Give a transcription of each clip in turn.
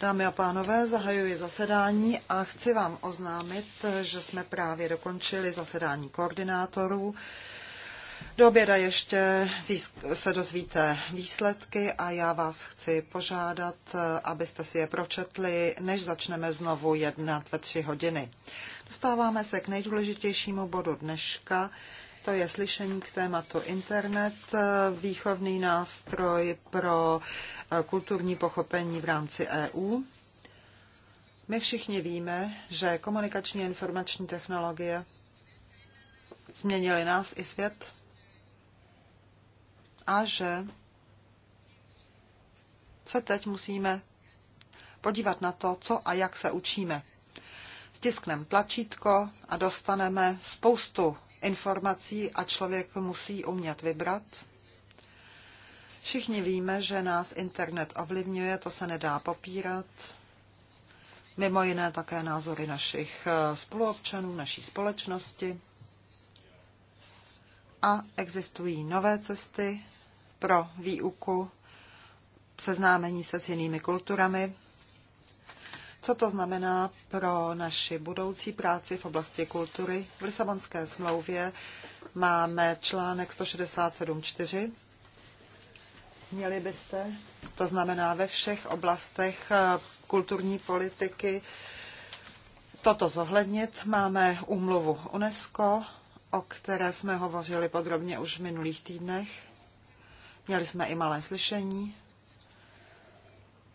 Dámy a pánové, zahajuji zasedání a chci vám oznámit, že jsme právě dokončili zasedání koordinátorů. Do oběda ještě se dozvíte výsledky a já vás chci požádat, abyste si je pročetli, než začneme znovu jednat ve tři hodiny. Dostáváme se k nejdůležitějšímu bodu dneška, to je slyšení k tématu internet, výchovný nástroj pro eh, kulturní pochopení v rámci EU. My všichni víme, že komunikační a informační technologie změnily nás i svět a že se teď musíme podívat na to, co a jak se učíme. Stiskneme tlačítko a dostaneme spoustu informací a člověk musí umět vybrat. Všichni víme, že nás internet ovlivňuje, to se nedá popírat. Mimo jiné také názory našich eh, spoluobčanů, naší společnosti. A existují nové cesty pro výuku, seznámení se s jinými kulturami, co to znamená pro naši budoucí práci v oblasti kultury. V Lisabonské smlouvě máme článek 167.4. Měli byste, to znamená ve všech oblastech eh, kulturní politiky, toto zohlednit. Máme úmluvu UNESCO, o které jsme hovořili podrobně už v minulých týdnech. Měli jsme i malé slyšení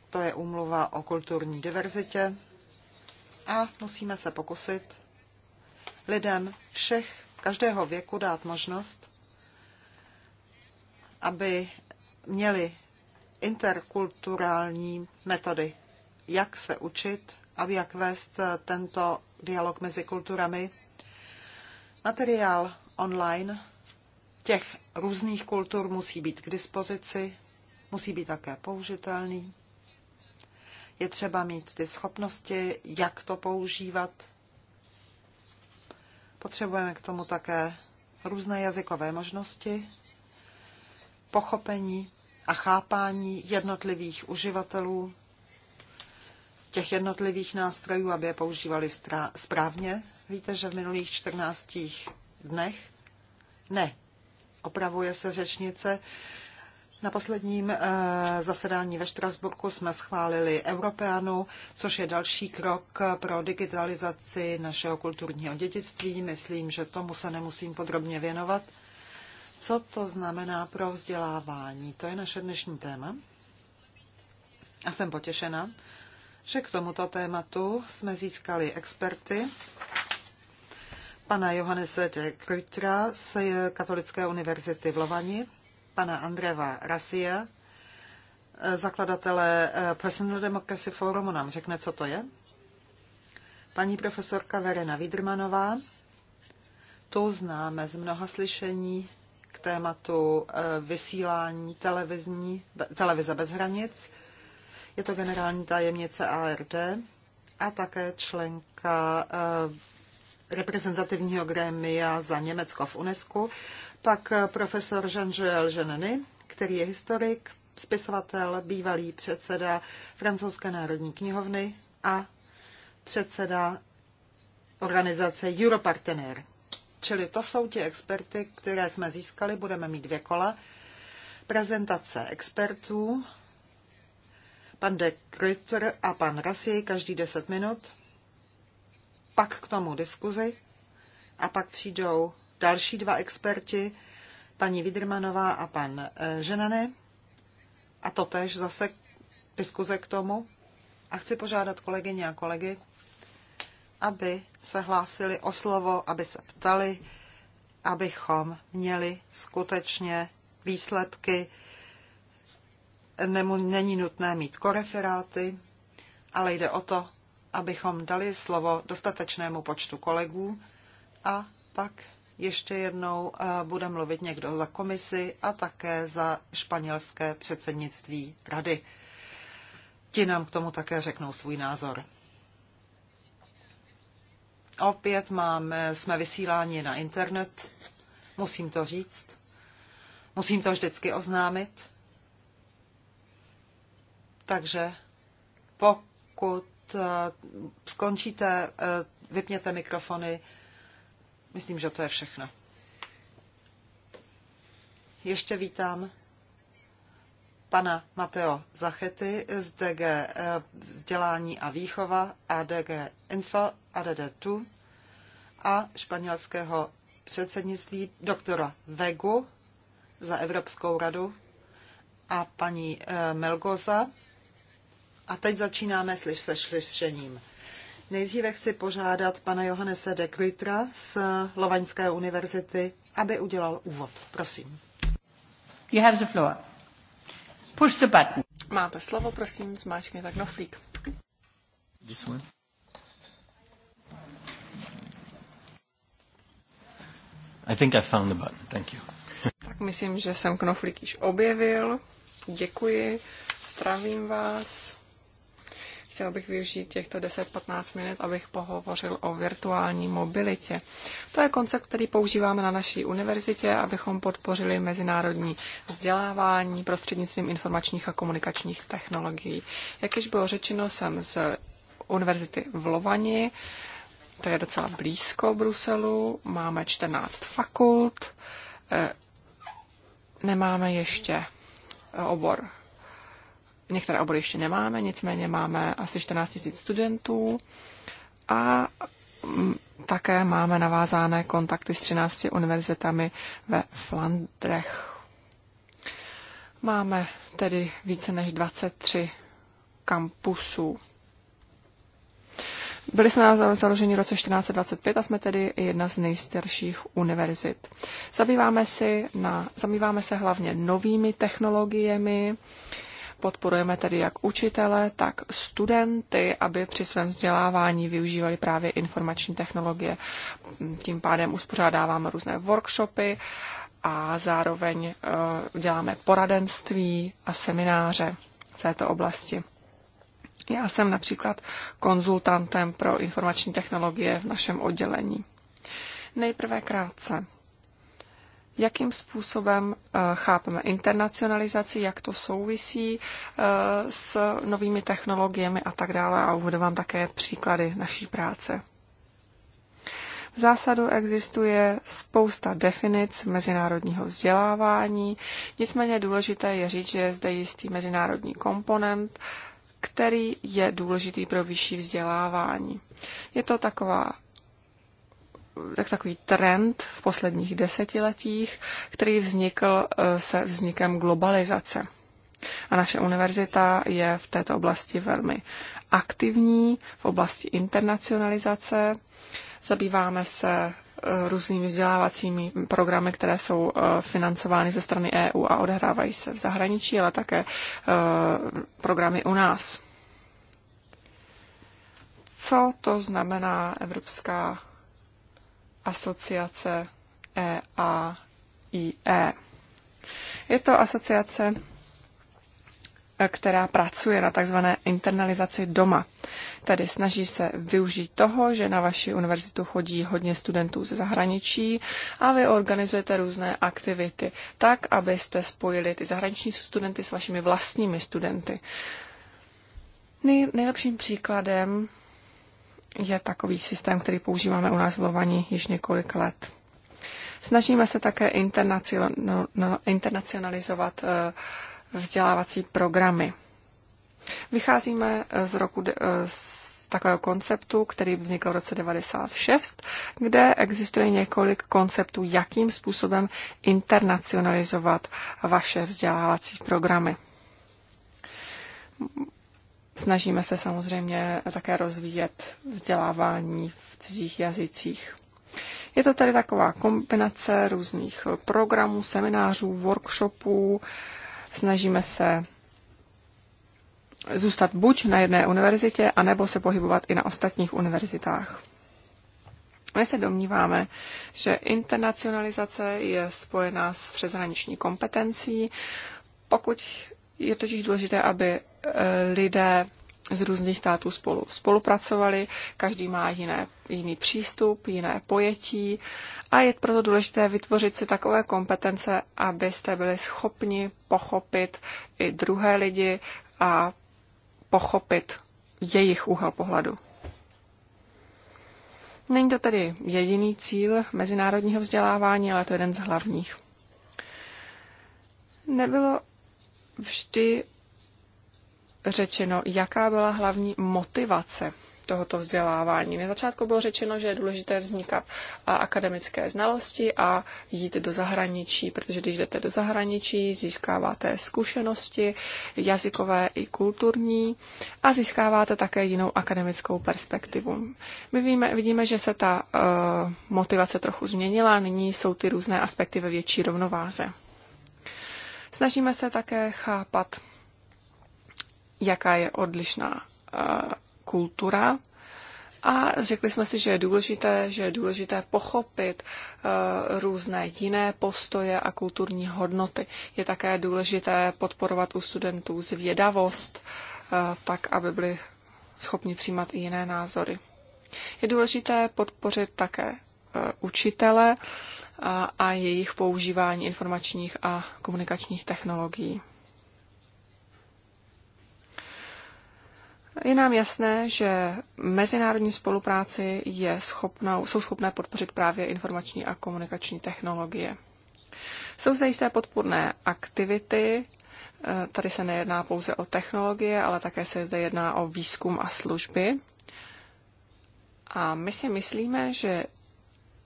to je úmluva o kulturní diverzitě a musíme se pokusit lidem všech, každého věku dát možnost, aby měli interkulturální metody, jak se učit a jak vést eh, tento dialog mezi kulturami. Materiál online těch různých kultur musí být k dispozici, musí být také použitelný. Je třeba mít ty schopnosti, jak to používat. Potřebujeme k tomu také různé jazykové možnosti, pochopení a chápání jednotlivých uživatelů těch jednotlivých nástrojů, aby je používali správně. Víte, že v minulých 14 dnech, ne, opravuje se řečnice, na posledním eh, zasedání ve Štrasburku jsme schválili Europeanu, což je další krok pro digitalizaci našeho kulturního dědictví. Myslím, že tomu se nemusím podrobně věnovat. Co to znamená pro vzdělávání? To je naše dnešní téma. A jsem potěšena, že k tomuto tématu jsme získali experty, pana Johannese de Krutra z Katolické univerzity v Lovani, pana Andreva Rasia, eh, zakladatele eh, Personal Democracy Forumu, nám řekne, co to je. Paní profesorka Verena Vidrmanová, tu známe z mnoha slyšení k tématu eh, vysílání televizní, televize bez hranic. Je to generální tajemnice ARD a také členka reprezentativního grémia za Německo v UNESCO. Pak eh, profesor Jean-Joël Geneny, který je historik, spisovatel, bývalý předseda Francouzské národní knihovny a předseda organizace Europartener. Čili to jsou ti experty, které jsme získali, budeme mít dvě kola. Prezentace expertů, pan de Krutter a pan Rasi každý 10 minut, pak k tomu diskuzi a pak přijdou další dva experti, paní Vidrmanová a pan eh, Ženany. A to tež zase diskuze k tomu. A chci požádat kolegyně a kolegy, aby se hlásili o slovo, aby se ptali, abychom měli skutečně výsledky. Nemu, není nutné mít koreferáty, ale jde o to, abychom dali slovo dostatečnému počtu kolegů a pak ještě jednou eh, bude mluvit někdo za komisi a také za španělské předsednictví rady. Ti nám k tomu také řeknou svůj názor. Opět máme, jsme vysíláni na internet, musím to říct. Musím to vždycky oznámit. Takže pokud eh, skončíte, eh, vypněte mikrofony, Myslím, že to je všechno. Ještě vítám pana Mateo Zachety z DG eh, vzdělání a výchova a DG Info a DD2 a španělského předsednictví doktora Vegu za Evropskou radu a paní eh, Melgoza. A teď začínáme slyš se slyšením. Nejdříve chci požádat pana Johannese de Kvitra z Lovaňské univerzity, aby udělal úvod. Prosím. You have the floor. Push the button. Máte slovo, prosím, zmáčkněte knoflík. This one. I think I found the button. Thank you. tak myslím, že jsem knoflík již objevil. Děkuji. Zdravím vás. Chtěl bych využít těchto 10-15 minut, abych pohovořil o virtuální mobilitě. To je koncept, který používáme na naší univerzitě, abychom podpořili mezinárodní vzdělávání prostřednictvím informačních a komunikačních technologií. Jak již bylo řečeno, jsem z univerzity v Lovani, to je docela blízko Bruselu, máme 14 fakult, eh, nemáme ještě obor Některé obory ještě nemáme, nicméně máme asi 14 000 studentů a mm, také máme navázané kontakty s 13 univerzitami ve Flandrech. Máme tedy více než 23 kampusů. Byli jsme na založení v roce 1425 a jsme tedy jedna z nejstarších univerzit. Zabýváme, si na, zabýváme se hlavně novými technologiemi, Podporujeme tedy jak učitele, tak studenty, aby při svém vzdělávání využívali právě informační technologie. Tím pádem uspořádáváme různé workshopy a zároveň eh, děláme poradenství a semináře v této oblasti. Já jsem například konzultantem pro informační technologie v našem oddělení. Nejprve krátce jakým způsobem eh, chápeme internacionalizaci, jak to souvisí eh, s novými technologiemi a tak dále a uvedu vám také příklady naší práce. V zásadu existuje spousta definic mezinárodního vzdělávání, nicméně důležité je říct, že je zde jistý mezinárodní komponent, který je důležitý pro vyšší vzdělávání. Je to taková tak takový trend v posledních desetiletích, který vznikl e, se vznikem globalizace. A naše univerzita je v této oblasti velmi aktivní, v oblasti internacionalizace. Zabýváme se e, různými vzdělávacími programy, které jsou e, financovány ze strany EU a odehrávají se v zahraničí, ale také programy u nás. Co to znamená Evropská asociace EAIE. E. Je to asociace, e, která pracuje na takzvané internalizaci doma. Tedy snaží se využít toho, že na vaši univerzitu chodí hodně studentů ze zahraničí a vy organizujete různé aktivity tak, abyste spojili ty zahraniční studenty s vašimi vlastními studenty. Nej, nejlepším příkladem je takový systém, který používáme u nás v Lovani již několik let. Snažíme se také internacionalizovat eh, vzdělávací programy. Vycházíme eh, z roku eh, z takového konceptu, který vznikl v roce 96, kde existuje několik konceptů, jakým způsobem internacionalizovat vaše vzdělávací programy Snažíme se samozřejmě také rozvíjet vzdělávání v cizích jazycích. Je to tedy taková kombinace různých programů, seminářů, workshopů. Snažíme se zůstat buď na jedné univerzitě, anebo se pohybovat i na ostatních univerzitách. My se domníváme, že internacionalizace je spojená s přeshraniční kompetencí. Pokud je totiž důležité, aby eh, lidé z různých států spolu spolupracovali, každý má jiné, jiný přístup, jiné pojetí a je proto důležité vytvořit si takové kompetence, abyste byli schopni pochopit i druhé lidi a pochopit jejich úhel pohledu. Není to tedy jediný cíl mezinárodního vzdělávání, ale to je jeden z hlavních. Nebylo vždy řečeno, jaká byla hlavní motivace tohoto vzdělávání. Na začátku bylo řečeno, že je důležité vznikat akademické znalosti a jít do zahraničí, protože když jdete do zahraničí, získáváte zkušenosti jazykové i kulturní a získáváte také jinou akademickou perspektivu. My víme, vidíme, že se ta uh, motivace trochu změnila, nyní jsou ty různé aspekty ve větší rovnováze. Snažíme se také chápat, jaká je odlišná eh, kultura a řekli jsme si, že je důležité, že je důležité pochopit uh, různé jiné postoje a kulturní hodnoty. Je také důležité podporovat u studentů zvědavost, uh, tak aby byli schopni přijímat i jiné názory. Je důležité podpořit také uh, učitele, a, a jejich používání informačních a komunikačních technologií. Je nám jasné, že mezinárodní spolupráci je schopna, jsou schopné podpořit právě informační a komunikační technologie. Jsou zde jisté podpůrné aktivity. E, tady se nejedná pouze o technologie, ale také se zde jedná o výzkum a služby. A my si myslíme, že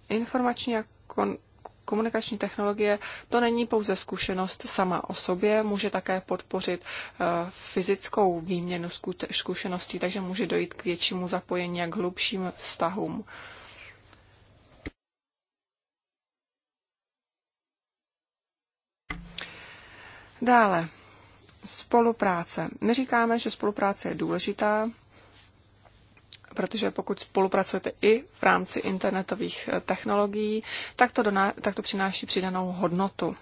informační a kon- komunikační technologie to není pouze zkušenost sama o sobě, může také podpořit eh, fyzickou výměnu zkušeností, takže může dojít k většímu zapojení a k hlubším vztahům. Dále, spolupráce. My říkáme, že spolupráce je důležitá, protože pokud spolupracujete i v rámci internetových eh, technologií, tak to, doná, tak to přináší přidanou hodnotu.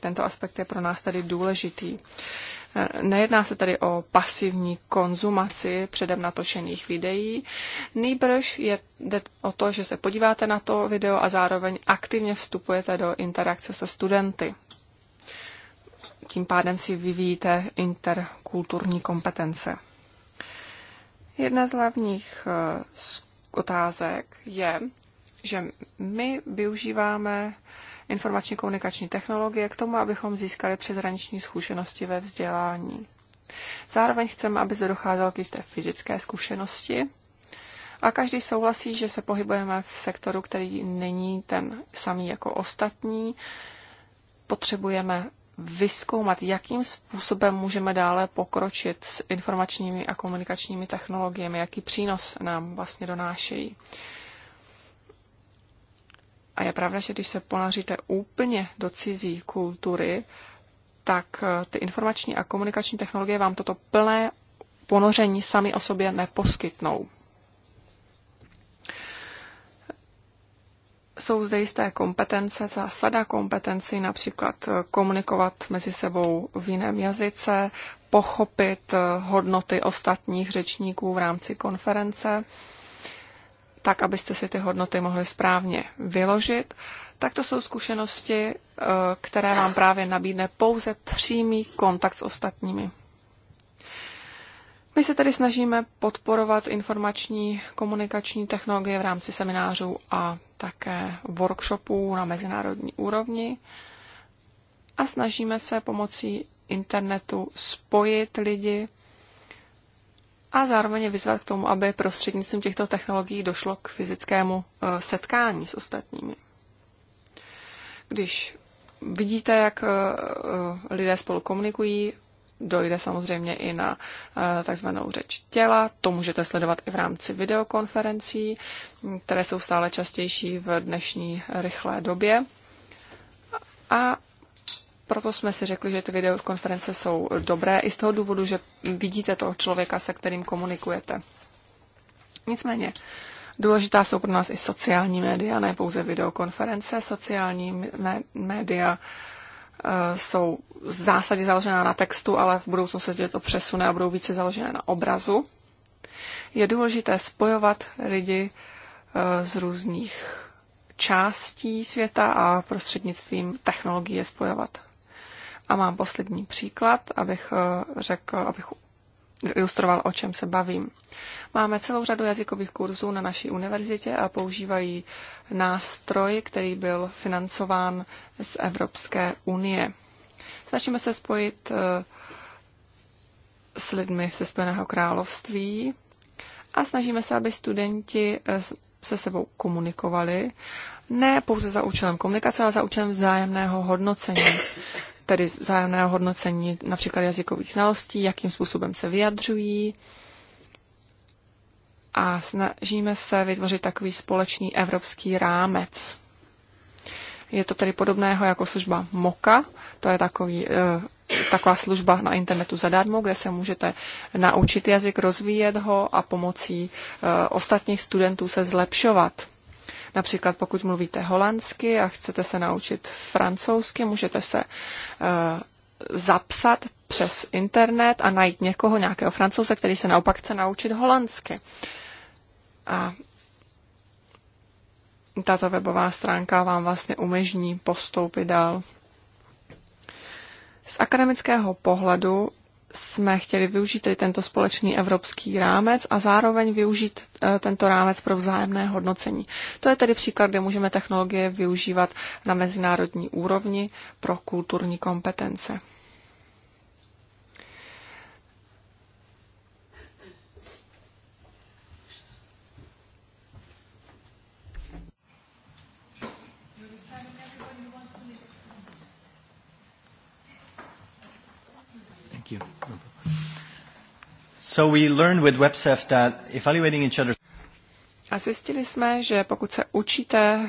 Tento aspekt je pro nás tady důležitý. Eh, nejedná se tady o pasivní konzumaci předem natočených videí, nýbrž je, jde o to, že se podíváte na to video a zároveň aktivně vstupujete do interakce se studenty. Tím pádem si vyvíjíte interkulturní kompetence. Jedna z hlavních eh, otázek je, že my využíváme informační komunikační technologie k tomu, abychom získali přeshraniční zkušenosti ve vzdělání. Zároveň chceme, aby zde docházelo k jisté fyzické zkušenosti a každý souhlasí, že se pohybujeme v sektoru, který není ten samý jako ostatní. Potřebujeme vyskoumat, jakým způsobem můžeme dále pokročit s informačními a komunikačními technologiemi, jaký přínos nám vlastně donášejí. A je pravda, že když se ponaříte úplně do cizí kultury, tak eh, ty informační a komunikační technologie vám toto plné ponoření sami o sobě neposkytnou. jsou zde jisté kompetence, zásada kompetencí, například eh, komunikovat mezi sebou v jiném jazyce, pochopit eh, hodnoty ostatních řečníků v rámci konference, tak, abyste si ty hodnoty mohli správně vyložit. Tak to jsou zkušenosti, eh, které vám právě nabídne pouze přímý kontakt s ostatními. My se tedy snažíme podporovat informační komunikační technologie v rámci seminářů a také workshopů na mezinárodní úrovni a snažíme se pomocí internetu spojit lidi a zároveň vyzvat k tomu, aby prostřednictvím těchto technologií došlo k fyzickému eh, setkání s ostatními. Když vidíte, jak eh, eh, lidé spolu komunikují, dojde samozřejmě i na eh, takzvanou řeč těla. To můžete sledovat i v rámci videokonferencí, které jsou stále častější v dnešní rychlé době. A proto jsme si řekli, že ty videokonference jsou dobré i z toho důvodu, že vidíte toho člověka, se kterým komunikujete. Nicméně, důležitá jsou pro nás i sociální média, ne pouze videokonference. Sociální média Eh, jsou v zásadě založená na textu, ale v budoucnu se to přesune a budou více založené na obrazu. Je důležité spojovat lidi eh, z různých částí světa a prostřednictvím technologií spojovat. A mám poslední příklad, abych eh, řekl, abych ilustroval, o čem se bavím. Máme celou řadu jazykových kurzů na naší univerzitě a používají nástroj, který byl financován z Evropské unie. Snažíme se spojit eh, s lidmi ze Spojeného království a snažíme se, aby studenti eh, se sebou komunikovali, ne pouze za účelem komunikace, ale za účelem vzájemného hodnocení tedy zájemného hodnocení například jazykových znalostí, jakým způsobem se vyjadřují a snažíme se vytvořit takový společný evropský rámec. Je to tedy podobného jako služba MOKA, to je takový, eh, taková služba na internetu zadarmo, kde se můžete naučit jazyk, rozvíjet ho a pomocí eh, ostatních studentů se zlepšovat. Například pokud mluvíte holandsky a chcete se naučit francouzsky, můžete se eh, zapsat přes internet a najít někoho, nějakého francouze, který se naopak chce naučit holandsky. A tato webová stránka vám vlastně umožní postoupit dál. Z akademického pohledu jsme chtěli využít tento společný evropský rámec a zároveň využít e, tento rámec pro vzájemné hodnocení. To je tedy příklad, kde můžeme technologie využívat na mezinárodní úrovni pro kulturní kompetence. So we learned with that evaluating each other... A zjistili jsme, že pokud se učíte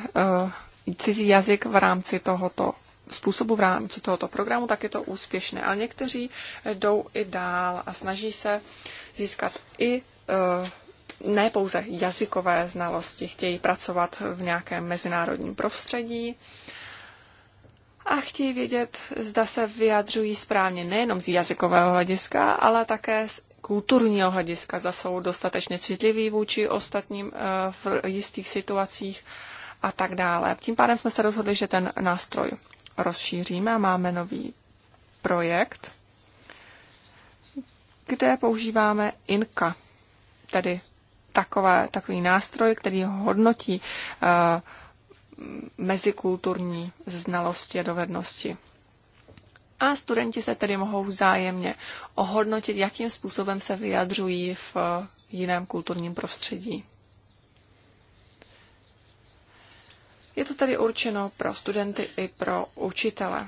uh, cizí jazyk v rámci tohoto způsobu v rámci tohoto programu, tak je to úspěšné. Ale někteří jdou i dál a snaží se získat i uh, ne pouze jazykové znalosti, chtějí pracovat v nějakém mezinárodním prostředí a chtějí vědět, zda se vyjadřují správně nejenom z jazykového hlediska, ale také z kulturního hlediska, zda jsou dostatečně citliví vůči ostatním eh, v jistých situacích a tak dále. Tím pádem jsme se rozhodli, že ten nástroj rozšíříme a máme nový projekt, kde používáme INKA, tedy takové, takový nástroj, který hodnotí uh, mezikulturní znalosti a dovednosti a studenti se tedy mohou vzájemně ohodnotit, jakým způsobem se vyjadřují v eh, jiném kulturním prostředí. Je to tedy určeno pro studenty i pro učitele.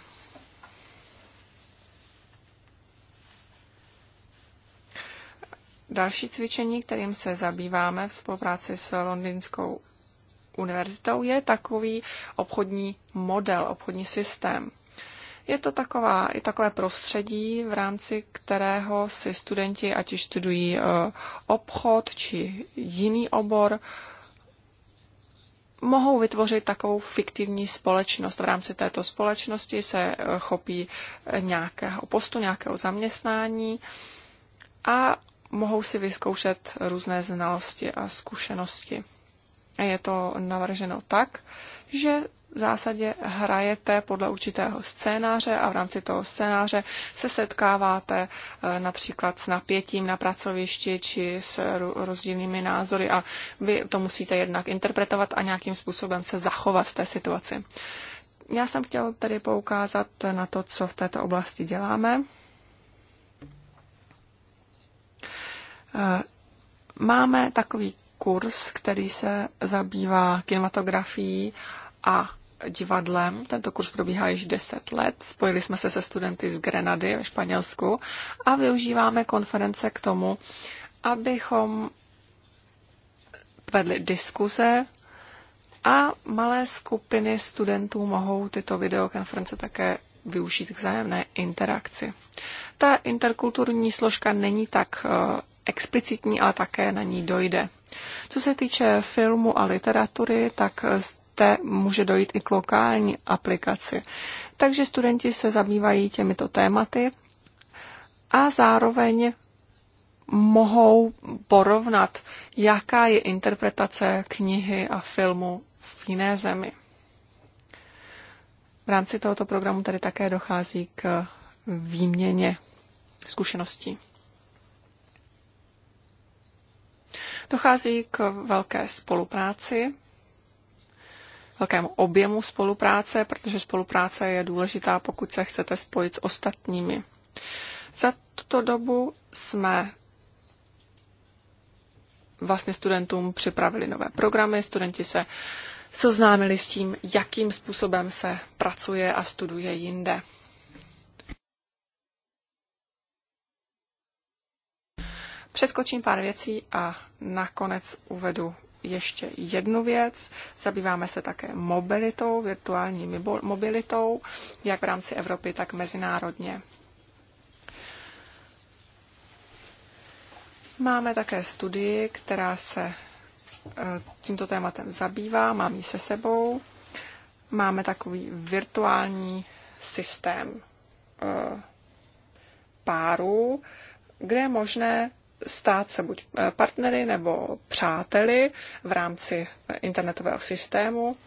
Další cvičení, kterým se zabýváme v spolupráci s Londýnskou univerzitou, je takový obchodní model, obchodní systém. Je to taková, i takové prostředí, v rámci kterého si studenti, ať už studují eh, obchod či jiný obor, mohou vytvořit takovou fiktivní společnost. V rámci této společnosti se eh, chopí nějakého postu, nějakého zaměstnání a mohou si vyzkoušet různé znalosti a zkušenosti. A je to navrženo tak, že v zásadě hrajete podle určitého scénáře a v rámci toho scénáře se setkáváte e, například s napětím na pracovišti či s rozdílnými názory a vy to musíte jednak interpretovat a nějakým způsobem se zachovat v té situaci. Já jsem chtěl tady poukázat na to, co v této oblasti děláme. E, máme takový kurz, který se zabývá kinematografií a divadlem. Tento kurz probíhá již 10 let. Spojili jsme se se studenty z Grenady ve Španělsku a využíváme konference k tomu, abychom vedli diskuze a malé skupiny studentů mohou tyto videokonference také využít k vzájemné interakci. Ta interkulturní složka není tak eh, explicitní, ale také na ní dojde. Co se týče filmu a literatury, tak poté může dojít i k lokální aplikaci. Takže studenti se zabývají těmito tématy a zároveň mohou porovnat, jaká je interpretace knihy a filmu v jiné zemi. V rámci tohoto programu tedy také dochází k výměně zkušeností. Dochází k velké spolupráci velkému objemu spolupráce, protože spolupráce je důležitá, pokud se chcete spojit s ostatními. Za tuto dobu jsme vlastně studentům připravili nové programy, studenti se seznámili s tím, jakým způsobem se pracuje a studuje jinde. Přeskočím pár věcí a nakonec uvedu ještě jednu věc. Zabýváme se také mobilitou, virtuální mobilitou, jak v rámci Evropy, tak mezinárodně. Máme také studii, která se e, tímto tématem zabývá, mám ji se sebou. Máme takový virtuální systém e, párů, kde je možné stát se buď eh, partnery nebo přáteli v rámci eh, internetového systému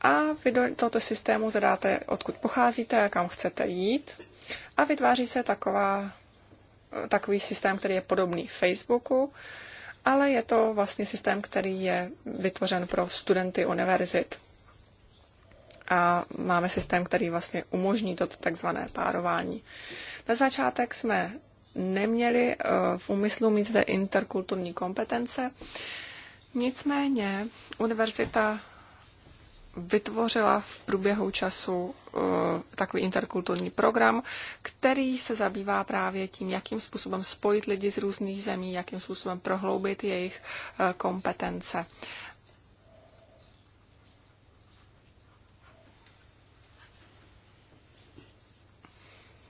a vy do tohoto systému zadáte, odkud pocházíte a kam chcete jít a vytváří se taková, eh, takový systém, který je podobný Facebooku, ale je to vlastně systém, který je vytvořen pro studenty univerzit. A máme systém, který vlastně umožní toto takzvané párování. Na začátek jsme neměli eh, v úmyslu mít zde interkulturní kompetence. Nicméně univerzita vytvořila v průběhu času eh, takový interkulturní program, který se zabývá právě tím, jakým způsobem spojit lidi z různých zemí, jakým způsobem prohloubit jejich eh, kompetence.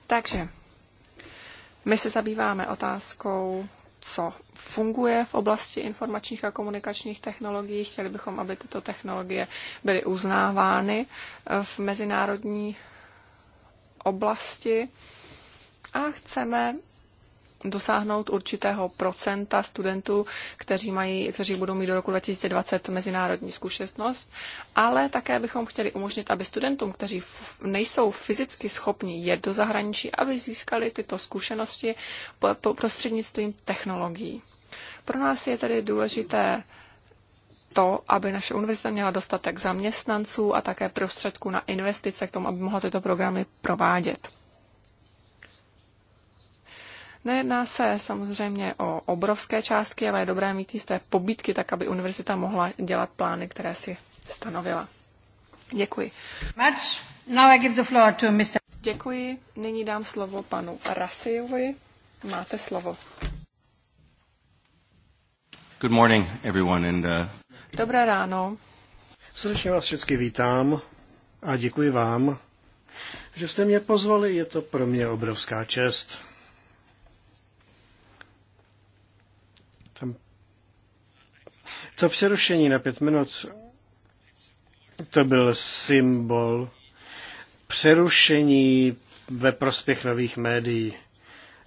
Takže my se zabýváme otázkou, co funguje v oblasti informačních a komunikačních technologií. Chtěli bychom, aby tyto technologie byly uznávány eh, v mezinárodní oblasti a chceme dosáhnout určitého procenta studentů, kteří, mají, kteří budou mít do roku 2020 mezinárodní zkušenost, ale také bychom chtěli umožnit, aby studentům, kteří nejsou fyzicky schopni jet do zahraničí, aby získali tyto zkušenosti po, po prostřednictvím technologií. Pro nás je tedy důležité to, aby naše univerzita měla dostatek zaměstnanců a také prostředků na investice k tomu, aby mohla tyto programy provádět. Nejedná se samozřejmě o obrovské částky, ale je dobré mít jisté pobítky, tak aby univerzita mohla dělat plány, které si stanovila. Děkuji. Now I give the floor to Mr. Děkuji. Nyní dám slovo panu Rasiovi. Máte slovo. Good morning, everyone, and, uh... Dobré ráno. Srdečně vás všechny vítám a děkuji vám, že jste mě pozvali. Je to pro mě obrovská čest. To přerušení na pět minut, to byl symbol přerušení ve prospěch nových médií.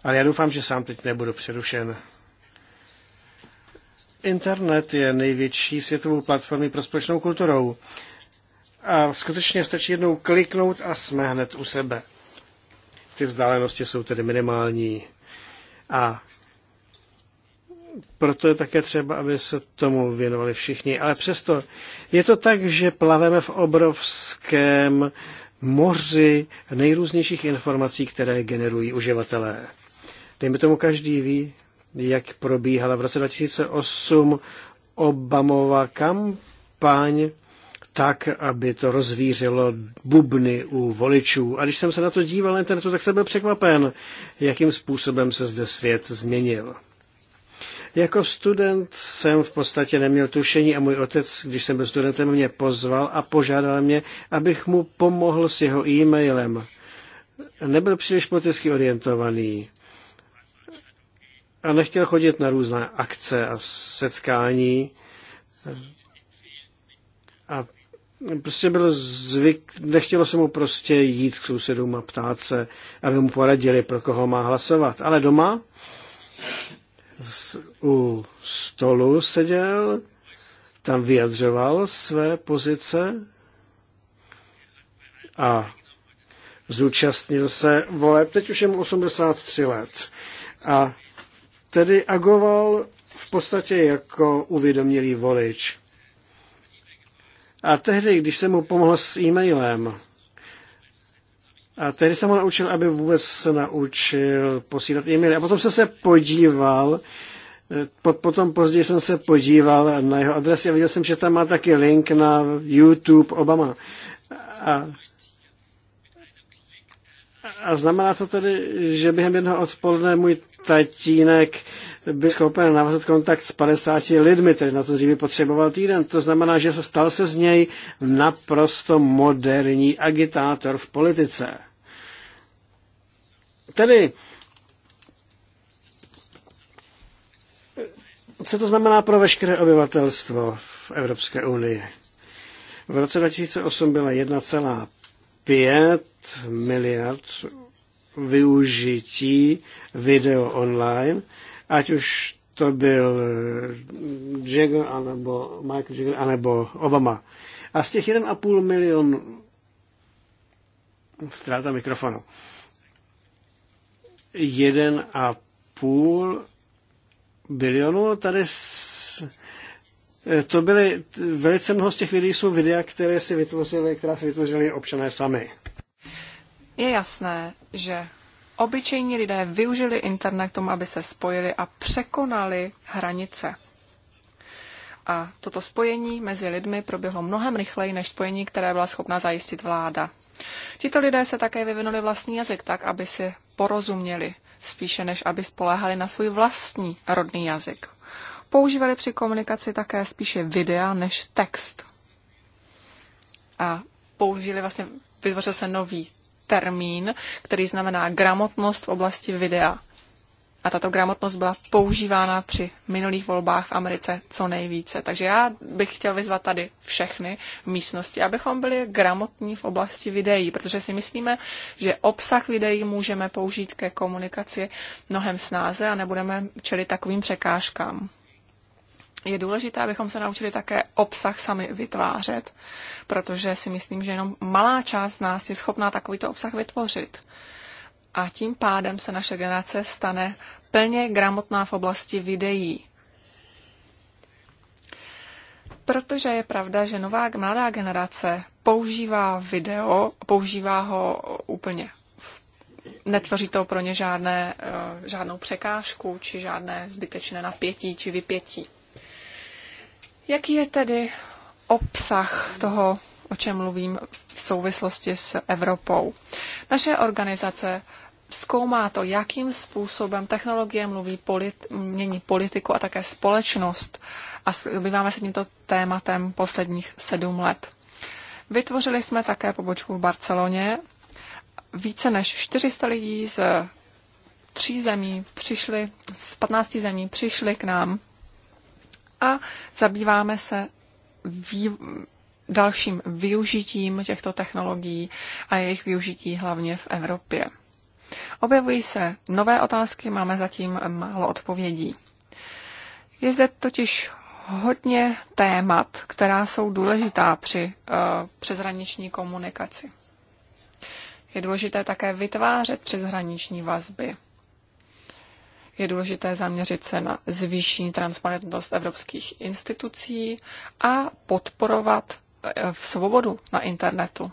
Ale já doufám, že sám teď nebudu přerušen. Internet je největší světovou platformou pro společnou kulturou. A skutečně stačí jednou kliknout a jsme hned u sebe. Ty vzdálenosti jsou tedy minimální. A proto je také třeba, aby se tomu věnovali všichni. Ale přesto je to tak, že plaveme v obrovském moři nejrůznějších informací, které generují uživatelé. Dejme tomu, každý ví, jak probíhala v roce 2008 Obamova kampaň tak, aby to rozvířilo bubny u voličů. A když jsem se na to díval na internetu, tak jsem byl překvapen, jakým způsobem se zde svět změnil. Jako student jsem v podstatě neměl tušení a můj otec, když jsem byl studentem, mě pozval a požádal mě, abych mu pomohl s jeho e-mailem. Nebyl příliš politicky orientovaný a nechtěl chodit na různé akce a setkání. A prostě byl zvyk, nechtělo se mu prostě jít k sousedům a ptát se, aby mu poradili, pro koho má hlasovat. Ale doma u stolu seděl, tam vyjadřoval své pozice a zúčastnil se voleb. Teď už je mu 83 let. A tedy agoval v podstatě jako uvědomělý volič. A tehdy, když jsem mu pomohl s e-mailem, a tehdy jsem ho naučil, aby vůbec se naučil posílat e-maily. A potom jsem se podíval, eh, potom později jsem se podíval na jeho adresy a viděl jsem, že tam má taky link na YouTube Obama. A, a znamená to tedy, že během jednoho odpoledne můj tatínek byl schopen navázat kontakt s 50 lidmi, tedy na to dříve potřeboval týden. To znamená, že se stal se z něj naprosto moderní agitátor v politice. Tedy, co to znamená pro veškeré obyvatelstvo v Evropské unii? V roce 2008 byla 1,5 miliard využití video online, ať už to byl Jagger anebo Michael Jagger anebo Obama. A z těch 1,5 milionu ztráta mikrofonu. 1,5 bilionu. Tady s, eh, to byly, velice mnoho z těch videí jsou videa, které si vytvořili, která si vytvořili občané sami. Je jasné, že obyčejní lidé využili internet k tomu, aby se spojili a překonali hranice. A toto spojení mezi lidmi proběhlo mnohem rychleji než spojení, které byla schopna zajistit vláda. Tito lidé se také vyvinuli vlastní jazyk tak, aby si porozuměli, spíše než aby spoléhali na svůj vlastní rodný jazyk. Používali při komunikaci také spíše videa než text. A použili vlastně, vytvořil se nový termín, který znamená gramotnost v oblasti videa a tato gramotnost byla používána při minulých volbách v Americe co nejvíce. Takže já bych chtěl vyzvat tady všechny v místnosti, abychom byli gramotní v oblasti videí, protože si myslíme, že obsah videí můžeme použít ke komunikaci mnohem snáze a nebudeme čelit takovým překážkám. Je důležité, abychom se naučili také obsah sami vytvářet, protože si myslím, že jenom malá část nás je schopná takovýto obsah vytvořit a tím pádem se naše generace stane plně gramotná v oblasti videí. Protože je pravda, že nová mladá generace používá video, používá ho úplně. Netvoří to pro ně žádné, eh, žádnou překážku či žádné zbytečné napětí či vypětí. Jaký je tedy obsah toho o čem mluvím v souvislosti s Evropou. Naše organizace zkoumá to, jakým způsobem technologie mluví polit, mění politiku a také společnost a zabýváme se tímto tématem posledních sedm let. Vytvořili jsme také pobočku v Barceloně. Více než 400 lidí z tří zemí přišli, z 15 zemí přišli k nám a zabýváme se dalším využitím těchto technologií a jejich využití hlavně v Evropě. Objevují se nové otázky, máme zatím málo odpovědí. Je zde totiž hodně témat, která jsou důležitá při uh, přeshraniční komunikaci. Je důležité také vytvářet přeshraniční vazby. Je důležité zaměřit se na zvýšení transparentnost evropských institucí a podporovat Eh, v svobodu na internetu.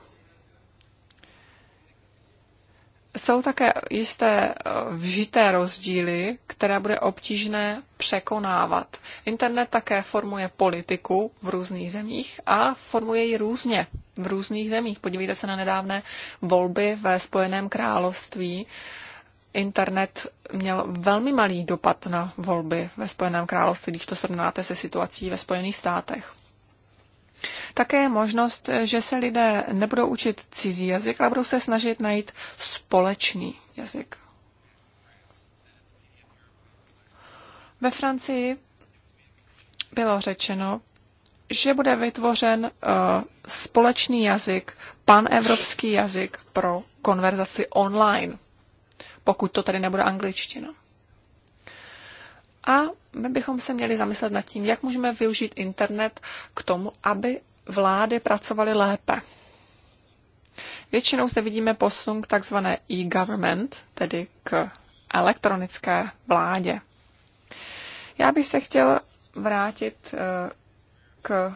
Jsou také jisté eh, vžité rozdíly, které bude obtížné překonávat. Internet také formuje politiku v různých zemích a formuje ji různě v různých zemích. Podívejte se na nedávné volby ve Spojeném království. Internet měl velmi malý dopad na volby ve Spojeném království, když to srovnáte se situací ve Spojených státech. Také je možnost, že se lidé nebudou učit cizí jazyk, ale budou se snažit najít společný jazyk. Ve Francii bylo řečeno, že bude vytvořen uh, společný jazyk, panevropský jazyk pro konverzaci online, pokud to tady nebude angličtina. A my bychom se měli zamyslet nad tím, jak můžeme využít internet k tomu, aby vlády pracovaly lépe. Většinou zde vidíme posun k takzvané e-government, tedy k elektronické vládě. Já bych se chtěl vrátit eh, k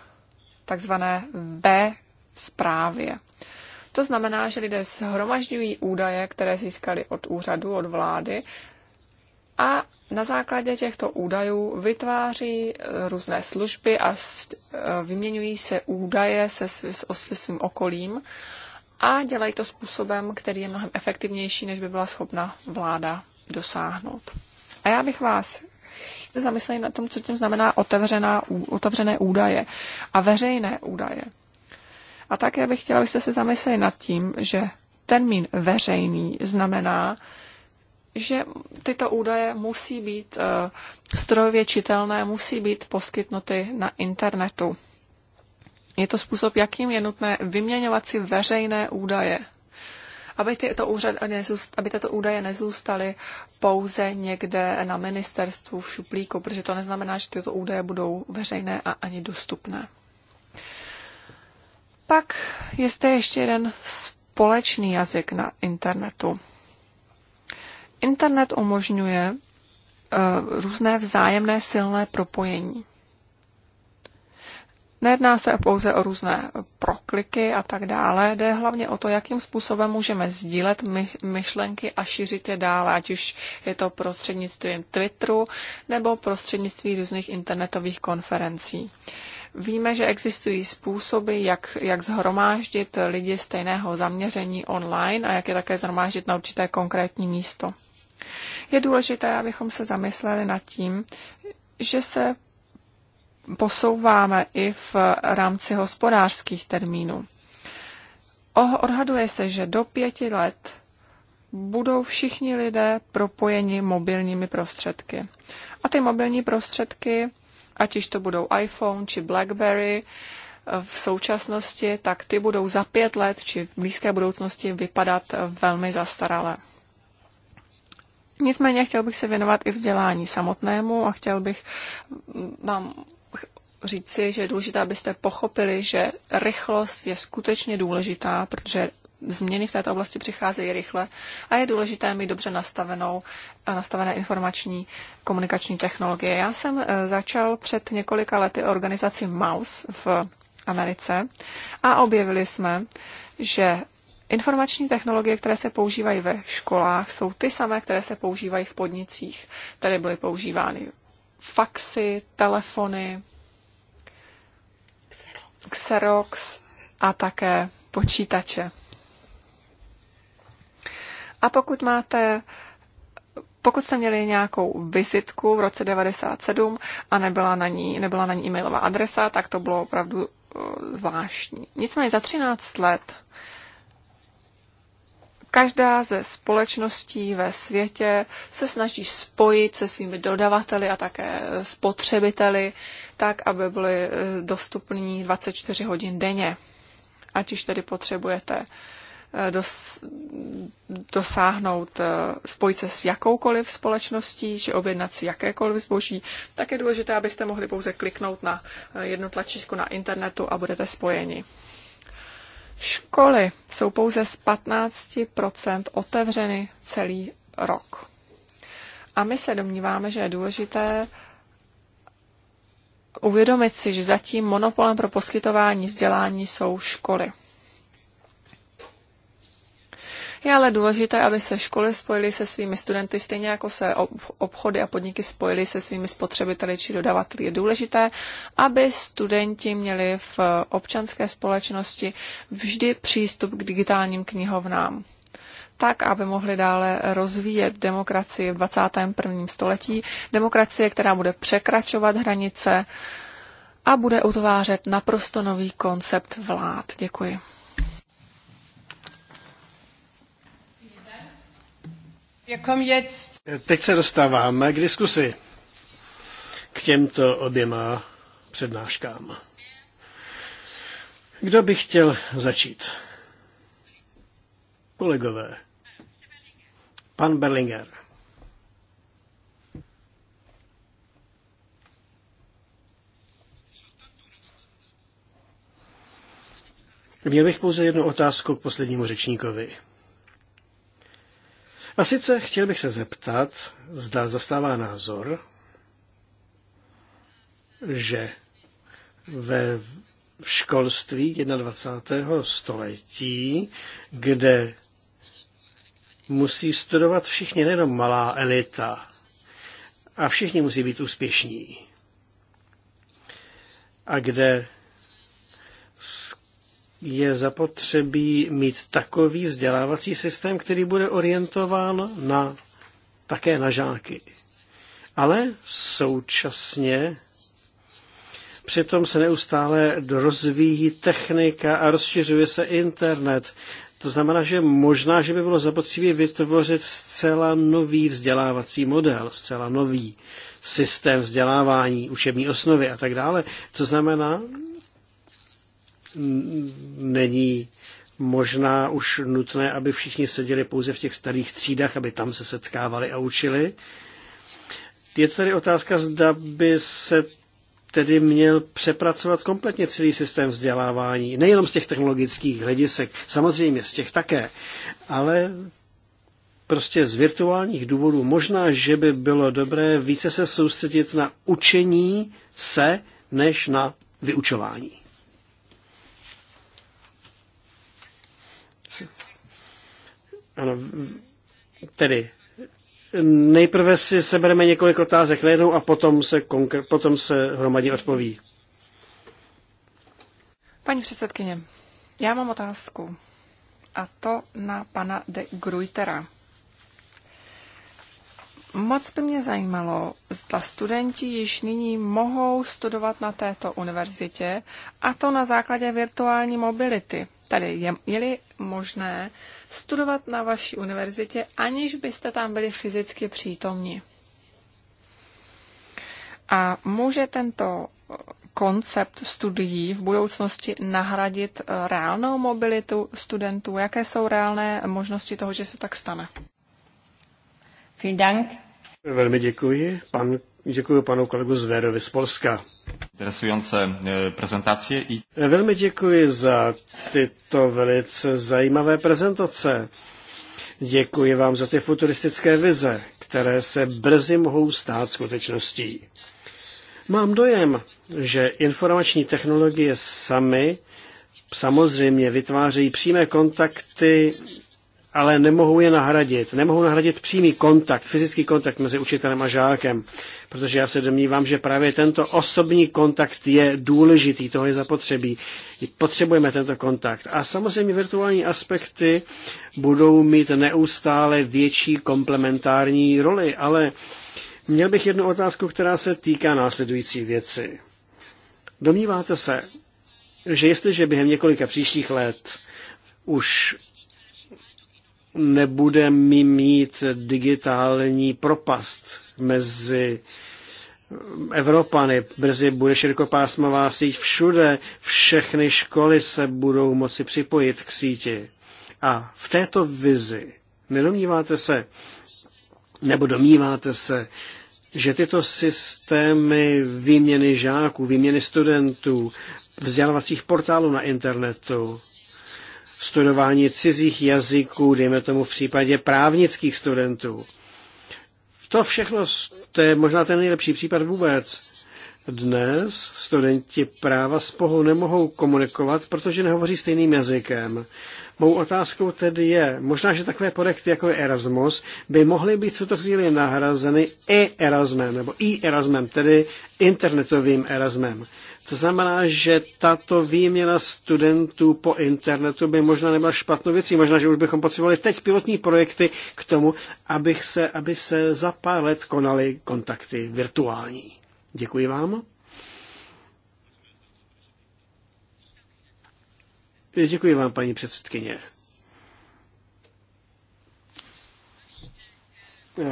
takzvané B zprávě. To znamená, že lidé shromažďují údaje, které získali od úřadu, od vlády a na základě těchto údajů vytváří eh, různé služby a eh, vyměňují se údaje se, svým okolím a dělají to způsobem, který je mnohem efektivnější, než by byla schopna vláda dosáhnout. A já bych vás zamysleli na tom, co tím znamená otevřená, otevřené údaje a veřejné údaje. A také bych chtěla, abyste se zamysleli nad tím, že termín veřejný znamená, že tyto údaje musí být eh, strojově čitelné, musí být poskytnuty na internetu. Je to způsob, jakým je nutné vyměňovat si veřejné údaje, aby, tyto úřad, aby tyto údaje nezůstaly pouze někde na ministerstvu v šuplíku, protože to neznamená, že tyto údaje budou veřejné a ani dostupné. Pak je zde ještě jeden společný jazyk na internetu. Internet umožňuje eh, různé vzájemné silné propojení. Nejedná se pouze o různé prokliky a tak dále, jde hlavně o to, jakým způsobem můžeme sdílet myšlenky a šířit je dále, ať už je to prostřednictvím Twitteru nebo prostřednictvím různých internetových konferencí. Víme, že existují způsoby, jak, jak zhromáždit lidi stejného zaměření online a jak je také zhromáždit na určité konkrétní místo. Je důležité, abychom se zamysleli nad tím, že se posouváme i v rámci hospodářských termínů. Odhaduje se, že do pěti let budou všichni lidé propojeni mobilními prostředky. A ty mobilní prostředky, ať již to budou iPhone či BlackBerry, v současnosti, tak ty budou za pět let či v blízké budoucnosti vypadat velmi zastaralé. Nicméně chtěl bych se věnovat i vzdělání samotnému a chtěl bych vám říci, že je důležité, abyste pochopili, že rychlost je skutečně důležitá, protože změny v této oblasti přicházejí rychle a je důležité mít dobře nastavenou, nastavené informační komunikační technologie. Já jsem eh, začal před několika lety organizaci MAUS v Americe a objevili jsme, že Informační technologie, které se používají ve školách, jsou ty samé, které se používají v podnicích. Tady byly používány faxy, telefony, Xerox a také počítače. A pokud máte pokud jste měli nějakou vizitku v roce 97 a nebyla na ní, nebyla na ní e-mailová adresa, tak to bylo opravdu eh, zvláštní. Nicméně za 13 let Každá ze společností ve světě se snaží spojit se svými dodavateli a také spotřebiteli, tak, aby byly eh, dostupní 24 hodin denně. Ať už tedy potřebujete eh, dos, dosáhnout, eh, spojit se s jakoukoliv společností, či objednat si jakékoliv zboží, tak je důležité, abyste mohli pouze kliknout na jedno tlačítko na internetu a budete spojeni. Školy jsou pouze z 15 otevřeny celý rok. A my se domníváme, že je důležité uvědomit si, že zatím monopolem pro poskytování vzdělání jsou školy. Je ale důležité, aby se školy spojily se svými studenty, stejně jako se obchody a podniky spojily se svými spotřebiteli či dodavateli. Je důležité, aby studenti měli v občanské společnosti vždy přístup k digitálním knihovnám tak, aby mohli dále rozvíjet demokracii v 21. století, demokracie, která bude překračovat hranice a bude utvářet naprosto nový koncept vlád. Děkuji. Teď se dostáváme k diskusi k těmto oběma přednáškám. Kdo by chtěl začít? Kolegové. Pan Berlinger. Měl bych pouze jednu otázku k poslednímu řečníkovi. A sice chtěl bych se zeptat, zda zastává názor, že ve školství 21. století, kde musí studovat všichni, nejenom malá elita, a všichni musí být úspěšní. A kde je zapotřebí mít takový vzdělávací systém, který bude orientován na, také na žáky. Ale současně přitom se neustále rozvíjí technika a rozšiřuje se internet. To znamená, že možná, že by bylo zapotřebí vytvořit zcela nový vzdělávací model, zcela nový systém vzdělávání, učební osnovy a tak dále. To znamená, není možná už nutné, aby všichni seděli pouze v těch starých třídách, aby tam se setkávali a učili. Je to tady otázka, zda by se tedy měl přepracovat kompletně celý systém vzdělávání, nejenom z těch technologických hledisek, samozřejmě z těch také, ale prostě z virtuálních důvodů. Možná, že by bylo dobré více se soustředit na učení se, než na vyučování. Ano, tedy nejprve si sebereme několik otázek najednou a potom se, konkr- potom se hromadně odpoví. Paní předsedkyně, já mám otázku a to na pana de Gruytera. Moc by mě zajímalo, zda studenti již nyní mohou studovat na této univerzitě, a to na základě virtuální mobility. Tady je, je možné studovat na vaší univerzitě, aniž byste tam byli fyzicky přítomni. A může tento koncept studií v budoucnosti nahradit eh, reálnou mobilitu studentů? Jaké jsou reálné možnosti toho, že se tak stane? Vielen Dank. Velmi děkuji. Pan Děkuji panu kolegu Zverovi z Polska. Interesující e, prezentace. I... E, velmi děkuji za tyto velice zajímavé prezentace. Děkuji vám za ty futuristické vize, které se brzy mohou stát skutečností. Mám dojem, že informační technologie samy samozřejmě vytvářejí přímé kontakty ale nemohou je nahradit. Nemohou nahradit přímý kontakt, fyzický kontakt mezi učitelem a žákem, protože já se domnívám, že právě tento osobní kontakt je důležitý, toho je zapotřebí. Potřebujeme tento kontakt. A samozřejmě virtuální aspekty budou mít neustále větší komplementární roli, ale měl bych jednu otázku, která se týká následující věci. Domníváte se, že jestliže během několika příštích let už nebudeme mít digitální propast mezi Evropany. Brzy bude širokopásmová síť všude, všechny školy se budou moci připojit k síti. A v této vizi nedomníváte se, nebo domníváte se, že tyto systémy výměny žáků, výměny studentů, vzdělávacích portálů na internetu, studování cizích jazyků, dejme tomu v případě právnických studentů. To všechno, to je možná ten nejlepší případ vůbec. Dnes studenti práva spolu nemohou komunikovat, protože nehovoří stejným jazykem. Mou otázkou tedy je, možná, že takové projekty jako je Erasmus by mohly být v tuto chvíli nahrazeny i Erasmem, nebo i Erasmem, tedy internetovým Erasmem. To znamená, že tato výměna studentů po internetu by možná nebyla špatnou věcí. Možná, že už bychom potřebovali teď pilotní projekty k tomu, abych se, aby se za pár let konaly kontakty virtuální. Děkuji vám. Děkuji vám, paní předsedkyně.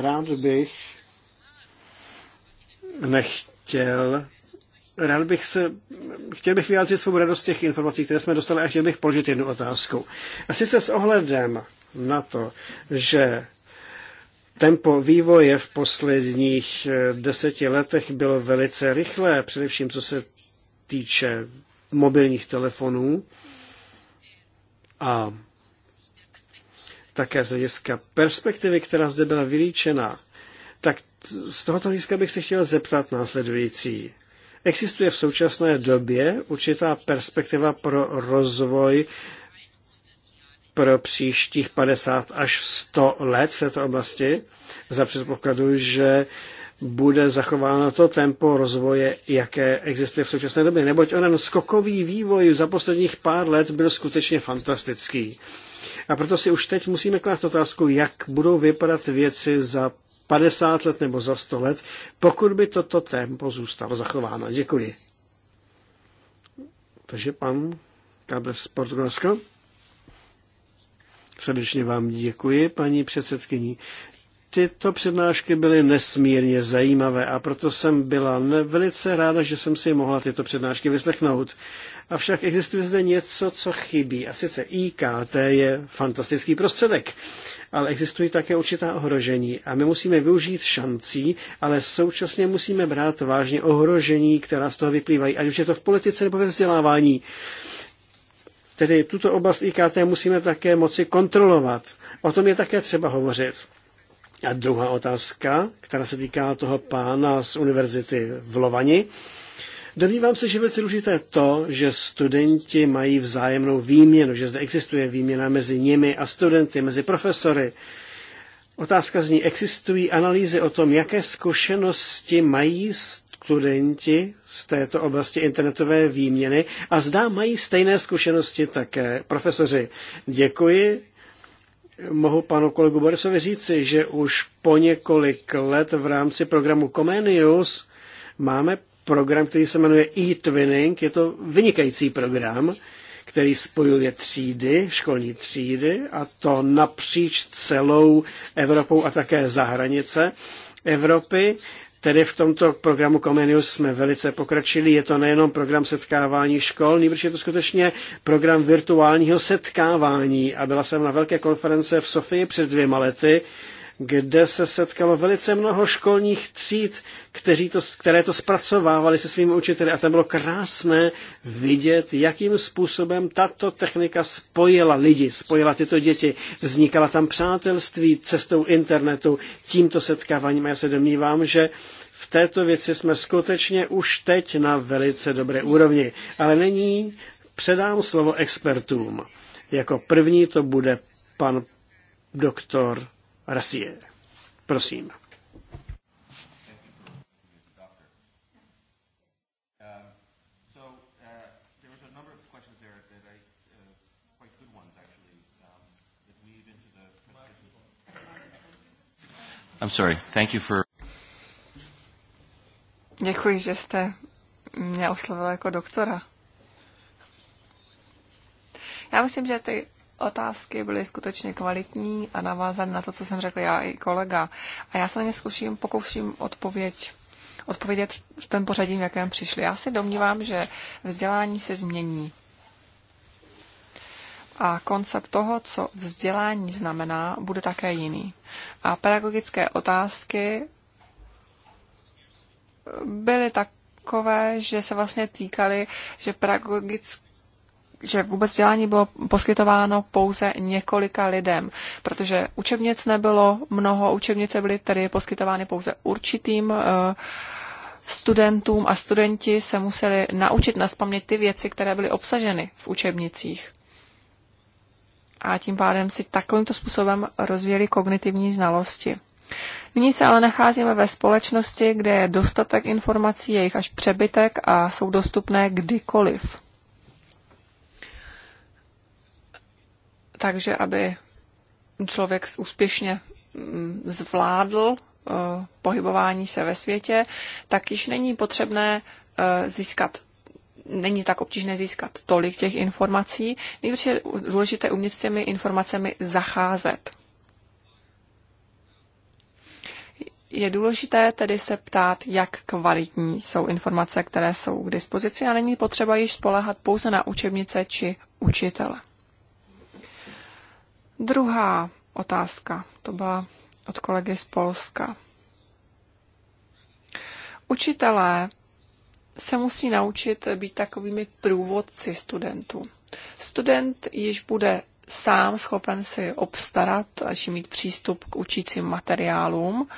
Rád bych nechtěl rád bych se, chtěl bych vyjádřit svou radost těch informací, které jsme dostali a chtěl bych položit jednu otázku. A sice s ohledem na to, že tempo vývoje v posledních eh, deseti letech bylo velice rychlé, především co se týče mobilních telefonů a také z hlediska perspektivy, která zde byla vylíčena, tak z tohoto hlediska bych se chtěl zeptat následující. Existuje v současné době určitá perspektiva pro rozvoj pro příštích 50 až 100 let v této oblasti, za předpokladu, že bude zachováno to tempo rozvoje, jaké existuje v současné době. Neboť onen skokový vývoj za posledních pár let byl skutečně fantastický. A proto si už teď musíme klást otázku, jak budou vypadat věci za 50 let nebo za 100 let, pokud by toto tempo zůstalo zachováno. Děkuji. Takže pan Kábel z Portugalska. Srdečně vám děkuji, paní předsedkyní. Tyto přednášky byly nesmírně zajímavé a proto jsem byla velice ráda, že jsem si mohla tyto přednášky vyslechnout. Avšak existuje zde něco, co chybí. A sice IKT je fantastický prostředek ale existují také určitá ohrožení a my musíme využít šancí, ale současně musíme brát vážně ohrožení, která z toho vyplývají, ať už je to v politice nebo ve vzdělávání. Tedy tuto oblast IKT musíme také moci kontrolovat. O tom je také třeba hovořit. A druhá otázka, která se týká toho pána z univerzity v Lovani, Domnívám se, že je velice důležité to, že studenti mají vzájemnou výměnu, že zde existuje výměna mezi nimi a studenty, mezi profesory. Otázka zní, existují analýzy o tom, jaké zkušenosti mají studenti z této oblasti internetové výměny a zdá mají stejné zkušenosti také profesoři. Děkuji. Mohu panu kolegu Borisovi říci, že už po několik let v rámci programu Comenius máme program, který se jmenuje e-twinning. Je to vynikající program, který spojuje třídy, školní třídy, a to napříč celou Evropou a také za hranice Evropy. Tedy v tomto programu Comenius jsme velice pokračili. Je to nejenom program setkávání škol, nýbrž je to skutečně program virtuálního setkávání. A byla jsem na velké konference v Sofii před dvěma lety, kde se setkalo velice mnoho školních tříd, kteří to, které to zpracovávali se svými učiteli a tam bylo krásné vidět, jakým způsobem tato technika spojila lidi, spojila tyto děti. Vznikala tam přátelství cestou internetu, tímto setkáváním já se domnívám, že v této věci jsme skutečně už teď na velice dobré úrovni. Ale není předám slovo expertům. Jako první to bude pan doktor Rasie. Prosím. Děkuji, že jste mě oslovil jako doktora. Já myslím, že ty otázky byly skutečně kvalitní a navázané na to, co jsem řekl já i kolega. A já se na ně zkuším, pokouším odpověď odpovědět v tom pořadí, v jakém přišli. Já si domnívám, že vzdělání se změní. A koncept toho, co vzdělání znamená, bude také jiný. A pedagogické otázky byly takové, že se vlastně týkaly, že pedagogické že vůbec vzdělání bylo poskytováno pouze několika lidem, protože učebnic nebylo mnoho, učebnice byly tedy poskytovány pouze určitým eh, studentům a studenti se museli naučit naspamět ty věci, které byly obsaženy v učebnicích. A tím pádem si takovýmto způsobem rozvíjeli kognitivní znalosti. Nyní se ale nacházíme ve společnosti, kde je dostatek informací, jejich jich až přebytek a jsou dostupné kdykoliv. takže aby člověk úspěšně mm, zvládl eh, pohybování se ve světě, tak již není potřebné eh, získat není tak obtížné získat tolik těch informací. Nejdřív je důležité umět s těmi informacemi zacházet. Je důležité tedy se ptát, jak kvalitní jsou informace, které jsou k dispozici a není potřeba již spolehat pouze na učebnice či učitele. Druhá otázka, to byla od kolegy z Polska. Učitelé se musí naučit být takovými průvodci studentů. Student již bude sám schopen si obstarat až mít přístup k učícím materiálům,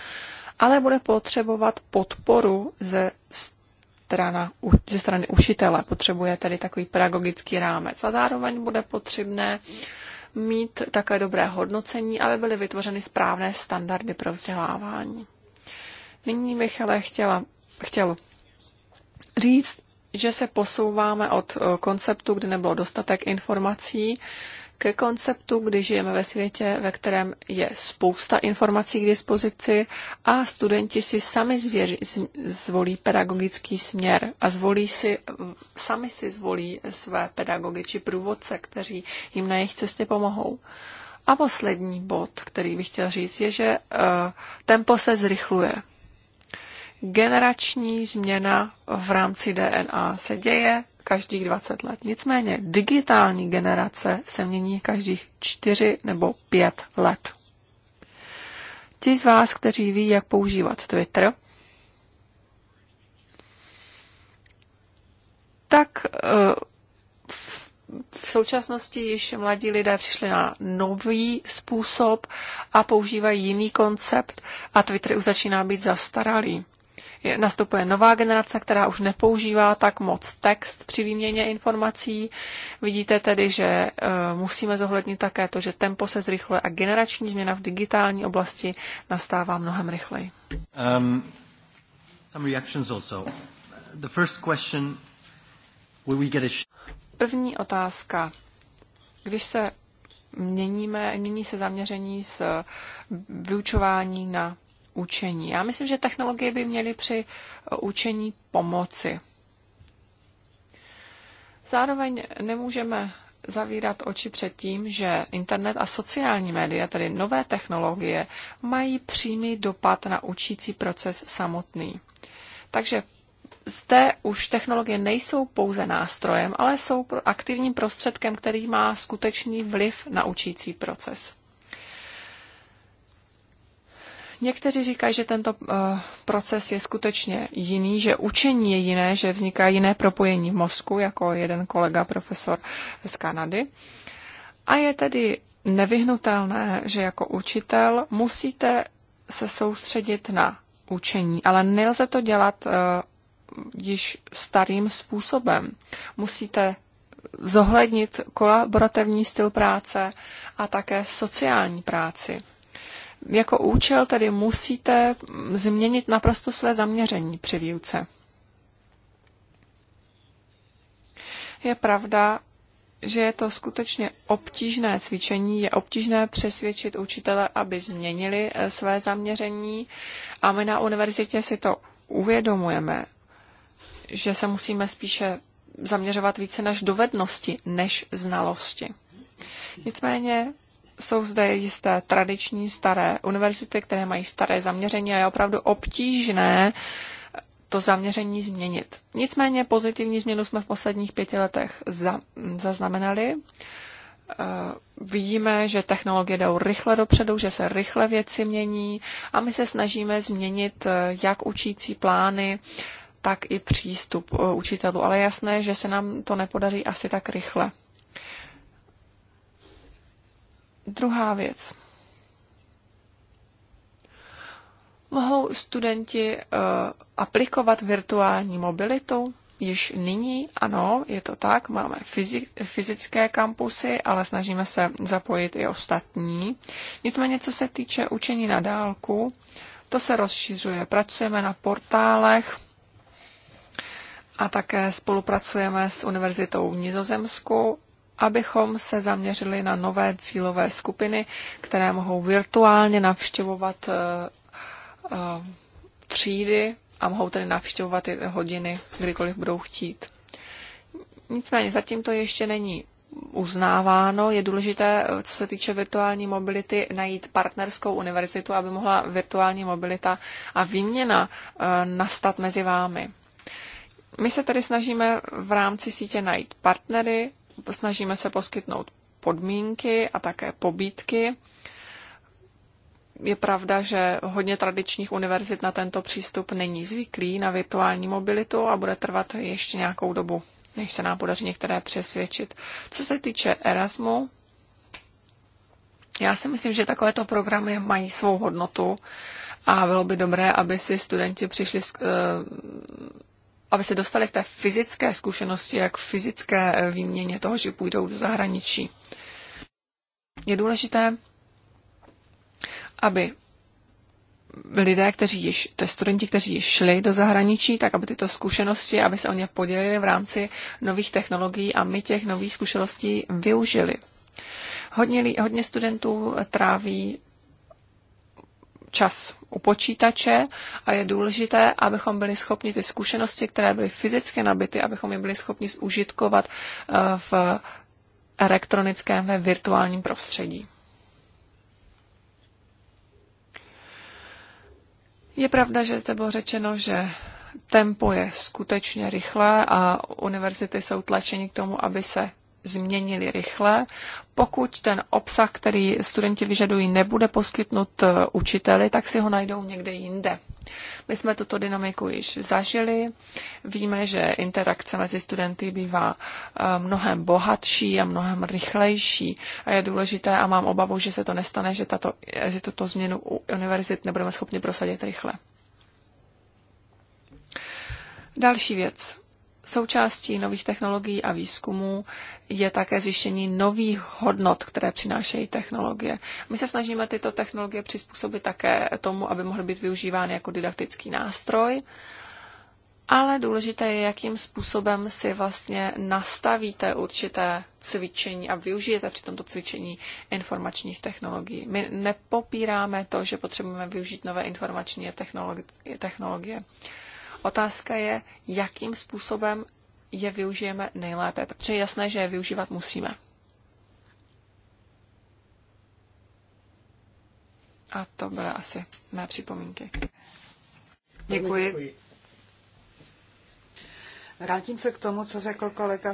ale bude potřebovat podporu ze strana, ze strany učitele. Potřebuje tedy takový pedagogický rámec. A zároveň bude potřebné mít také dobré hodnocení, aby byly vytvořeny správné standardy pro vzdělávání. Nyní bych ale chtěla, chtěl říct, že se posouváme od eh, konceptu, kde nebylo dostatek informací, ke konceptu, kdy žijeme ve světě, ve kterém je spousta informací k dispozici a studenti si sami zvěři, zvolí pedagogický směr a zvolí si, sami si zvolí své pedagogy či průvodce, kteří jim na jejich cestě pomohou. A poslední bod, který bych chtěl říct, je, že eh, tempo se zrychluje. Generační změna v rámci DNA se děje, každých 20 let. Nicméně digitální generace se mění každých 4 nebo 5 let. Ti z vás, kteří ví, jak používat Twitter, tak eh, v současnosti již mladí lidé přišli na nový způsob a používají jiný koncept a Twitter už začíná být zastaralý nastupuje nová generace, která už nepoužívá tak moc text při výměně informací. Vidíte tedy, že e, musíme zohlednit také to, že tempo se zrychluje a generační změna v digitální oblasti nastává mnohem rychleji. Um, some reactions also. The first question, will we get a... První otázka. Když se měníme, mění se zaměření z vyučování na učení. Já myslím, že technologie by měly při eh, učení pomoci. Zároveň nemůžeme zavírat oči před tím, že internet a sociální média, tedy nové technologie, mají přímý dopad na učící proces samotný. Takže zde už technologie nejsou pouze nástrojem, ale jsou aktivním prostředkem, který má skutečný vliv na učící proces. Někteří říkají, že tento eh, proces je skutečně jiný, že učení je jiné, že vzniká jiné propojení v mozku, jako jeden kolega profesor z Kanady. A je tedy nevyhnutelné, že jako učitel musíte se soustředit na učení, ale nelze to dělat uh, již starým způsobem. Musíte zohlednit kolaborativní styl práce a také sociální práci jako účel tedy musíte změnit naprosto své zaměření při výuce. Je pravda, že je to skutečně obtížné cvičení, je obtížné přesvědčit učitele, aby změnili eh, své zaměření a my na univerzitě si to uvědomujeme, že se musíme spíše zaměřovat více než dovednosti, než znalosti. Nicméně jsou zde jisté tradiční staré univerzity, které mají staré zaměření a je opravdu obtížné to zaměření změnit. Nicméně pozitivní změnu jsme v posledních pěti letech za, zaznamenali. Eh, vidíme, že technologie jdou rychle dopředu, že se rychle věci mění a my se snažíme změnit eh, jak učící plány, tak i přístup eh, učitelů. Ale jasné, že se nám to nepodaří asi tak rychle. Druhá věc. Mohou studenti uh, aplikovat virtuální mobilitu? Již nyní, ano, je to tak, máme fyzické kampusy, ale snažíme se zapojit i ostatní. Nicméně, co se týče učení na dálku, to se rozšiřuje. Pracujeme na portálech a také spolupracujeme s univerzitou v Nizozemsku abychom se zaměřili na nové cílové skupiny, které mohou virtuálně navštěvovat eh, eh, třídy a mohou tedy navštěvovat i hodiny, kdykoliv budou chtít. Nicméně zatím to ještě není uznáváno. Je důležité, eh, co se týče virtuální mobility, najít partnerskou univerzitu, aby mohla virtuální mobilita a výměna nastat mezi vámi. My se tedy snažíme v rámci sítě najít partnery, Snažíme se poskytnout podmínky a také pobídky. Je pravda, že hodně tradičních univerzit na tento přístup není zvyklý na virtuální mobilitu a bude trvat ještě nějakou dobu, než se nám podaří některé přesvědčit. Co se týče Erasmu, já si myslím, že takovéto programy mají svou hodnotu a bylo by dobré, aby si studenti přišli eh, aby se dostali k té fyzické zkušenosti, jak fyzické eh, výměně toho, že půjdou do zahraničí. Je důležité, aby lidé, kteří již, to studenti, kteří již šli do zahraničí, tak aby tyto zkušenosti, aby se o ně podělili v rámci nových technologií a my těch nových zkušeností využili. Hodně, hodně studentů tráví čas u počítače a je důležité, abychom byli schopni ty zkušenosti, které byly fyzicky nabity, abychom je byli schopni zužitkovat eh, v elektronickém, ve virtuálním prostředí. Je pravda, že zde bylo řečeno, že tempo je skutečně rychlé a univerzity jsou tlačeny k tomu, aby se změnili rychle. Pokud ten obsah, který studenti vyžadují, nebude poskytnut eh, učiteli, tak si ho najdou někde jinde. My jsme tuto dynamiku již zažili. Víme, že interakce mezi studenty bývá eh, mnohem bohatší a mnohem rychlejší a je důležité a mám obavu, že se to nestane, že, tato, že tuto změnu u univerzit nebudeme schopni prosadit rychle. Další věc. Součástí nových technologií a výzkumů je také zjištění nových hodnot, které přinášejí technologie. My se snažíme tyto technologie přizpůsobit také tomu, aby mohly být využívány jako didaktický nástroj, ale důležité je, jakým způsobem si vlastně nastavíte určité cvičení a využijete při tomto cvičení informačních technologií. My nepopíráme to, že potřebujeme využít nové informační technologie. technologie. Otázka je, jakým způsobem je využijeme nejlépe, protože je jasné, že je využívat musíme. A to byly asi mé připomínky. Děkuji. Vrátím se k tomu, co řekl kolega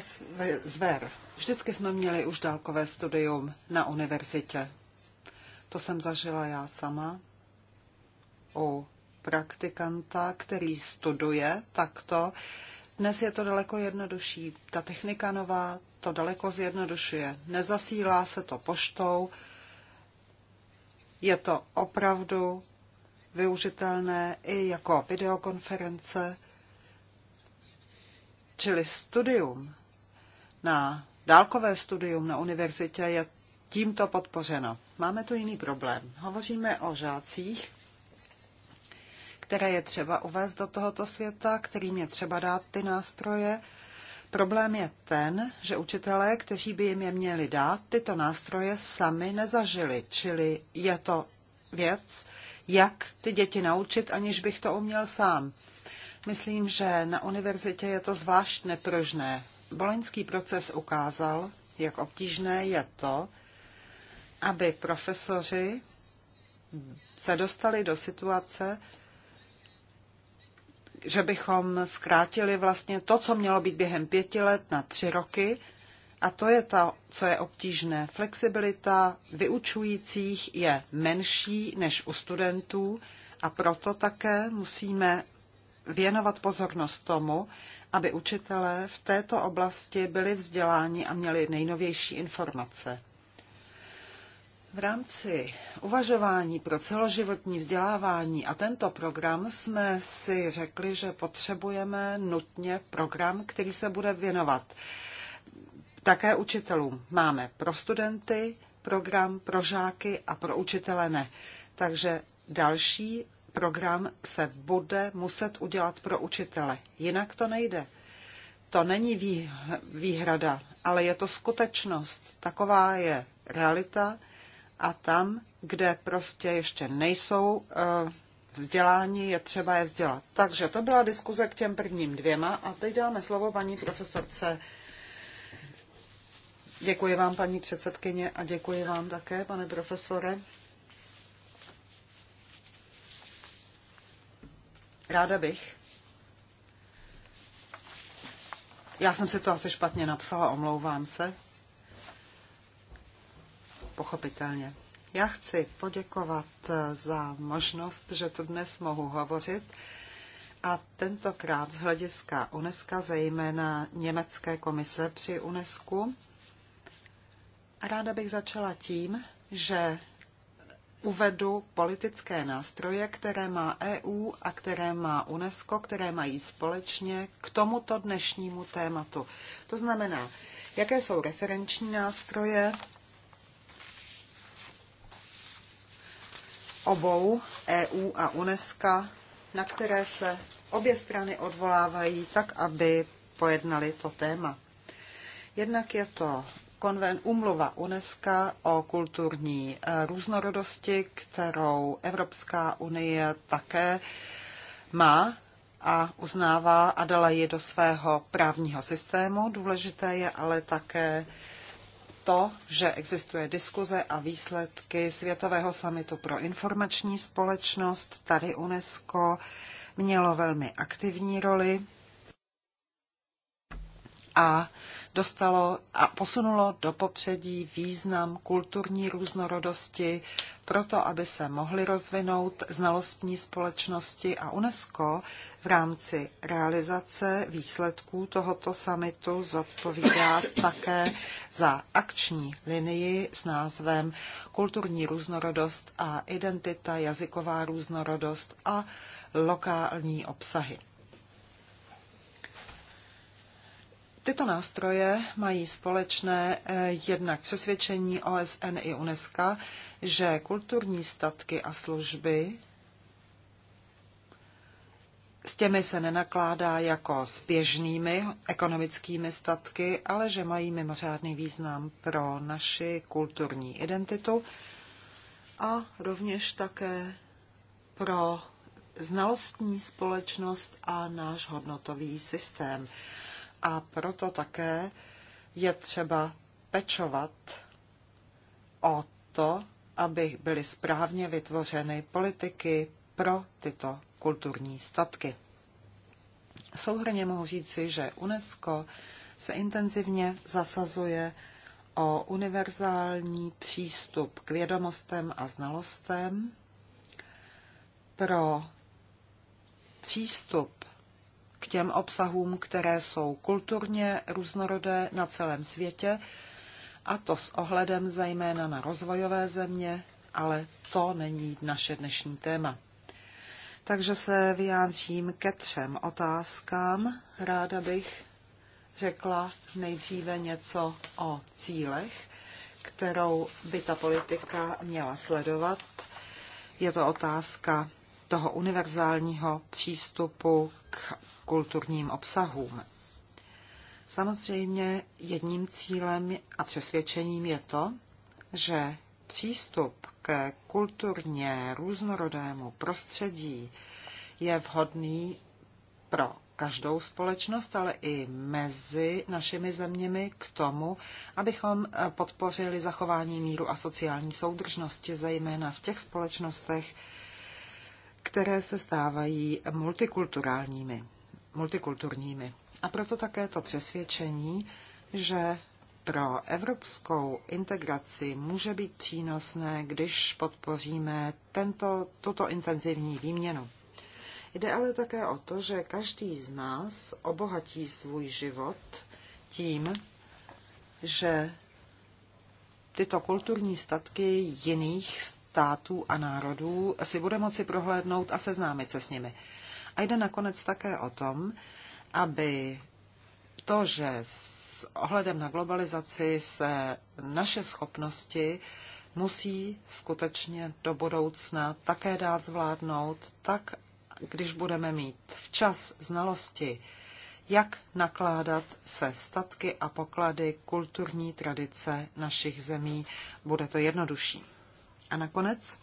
Zver. Vždycky jsme měli už dálkové studium na univerzitě. To jsem zažila já sama u praktikanta, který studuje takto. Dnes je to daleko jednodušší. Ta technika nová to daleko zjednodušuje. Nezasílá se to poštou, je to opravdu využitelné i jako videokonference, čili studium na dálkové studium na univerzitě je tímto podpořeno. Máme tu jiný problém. Hovoříme o žácích, které je třeba uvést do tohoto světa, kterým je třeba dát ty nástroje. Problém je ten, že učitelé, kteří by jim je měli dát, tyto nástroje sami nezažili, čili je to věc, jak ty děti naučit, aniž bych to uměl sám. Myslím, že na univerzitě je to zvlášť nepružné. Boloňský proces ukázal, jak obtížné je to, aby profesoři se dostali do situace, že bychom zkrátili vlastně to, co mělo být během pěti let na tři roky. A to je to, co je obtížné. Flexibilita vyučujících je menší než u studentů a proto také musíme věnovat pozornost tomu, aby učitelé v této oblasti byli vzděláni a měli nejnovější informace. V rámci uvažování pro celoživotní vzdělávání a tento program jsme si řekli, že potřebujeme nutně program, který se bude věnovat také učitelům. Máme pro studenty program, pro žáky a pro učitele ne. Takže další program se bude muset udělat pro učitele. Jinak to nejde. To není výhrada, ale je to skutečnost. Taková je realita a tam, kde prostě ještě nejsou eh, vzdělání, je třeba je vzdělat. Takže to byla diskuze k těm prvním dvěma a teď dáme slovo paní profesorce. Děkuji vám, paní předsedkyně, a děkuji vám také, pane profesore. Ráda bych. Já jsem si to asi špatně napsala, omlouvám se pochopitelně. Já chci poděkovat eh, za možnost, že tu dnes mohu hovořit a tentokrát z hlediska UNESCO, zejména Německé komise při UNESCO. Ráda bych začala tím, že uvedu politické nástroje, které má EU a které má UNESCO, které mají společně k tomuto dnešnímu tématu. To znamená, jaké jsou referenční nástroje, obou EU a UNESCO, na které se obě strany odvolávají tak, aby pojednali to téma. Jednak je to konven umluva UNESCO o kulturní e, různorodosti, kterou Evropská unie také má a uznává a dala ji do svého právního systému. Důležité je ale také to, že existuje diskuze a výsledky Světového samitu pro informační společnost. Tady UNESCO mělo velmi aktivní roli a dostalo a posunulo do popředí význam kulturní různorodosti, proto aby se mohly rozvinout znalostní společnosti a UNESCO v rámci realizace výsledků tohoto samitu zodpovídá také za akční linii s názvem Kulturní různorodost a identita, jazyková různorodost a lokální obsahy. Tyto nástroje mají společné eh, jednak přesvědčení OSN i UNESCO, že kulturní statky a služby s těmi se nenakládá jako s běžnými ekonomickými statky, ale že mají mimořádný význam pro naši kulturní identitu a rovněž také pro znalostní společnost a náš hodnotový systém a proto také je třeba pečovat o to, aby byly správně vytvořeny politiky pro tyto kulturní statky. Souhrně mohu říci, že UNESCO se intenzivně zasazuje o univerzální přístup k vědomostem a znalostem pro přístup k těm obsahům, které jsou kulturně různorodé na celém světě, a to s ohledem zejména na rozvojové země, ale to není naše dnešní téma. Takže se vyjádřím ke třem otázkám. Ráda bych řekla nejdříve něco o cílech, kterou by ta politika měla sledovat. Je to otázka toho univerzálního přístupu k kulturním obsahům. Samozřejmě jedním cílem a přesvědčením je to, že přístup ke kulturně různorodému prostředí je vhodný pro každou společnost, ale i mezi našimi zeměmi k tomu, abychom podpořili zachování míru a sociální soudržnosti, zejména v těch společnostech, které se stávají multikulturálními multikulturními. A proto také to přesvědčení, že pro evropskou integraci může být přínosné, když podpoříme tento, tuto intenzivní výměnu. Jde ale také o to, že každý z nás obohatí svůj život tím, že tyto kulturní statky jiných států a národů si bude moci prohlédnout a seznámit se s nimi. A jde nakonec také o tom, aby to, že s ohledem na globalizaci se naše schopnosti musí skutečně do budoucna také dát zvládnout, tak když budeme mít včas znalosti, jak nakládat se statky a poklady kulturní tradice našich zemí, bude to jednodušší. A nakonec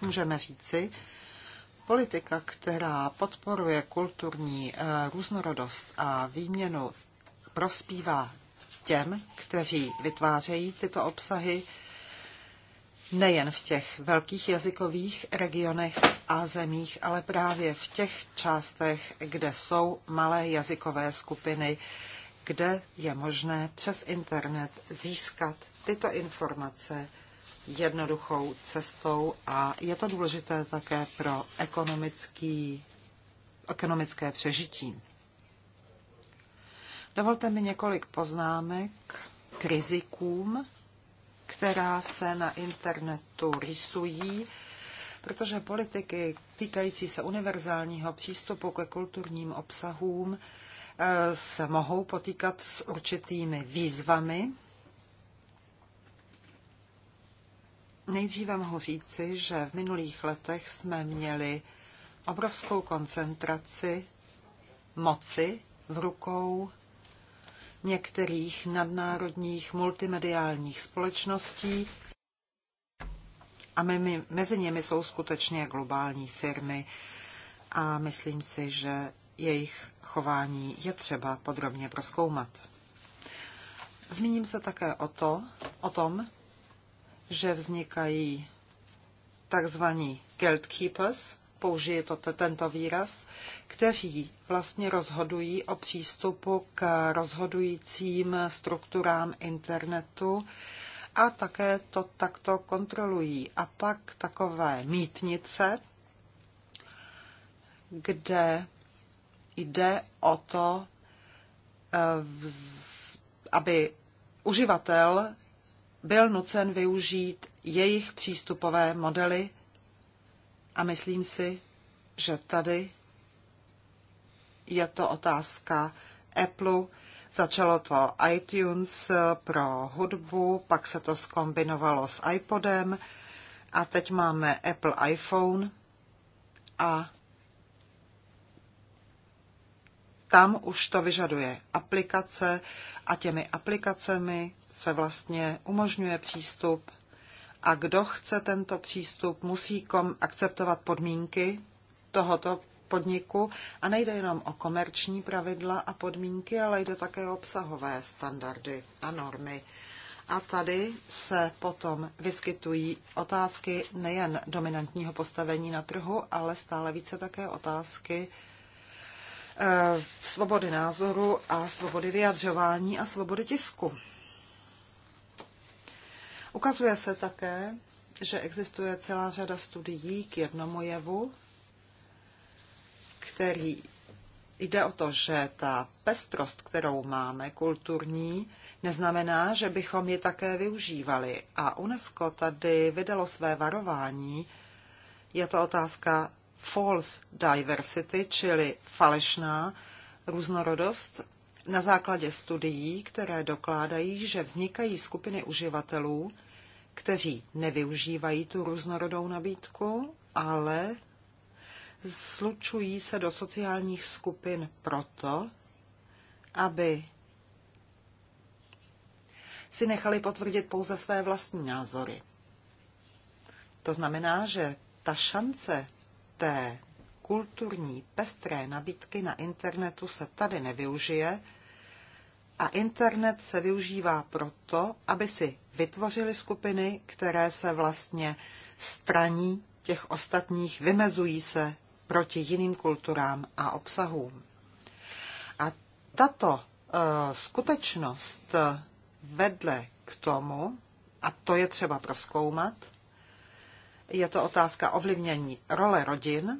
můžeme říci, politika, která podporuje kulturní eh, různorodost a výměnu, prospívá těm, kteří vytvářejí tyto obsahy, nejen v těch velkých jazykových regionech a zemích, ale právě v těch částech, kde jsou malé jazykové skupiny, kde je možné přes internet získat tyto informace jednoduchou cestou a je to důležité také pro ekonomický, ekonomické přežití. Dovolte mi několik poznámek k rizikům, která se na internetu rysují, protože politiky týkající se univerzálního přístupu ke kulturním obsahům eh, se mohou potýkat s určitými výzvami, Nejdříve mohu říci, že v minulých letech jsme měli obrovskou koncentraci moci v rukou některých nadnárodních multimediálních společností a my, mezi nimi jsou skutečně globální firmy a myslím si, že jejich chování je třeba podrobně proskoumat. Zmíním se také o, to, o tom, že vznikají takzvaní gatekeepers, použije to, tento výraz, kteří vlastně rozhodují o přístupu k rozhodujícím strukturám internetu a také to takto kontrolují. A pak takové mítnice, kde jde o to, eh, aby uživatel byl nucen využít jejich přístupové modely a myslím si, že tady je to otázka Apple. Začalo to iTunes pro hudbu, pak se to skombinovalo s iPodem a teď máme Apple iPhone a tam už to vyžaduje aplikace a těmi aplikacemi se vlastně umožňuje přístup a kdo chce tento přístup, musí kom akceptovat podmínky tohoto podniku a nejde jenom o komerční pravidla a podmínky, ale jde také o obsahové standardy a normy. A tady se potom vyskytují otázky nejen dominantního postavení na trhu, ale stále více také otázky eh, svobody názoru a svobody vyjadřování a svobody tisku. Ukazuje se také, že existuje celá řada studií k jednomu jevu, který jde o to, že ta pestrost, kterou máme, kulturní, neznamená, že bychom ji také využívali. A UNESCO tady vydalo své varování. Je to otázka false diversity, čili falešná různorodost na základě studií, které dokládají, že vznikají skupiny uživatelů, kteří nevyužívají tu různorodou nabídku, ale slučují se do sociálních skupin proto, aby si nechali potvrdit pouze své vlastní názory. To znamená, že ta šance té kulturní pestré nabídky na internetu se tady nevyužije, a internet se využívá proto, aby si vytvořili skupiny, které se vlastně straní těch ostatních, vymezují se proti jiným kulturám a obsahům. A tato uh, skutečnost eh, vedle k tomu, a to je třeba proskoumat, je to otázka ovlivnění role rodin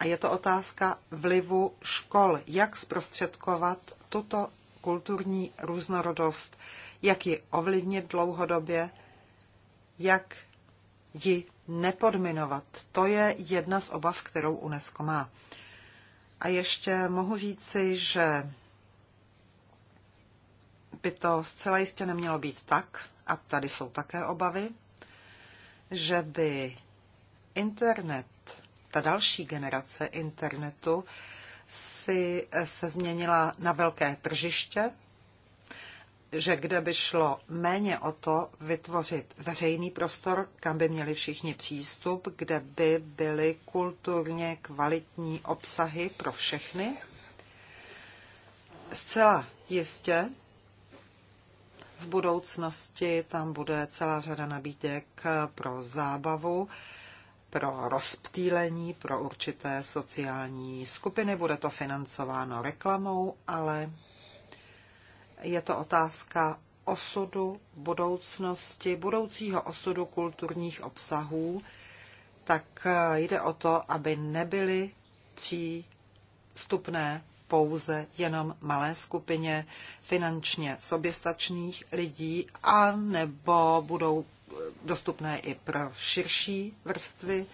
a je to otázka vlivu škol, jak zprostředkovat tuto kulturní různorodost, jak ji ovlivnit dlouhodobě, jak ji nepodminovat. To je jedna z obav, kterou UNESCO má. A ještě mohu říci, že by to zcela jistě nemělo být tak, a tady jsou také obavy, že by internet, ta další generace internetu, si eh, se změnila na velké tržiště, že kde by šlo méně o to vytvořit veřejný prostor, kam by měli všichni přístup, kde by byly kulturně kvalitní obsahy pro všechny. Zcela jistě v budoucnosti tam bude celá řada nabídek eh, pro zábavu pro rozptýlení pro určité sociální skupiny. Bude to financováno reklamou, ale je to otázka osudu budoucnosti, budoucího osudu kulturních obsahů, tak eh, jde o to, aby nebyly přístupné pouze jenom malé skupině finančně soběstačných lidí a nebo budou dostupné i pro širší vrstvy.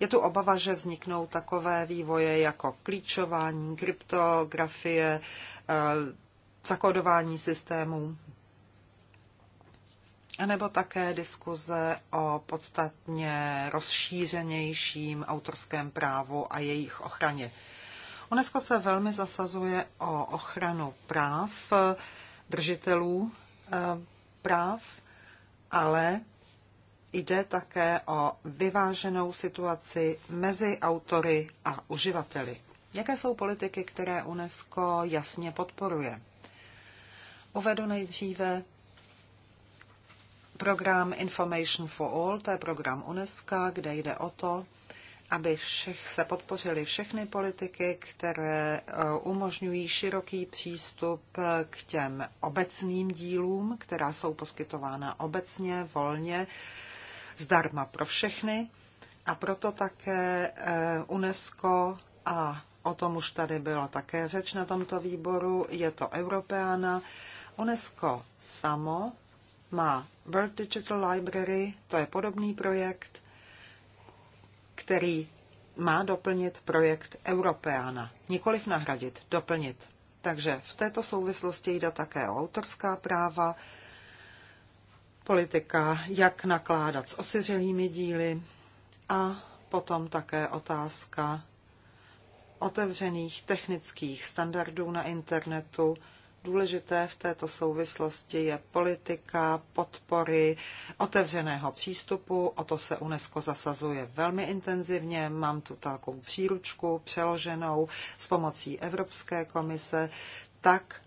Je tu obava, že vzniknou takové vývoje jako klíčování, kryptografie, eh, zakódování systémů, nebo také diskuze o podstatně rozšířenějším autorském právu a jejich ochraně. UNESCO se velmi zasazuje o ochranu práv eh, držitelů eh, práv ale jde také o vyváženou situaci mezi autory a uživateli. Jaké jsou politiky, které UNESCO jasně podporuje? Uvedu nejdříve program Information for All, to je program UNESCO, kde jde o to, aby všech se podpořily všechny politiky, které eh, umožňují široký přístup eh, k těm obecným dílům, která jsou poskytována obecně, volně, zdarma pro všechny. A proto také eh, UNESCO a o tom už tady byla také řeč na tomto výboru, je to Europeana. UNESCO samo má World Digital Library, to je podobný projekt, který má doplnit projekt Europeana, nikoliv nahradit, doplnit. Takže v této souvislosti jde také o autorská práva, politika, jak nakládat s osiřelými díly a potom také otázka otevřených technických standardů na internetu, Důležité v této souvislosti je politika podpory otevřeného přístupu, o to se UNESCO zasazuje velmi intenzivně. Mám tu takovou příručku přeloženou s pomocí Evropské komise, tak,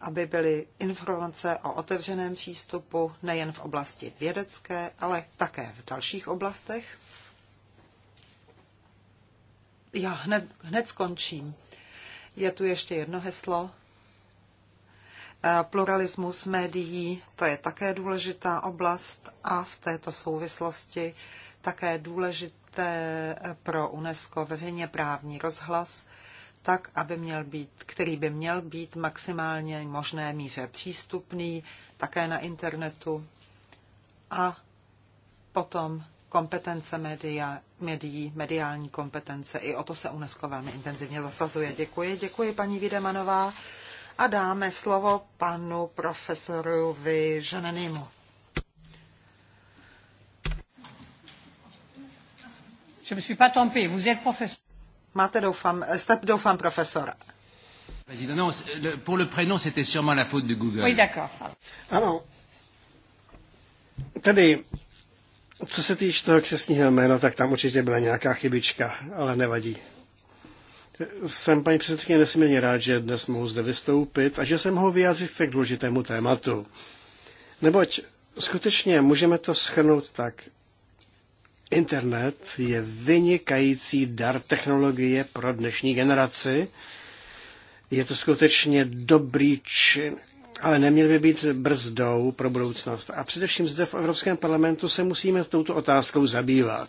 aby byly informace o otevřeném přístupu nejen v oblasti vědecké, ale také v dalších oblastech. Já hned, hned skončím. Je tu ještě jedno heslo, Pluralismus médií, to je také důležitá oblast a v této souvislosti také důležité pro UNESCO veřejně právní rozhlas, tak, aby měl být, který by měl být maximálně možné míře přístupný, také na internetu. A potom kompetence media, médií, mediální kompetence. I o to se UNESCO velmi intenzivně zasazuje. Děkuji, děkuji paní Videmanová a dáme slovo panu profesoru Vyženenimu. Je me suis pas trompé, vous êtes professeur. Máte, doufám, jste, doufám, profesor. Non, pour le prénom, c'était sûrement la faute de Google. Oui, d'accord. Ano. Tedy, co se týče toho křesního jména, tak tam určitě byla nějaká chybička, ale nevadí. Jsem, paní předsedkyně, nesmírně rád, že dnes mohu zde vystoupit a že jsem mohl vyjádřit k tak důležitému tématu. Neboť skutečně můžeme to schrnout tak. Internet je vynikající dar technologie pro dnešní generaci. Je to skutečně dobrý čin, ale neměl by být brzdou pro budoucnost. A především zde v Evropském parlamentu se musíme s touto otázkou zabývat.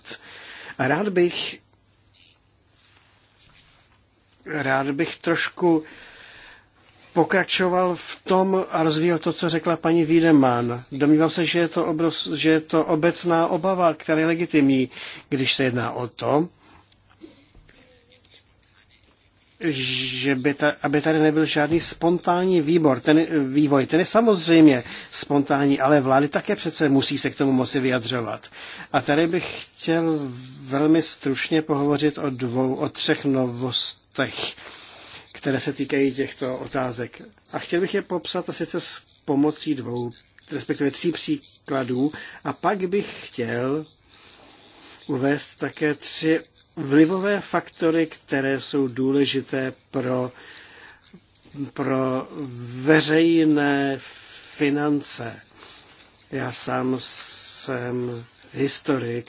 A rád bych Rád bych trošku pokračoval v tom a rozvíjel to, co řekla paní Wiedemann. Domnívám se, že je, to obrov, že je to obecná obava, která je legitimní, když se jedná o to, že by ta, aby tady nebyl žádný spontánní výbor, ten vývoj. Ten je samozřejmě spontánní, ale vlády také přece musí se k tomu moci vyjadřovat. A tady bych chtěl velmi stručně pohovořit o dvou, o třech novost, oblastech, které se týkají těchto otázek. A chtěl bych je popsat a sice s pomocí dvou, respektive tří příkladů. A pak bych chtěl uvést také tři vlivové faktory, které jsou důležité pro, pro veřejné finance. Já sám jsem historik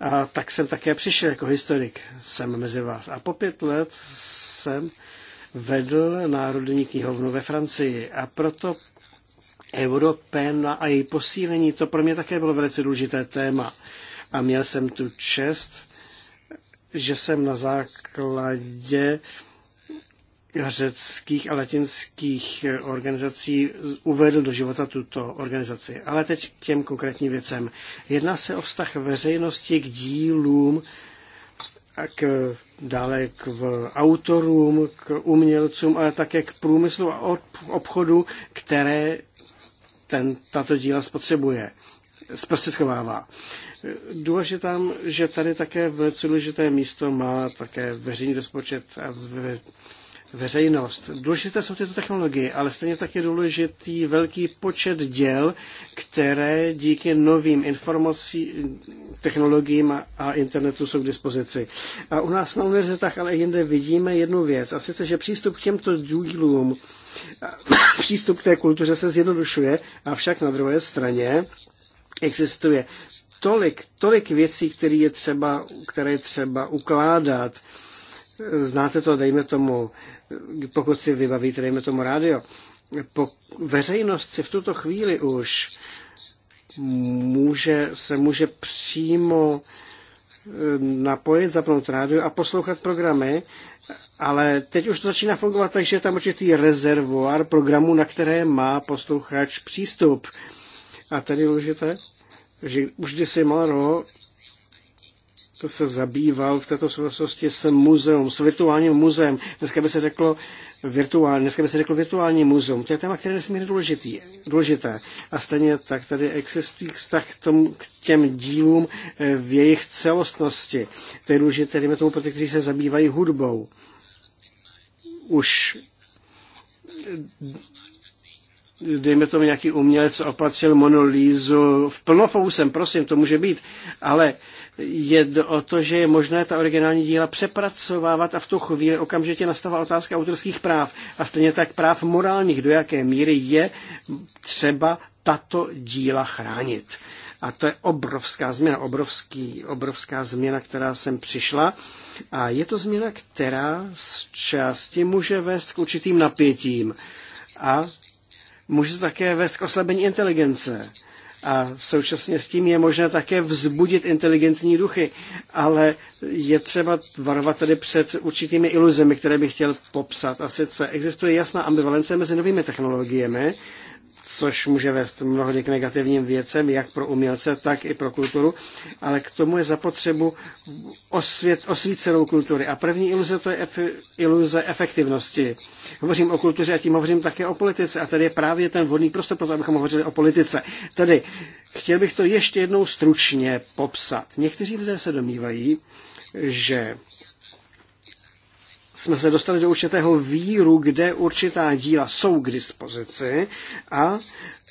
a tak jsem také přišel jako historik, jsem mezi vás. A po pět let jsem vedl Národní knihovnu ve Francii a proto Européna a její posílení, to pro mě také bylo velice důležité téma. A měl jsem tu čest, že jsem na základě řeckých a latinských eh, organizací uvedl do života tuto organizaci. Ale teď k těm konkrétním věcem. Jedná se o vztah veřejnosti k dílům, a k, dále k v autorům, k umělcům, ale také k průmyslu a obchodu, které ten, tato díla spotřebuje, zprostředkovává. Důležité, že tady také velice důležité místo má také veřejný rozpočet a ve, veřejnost. Důležité jsou tyto technologie, ale stejně tak je důležitý velký počet děl, které díky novým informací, technologiím a internetu jsou k dispozici. A u nás na univerzitách, ale i jinde vidíme jednu věc, a sice, že přístup k těmto dílům, přístup k té kultuře se zjednodušuje, avšak na druhé straně existuje tolik, tolik věcí, které je třeba, které je třeba ukládat znáte to, dejme tomu, pokud si vybavíte, dejme tomu rádio, po, veřejnost si v tuto chvíli už může, se může přímo eh, napojit, zapnout rádio a poslouchat programy, ale teď už to začíná fungovat tak, že je tam určitý rezervoár programů, na které má posluchač přístup. A tady důležité, že už kdysi Malro se zabýval v této souvislosti s muzeum, s virtuálním muzeem. Dneska by se řeklo virtuální, dneska by se řeklo virtuální muzeum. To je téma, které je nesmírně důležitý, důležité. A stejně tak tady existují vztah k, tomu, k těm dílům eh, v jejich celostnosti. To je důležité, dejme tomu, pro ty, kteří se zabývají hudbou. Už eh, dejme tomu nějaký umělec opatřil Monolízu v plnofousem, prosím, to může být, ale je o to, že je možné ta originální díla přepracovávat a v tu chvíli okamžitě nastává otázka autorských práv a stejně tak práv morálních, do jaké míry je třeba tato díla chránit. A to je obrovská změna, obrovský, obrovská změna, která sem přišla. A je to změna, která z části může vést k určitým napětím. A může to také vést k oslabení inteligence a současně s tím je možné také vzbudit inteligentní duchy, ale je třeba varovat tedy před určitými iluzemi, které bych chtěl popsat. A sice existuje jasná ambivalence mezi novými technologiemi, což může vést mnohdy k negativním věcem, jak pro umělce, tak i pro kulturu, ale k tomu je zapotřebu osvět, osvícenou kultury. A první iluze to je ef, iluze efektivnosti. Hovořím o kultuře a tím hovořím také o politice. A tady je právě ten vhodný prostor pro to, abychom hovořili o politice. Tedy chtěl bych to ještě jednou stručně popsat. Někteří lidé se domývají, že jsme se dostali do určitého víru, kde určitá díla jsou k dispozici a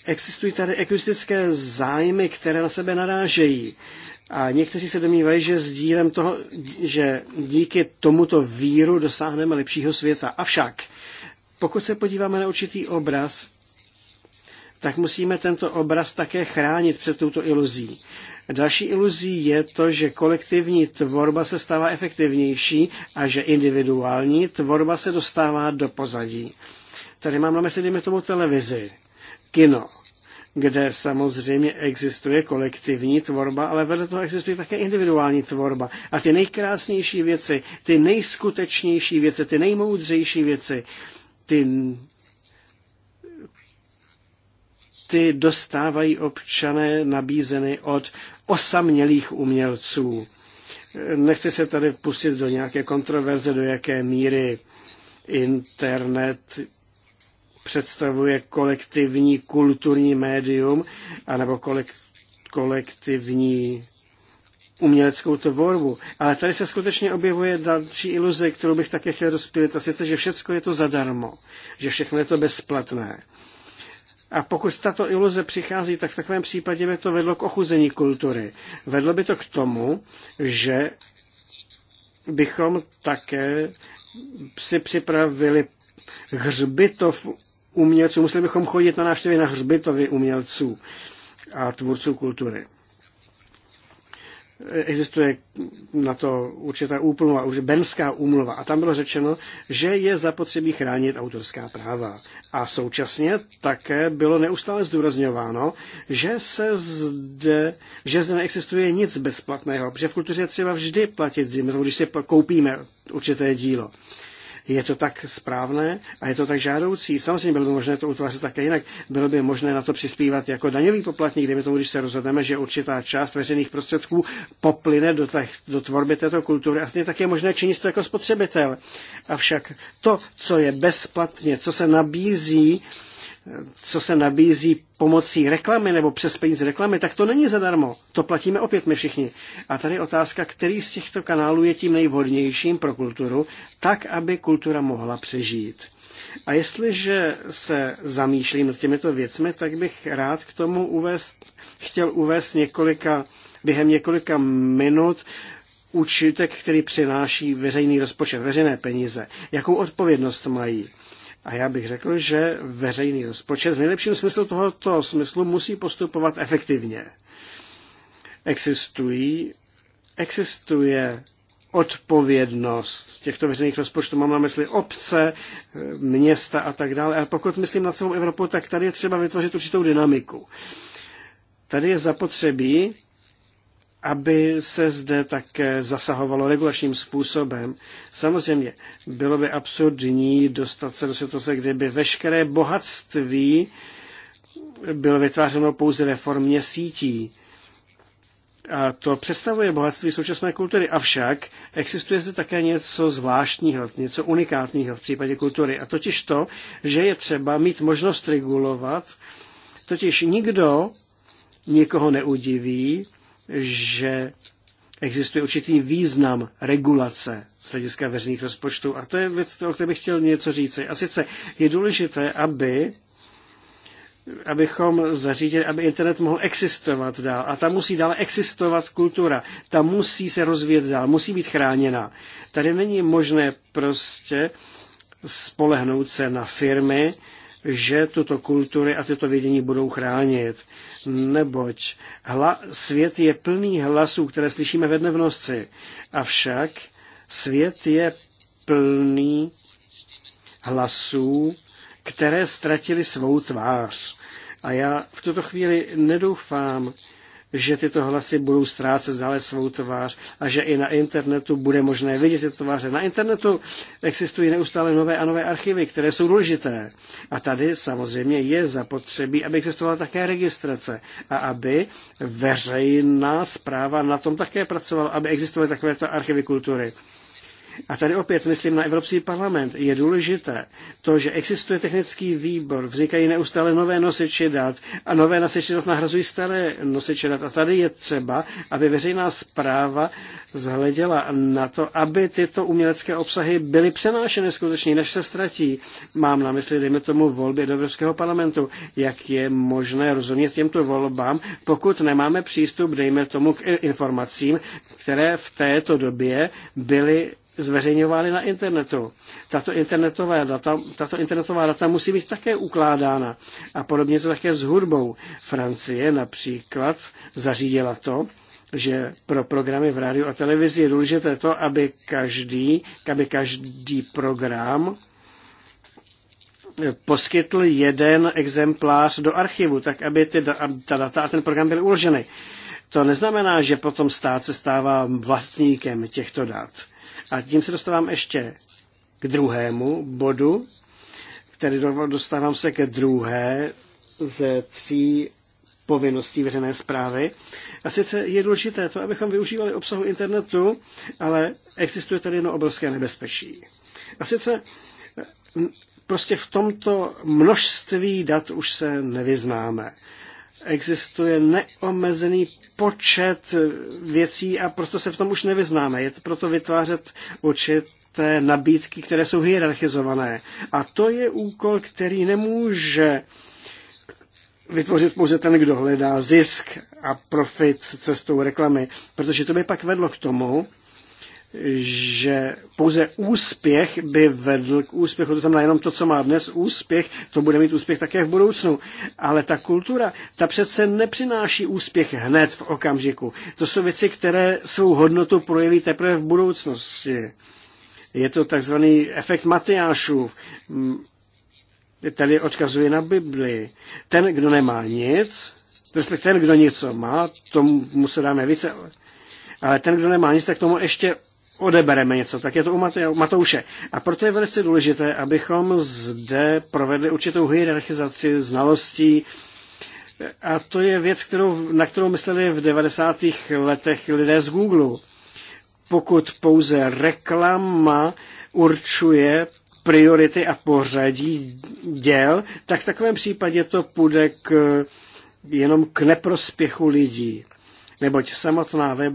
existují tady ekvistické zájmy, které na sebe narážejí. A někteří se domnívají, že s dílem toho, že díky tomuto víru dosáhneme lepšího světa. Avšak, pokud se podíváme na určitý obraz, tak musíme tento obraz také chránit před touto iluzí. Další iluzí je to, že kolektivní tvorba se stává efektivnější a že individuální tvorba se dostává do pozadí. Tady mám na mysli, dejme tomu, televizi, kino, kde samozřejmě existuje kolektivní tvorba, ale vedle toho existuje také individuální tvorba. A ty nejkrásnější věci, ty nejskutečnější věci, ty nejmoudřejší věci, ty ty dostávají občané nabízeny od osamělých umělců. Nechci se tady pustit do nějaké kontroverze, do jaké míry internet představuje kolektivní kulturní médium anebo kolek, kolektivní uměleckou tvorbu. Ale tady se skutečně objevuje další iluze, kterou bych také chtěl rozpělit, a sice, že všechno je to zadarmo, že všechno je to bezplatné. A pokud tato iluze přichází, tak v takovém případě by to vedlo k ochuzení kultury. Vedlo by to k tomu, že bychom také si připravili hřbitov umělců. Museli bychom chodit na návštěvy na hřbitovy umělců a tvůrců kultury existuje na to určitá úplnova, už Benská úmluva a tam bylo řečeno, že je zapotřebí chránit autorská práva. A současně také bylo neustále zdůrazňováno, že se zde, že zde neexistuje nic bezplatného, protože v kultuře je třeba vždy platit, když si koupíme určité dílo. Je to tak správné a je to tak žádoucí. Samozřejmě bylo by možné to utvářet také jinak. Bylo by možné na to přispívat jako daňový poplatník, kdyby tomu, když se rozhodneme, že určitá část veřejných prostředků poplyne do, těch, do tvorby této kultury. A stejně tak je možné činit to jako spotřebitel. Avšak to, co je bezplatně, co se nabízí, co se nabízí pomocí reklamy nebo přes peníze reklamy, tak to není zadarmo. To platíme opět my všichni. A tady otázka, který z těchto kanálů je tím nejvhodnějším pro kulturu, tak, aby kultura mohla přežít. A jestliže se zamýšlím nad těmito věcmi, tak bych rád k tomu uvést, chtěl uvést několika, během několika minut účitek, který přináší veřejný rozpočet, veřejné peníze. Jakou odpovědnost mají? A já bych řekl, že veřejný rozpočet v nejlepším smyslu tohoto smyslu musí postupovat efektivně. Existují, existuje odpovědnost těchto veřejných rozpočtů. Mám na mysli obce, města a tak dále. A pokud myslím na celou Evropu, tak tady je třeba vytvořit určitou dynamiku. Tady je zapotřebí aby se zde také zasahovalo regulačním způsobem. Samozřejmě bylo by absurdní dostat se do situace, kdyby veškeré bohatství bylo vytvářeno pouze ve formě sítí. A to představuje bohatství současné kultury. Avšak existuje zde také něco zvláštního, něco unikátního v případě kultury. A totiž to, že je třeba mít možnost regulovat, totiž nikdo nikoho neudiví, že existuje určitý význam regulace z hlediska veřejných rozpočtů. A to je věc, o které bych chtěl něco říci. A sice je důležité, aby abychom zařídili, aby internet mohl existovat dál. A tam musí dále existovat kultura. Tam musí se rozvíjet dál, musí být chráněná. Tady není možné prostě spolehnout se na firmy, že tuto kultury a tyto vědění budou chránit. Neboť hla, svět je plný hlasů, které slyšíme ve dne v nosci. Avšak svět je plný hlasů, které ztratili svou tvář. A já v tuto chvíli nedoufám, že tyto hlasy budou ztrácet dále svou tvář a že i na internetu bude možné vidět tyto tváře. Na internetu existují neustále nové a nové archivy, které jsou důležité. A tady samozřejmě je zapotřebí, aby existovala také registrace a aby veřejná zpráva na tom také pracovala, aby existovaly takovéto archivy kultury. A tady opět myslím na Evropský parlament. Je důležité to, že existuje technický výbor, vznikají neustále nové nosiče dat a nové nosiče dat nahrazují staré nosiče dat. A tady je třeba, aby veřejná zpráva zhleděla na to, aby tyto umělecké obsahy byly přenášeny skutečně, než se ztratí. Mám na mysli, dejme tomu, volby do Evropského parlamentu. Jak je možné rozumět těmto volbám, pokud nemáme přístup, dejme tomu, k informacím, které v této době byly zveřejňovány na internetu. Tato internetová data, tato internetová data musí být také ukládána. A podobně to také s hudbou. Francie například zařídila to, že pro programy v rádiu a televizi je důležité to, aby každý, aby každý program poskytl jeden exemplář do archivu, tak aby ty, ta data a ten program byly uloženy. To neznamená, že potom stát se stává vlastníkem těchto dat a tím se dostávám ještě k druhému bodu, který dostávám se ke druhé ze tří povinností veřejné zprávy. A sice je důležité to, abychom využívali obsahu internetu, ale existuje tady jedno obrovské nebezpečí. A sice prostě v tomto množství dat už se nevyznáme existuje neomezený počet věcí a proto se v tom už nevyznáme. Je to proto vytvářet počet té nabídky, které jsou hierarchizované. A to je úkol, který nemůže vytvořit pouze ten, kdo hledá zisk a profit cestou reklamy, protože to by pak vedlo k tomu, že pouze úspěch by vedl k úspěchu, to znamená jenom to, co má dnes úspěch, to bude mít úspěch také v budoucnu. Ale ta kultura, ta přece nepřináší úspěch hned v okamžiku. To jsou věci, které svou hodnotu projeví teprve v budoucnosti. Je to takzvaný efekt Matyášův. Tady odkazuje na Bibli. Ten, kdo nemá nic, respektive ten, kdo něco má, tomu se dáme více. ale ten, kdo nemá nic, tak tomu ještě odebereme něco, tak je to u Matouše. A proto je velice důležité, abychom zde provedli určitou hierarchizaci znalostí, a to je věc, kterou, na kterou mysleli v 90. letech lidé z Google. Pokud pouze reklama určuje priority a pořadí děl, tak v takovém případě to půjde k, jenom k neprospěchu lidí. Neboť samotná web,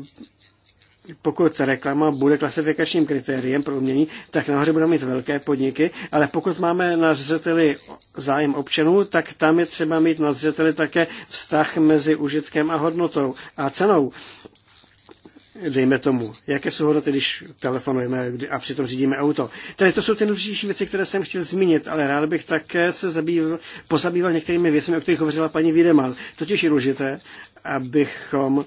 pokud reklama bude klasifikačním kritériem pro umění, tak nahoře budou mít velké podniky, ale pokud máme na zřeteli zájem občanů, tak tam je třeba mít na zřeteli také vztah mezi užitkem a hodnotou a cenou dejme tomu, jaké jsou hodnoty, když telefonujeme a přitom řídíme auto. Tady to jsou ty nejdůležitější věci, které jsem chtěl zmínit, ale rád bych také se zabýval, pozabýval některými věcmi, o kterých hovořila paní Wiedemann. Totiž je důležité, abychom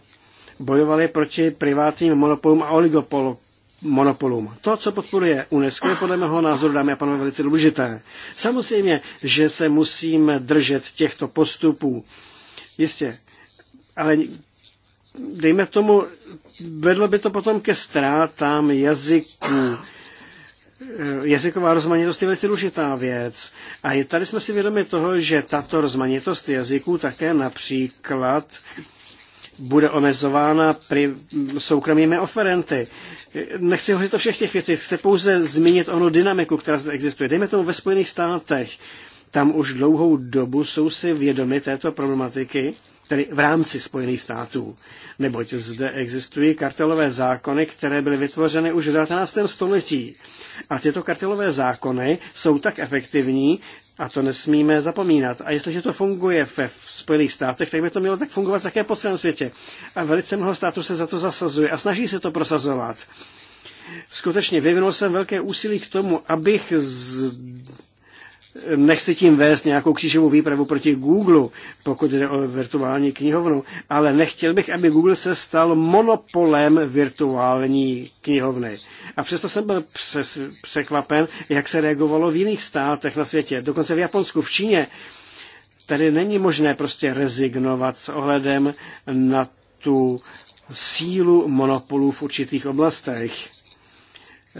bojovali proti privátním monopolům a oligopolům monopolům. To, co podporuje UNESCO, je podle mého názoru, dámy a pánové, velice důležité. Samozřejmě, že se musíme držet těchto postupů. Jistě, ale dejme tomu, vedlo by to potom ke ztrátám jazyků. Eh, jazyková rozmanitost je velice důležitá věc. A je, tady jsme si vědomi toho, že tato rozmanitost jazyků také například bude omezována pri soukromými oferenty. Nechci hovořit o všech těch věcech, chci pouze zmínit onu dynamiku, která zde existuje. Dejme tomu ve Spojených státech, tam už dlouhou dobu jsou si vědomi této problematiky, tedy v rámci Spojených států, neboť zde existují kartelové zákony, které byly vytvořeny už v 19. století. A tyto kartelové zákony jsou tak efektivní, a to nesmíme zapomínat. A jestliže to funguje ve Spojených státech, tak by to mělo tak fungovat také po celém světě. A velice mnoho států se za to zasazuje a snaží se to prosazovat. Skutečně vyvinul jsem velké úsilí k tomu, abych z Nechci tím vést nějakou křížovou výpravu proti Google, pokud jde o virtuální knihovnu, ale nechtěl bych, aby Google se stal monopolem virtuální knihovny. A přesto jsem byl přes, překvapen, jak se reagovalo v jiných státech na světě, dokonce v Japonsku, v Číně. Tady není možné prostě rezignovat s ohledem na tu sílu monopolů v určitých oblastech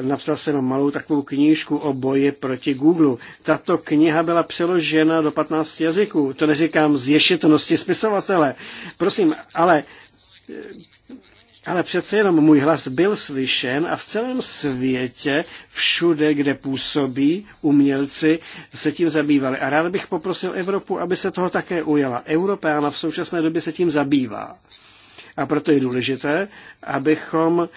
napsal jsem malou takovou knížku o boji proti Google. Tato kniha byla přeložena do 15 jazyků. To neříkám z ješitnosti spisovatele. Prosím, ale ale přece jenom můj hlas byl slyšen a v celém světě, všude, kde působí umělci, se tím zabývali. A rád bych poprosil Evropu, aby se toho také ujala. Evropána v současné době se tím zabývá. A proto je důležité, abychom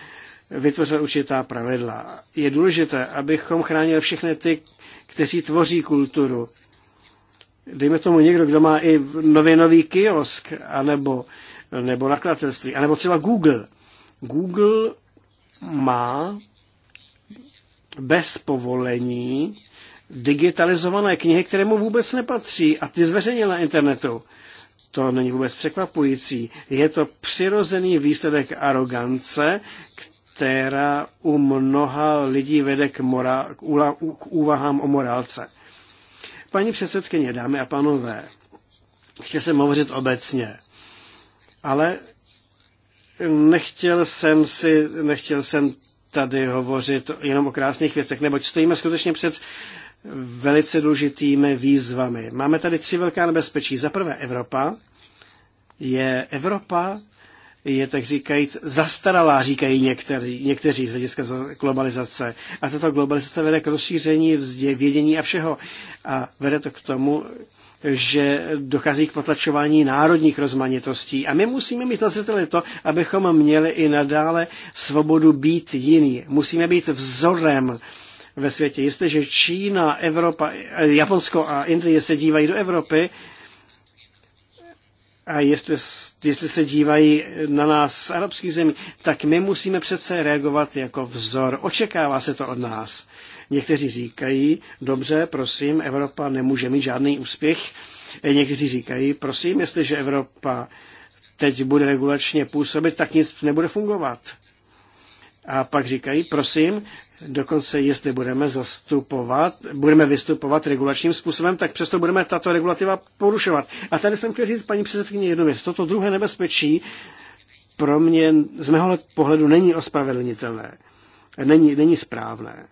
vytvořil určitá pravidla. Je důležité, abychom chránili všechny ty, kteří tvoří kulturu. Dejme tomu někdo, kdo má i novinový kiosk, anebo, nebo nakladatelství, anebo třeba Google. Google má bez povolení digitalizované knihy, které mu vůbec nepatří a ty zveřejnil na internetu. To není vůbec překvapující. Je to přirozený výsledek arogance, která u mnoha lidí vede k, morál, k, úla, k úvahám o morálce. Paní předsedkyně, dámy a pánové, chtěl jsem hovořit obecně, ale nechtěl jsem si, nechtěl jsem tady hovořit jenom o krásných věcech, neboť stojíme skutečně před velice důležitými výzvami. Máme tady tři velká nebezpečí. Za prvé Evropa. Je Evropa je tak říkajíc zastaralá, říkají někteří, někteří z hlediska globalizace. A tato globalizace vede k rozšíření vzdě, vědění a všeho. A vede to k tomu, že dochází k potlačování národních rozmanitostí. A my musíme mít na zřeteli to, abychom měli i nadále svobodu být jiný. Musíme být vzorem ve světě. Jestliže Čína, Evropa, Japonsko a Indie se dívají do Evropy, a jestli, jestli se dívají na nás z arabských zemí, tak my musíme přece reagovat jako vzor. Očekává se to od nás. Někteří říkají, dobře, prosím, Evropa nemůže mít žádný úspěch. E, někteří říkají, prosím, jestliže Evropa teď bude regulačně působit, tak nic nebude fungovat. A pak říkají, prosím, dokonce jestli budeme zastupovat, budeme vystupovat regulačním způsobem, tak přesto budeme tato regulativa porušovat. A tady jsem chtěl říct, paní předsedkyně, jednu věc. Toto druhé nebezpečí pro mě z mého pohledu není ospravedlnitelné. Není, není správné.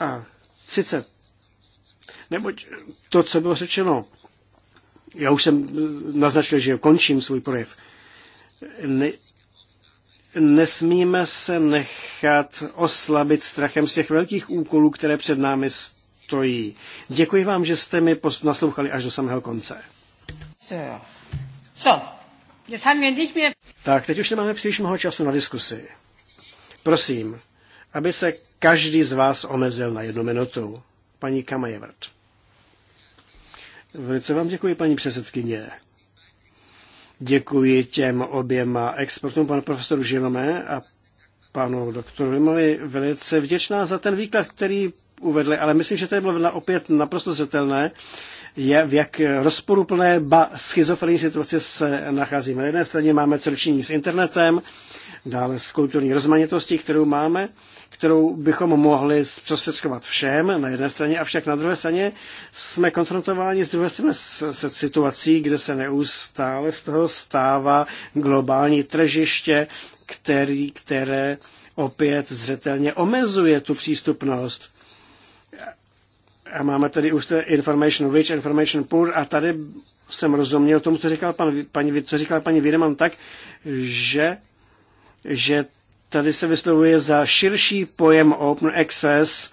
A sice, neboť to, co bylo řečeno, já už jsem naznačil, že končím svůj projev. Ne, nesmíme se nechat oslabit strachem z těch velkých úkolů, které před námi stojí. Děkuji vám, že jste mi naslouchali až do samého konce. So, jetzt Tak, teď už nemáme příliš mnoho času na diskusi. Prosím, aby se každý z vás omezil na jednu minutu. Paní Kamajevrt. Velice vám děkuji, paní předsedkyně. Děkuji těm oběma expertům, panu profesoru Žilomé a panu doktoru Vimovi, velice vděčná za ten výklad, který uvedli, ale myslím, že to bylo opět naprosto zřetelné, je, v jak rozporuplné, ba schizofrenní situaci se nacházíme. Na jedné straně máme co s internetem, dále z kulturní rozmanitosti, kterou máme, kterou bychom mohli zprostředkovat všem na jedné straně, avšak na druhé straně jsme konfrontováni z druhé strany se situací, kde se neustále z toho stává globální tržiště, který, které opět zřetelně omezuje tu přístupnost a máme tady už information rich, information poor a tady jsem rozuměl tomu, co říkal pan, paní, co říkal paní Wiedemann tak, že že tady se vyslovuje za širší pojem open access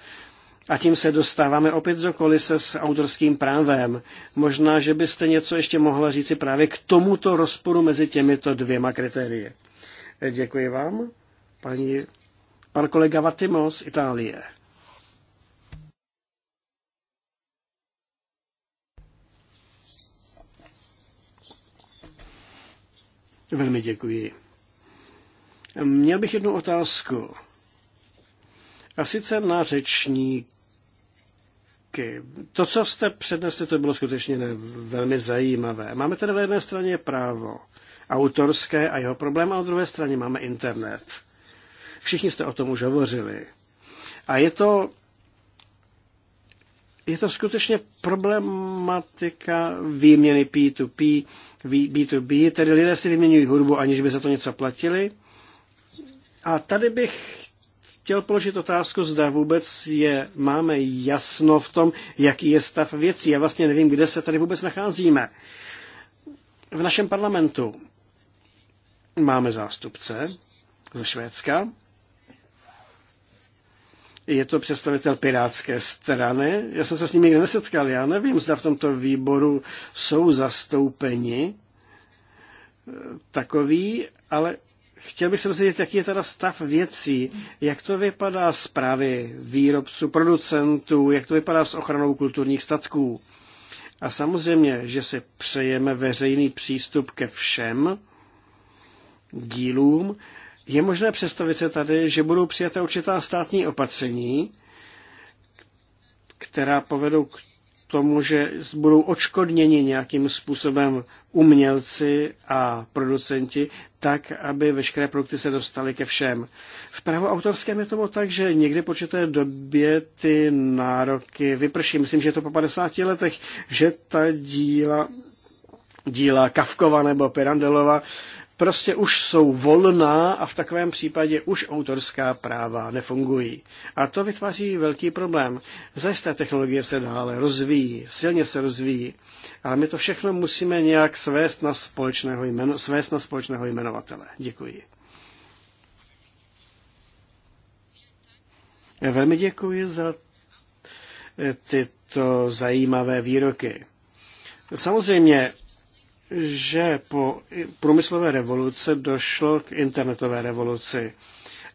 a tím se dostáváme opět do kolise s autorským právem. Možná, že byste něco ještě mohla říci právě k tomuto rozporu mezi těmito dvěma kritérii. Děkuji vám. Paní, pan kolega Vatimo z Itálie. Velmi děkuji. Měl bych jednu otázku. A sice na řečníky. To, co jste přednesli, to bylo skutečně velmi zajímavé. Máme tedy na jedné straně právo autorské a jeho problém, a na druhé straně máme internet. Všichni jste o tom už hovořili. A je to, je to skutečně problematika výměny P2P, B2B, tedy lidé si vyměňují hudbu, aniž by za to něco platili a tady bych chtěl položit otázku, zda vůbec je, máme jasno v tom, jaký je stav věcí. Já vlastně nevím, kde se tady vůbec nacházíme. V našem parlamentu máme zástupce ze Švédska. Je to představitel Pirátské strany. Já jsem se s nimi nikdy nesetkal. Já nevím, zda v tomto výboru jsou zastoupeni takový, ale Chtěl bych se dozvědět, jaký je teda stav věcí, jak to vypadá s právy výrobců, producentů, jak to vypadá s ochranou kulturních statků. A samozřejmě, že si přejeme veřejný přístup ke všem dílům. Je možné představit se tady, že budou přijata určitá státní opatření, která povedou k tomu, že budou očkodněni nějakým způsobem umělci a producenti, tak, aby veškeré produkty se dostaly ke všem. V právu autorském je to tak, že někdy po určité době ty nároky vyprší. Myslím, že je to po 50 letech, že ta díla díla Kavkova nebo Pirandelova prostě už jsou volná a v takovém případě už autorská práva nefungují. A to vytváří velký problém. Zajisté technologie se dále rozvíjí, silně se rozvíjí, ale my to všechno musíme nějak svést na společného, jmeno, svést na společného jmenovatele. Děkuji. Já velmi děkuji za eh, tyto zajímavé výroky. Samozřejmě že po průmyslové revoluce došlo k internetové revoluci.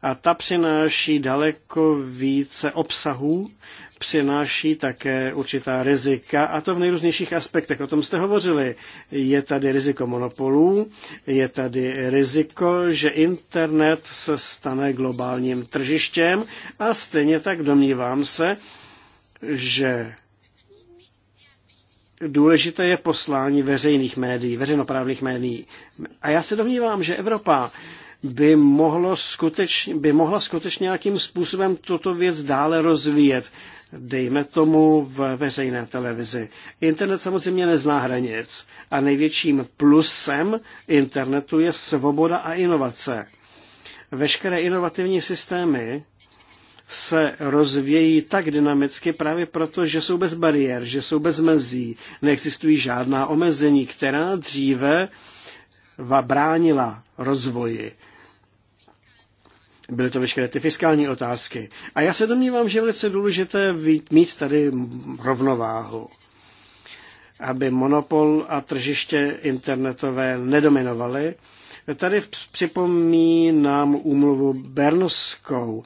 A ta přináší daleko více obsahů, přináší také určitá rizika, a to v nejrůznějších aspektech. O tom jste hovořili. Je tady riziko monopolů, je tady riziko, že internet se stane globálním tržištěm a stejně tak domnívám se, že důležité je poslání veřejných médií, veřejnoprávních médií. A já se domnívám, že Evropa by, mohlo skutečně by mohla skutečně nějakým způsobem tuto věc dále rozvíjet. Dejme tomu v veřejné televizi. Internet samozřejmě nezná hranic a největším plusem internetu je svoboda a inovace. Veškeré inovativní systémy se rozvějí tak dynamicky právě proto, že jsou bez bariér, že jsou bez mezí, neexistují žádná omezení, která dříve bránila rozvoji. Byly to veškeré ty fiskální otázky. A já se domnívám, že je velice důležité mít tady rovnováhu, aby monopol a tržiště internetové nedominovaly, Tady připomínám úmluvu Bernskou.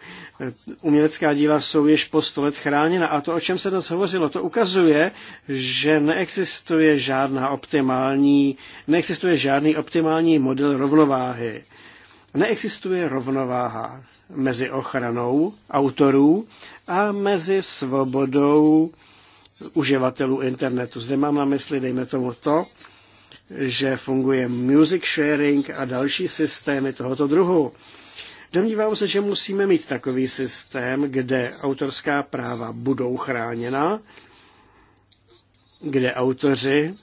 Umělecká díla jsou již po sto let chráněna a to, o čem se dnes hovořilo, to ukazuje, že neexistuje žádná optimální, neexistuje žádný optimální model rovnováhy. Neexistuje rovnováha mezi ochranou autorů a mezi svobodou uživatelů internetu. Zde mám na mysli, dejme tomu to, že funguje music sharing a další systémy tohoto druhu. Domnívám se, že musíme mít takový systém, kde autorská práva budou chráněna, kde autoři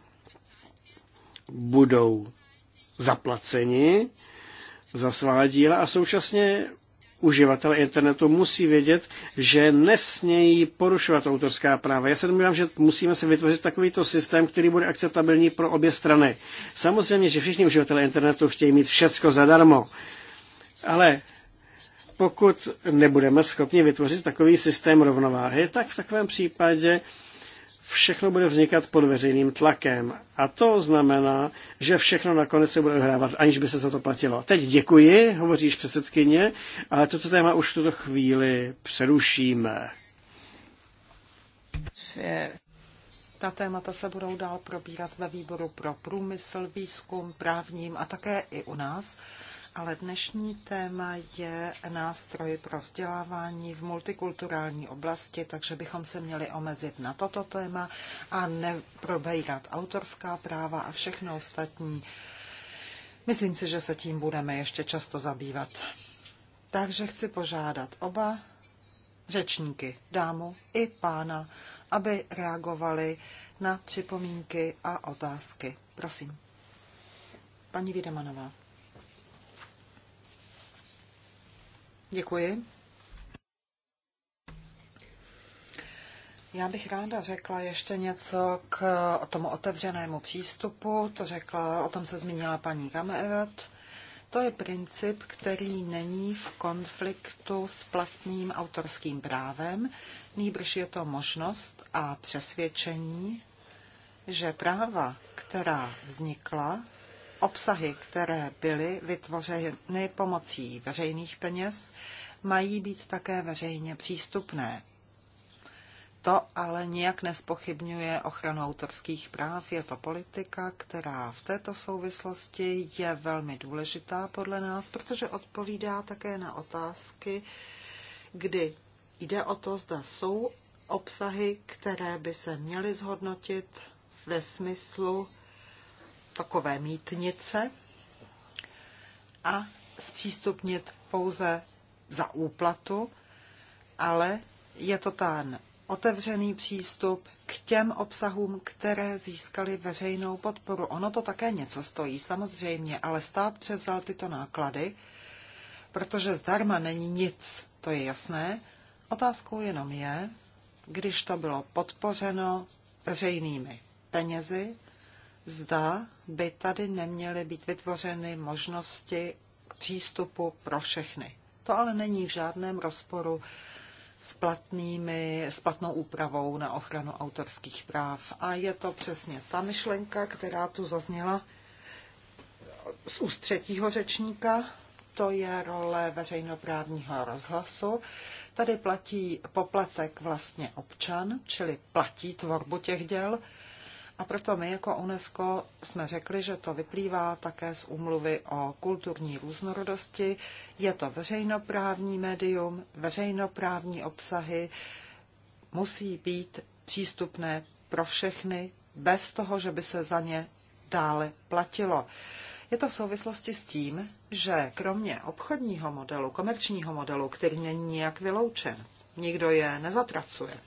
budou zaplaceni za svá díla a současně uživatelé internetu musí vědět, že nesmějí porušovat autorská práva. Já se domnívám, že musíme se vytvořit takovýto systém, který bude akceptabilní pro obě strany. Samozřejmě, že všichni uživatelé internetu chtějí mít všecko zadarmo. Ale pokud nebudeme schopni vytvořit takový systém rovnováhy, tak v takovém případě všechno bude vznikat pod veřejným tlakem. A to znamená, že všechno nakonec se bude hrávat, aniž by se za to platilo. Teď děkuji, hovoříš předsedkyně, ale toto téma už tuto chvíli přerušíme. Ta témata se budou dál probírat ve výboru pro průmysl, výzkum, právním a také i u nás ale dnešní téma je nástroj pro vzdělávání v multikulturální oblasti, takže bychom se měli omezit na toto téma a neprobejrat autorská práva a všechno ostatní. Myslím si, že se tím budeme ještě často zabývat. Takže chci požádat oba řečníky, dámu i pána, aby reagovali na připomínky a otázky. Prosím. Paní Videmanová. Děkuji. Já bych ráda řekla ještě něco k tomu otevřenému přístupu. To řekla, o tom se zmínila paní Kameret. To je princip, který není v konfliktu s platným autorským právem, nýbrž je to možnost a přesvědčení, že práva, která vznikla obsahy, které byly vytvořeny pomocí veřejných peněz, mají být také veřejně přístupné. To ale nijak nespochybňuje ochranu autorských práv. Je to politika, která v této souvislosti je velmi důležitá podle nás, protože odpovídá také na otázky, kdy jde o to, zda jsou obsahy, které by se měly zhodnotit ve smyslu takové mítnice a zpřístupnit pouze za úplatu, ale je to ten otevřený přístup k těm obsahům, které získaly veřejnou podporu. Ono to také něco stojí, samozřejmě, ale stát převzal tyto náklady, protože zdarma není nic, to je jasné. Otázkou jenom je, když to bylo podpořeno veřejnými penězi, zda by tady neměly být vytvořeny možnosti k přístupu pro všechny. To ale není v žádném rozporu s, platnými, s platnou úpravou na ochranu autorských práv. A je to přesně ta myšlenka, která tu zazněla z úst třetího řečníka, to je role veřejnoprávního rozhlasu. Tady platí poplatek vlastně občan, čili platí tvorbu těch děl a proto my jako UNESCO jsme řekli, že to vyplývá také z úmluvy o kulturní různorodosti. Je to veřejnoprávní médium, veřejnoprávní obsahy musí být přístupné pro všechny, bez toho, že by se za ně dále platilo. Je to v souvislosti s tím, že kromě obchodního modelu, komerčního modelu, který není nijak vyloučen, nikdo je nezatracuje,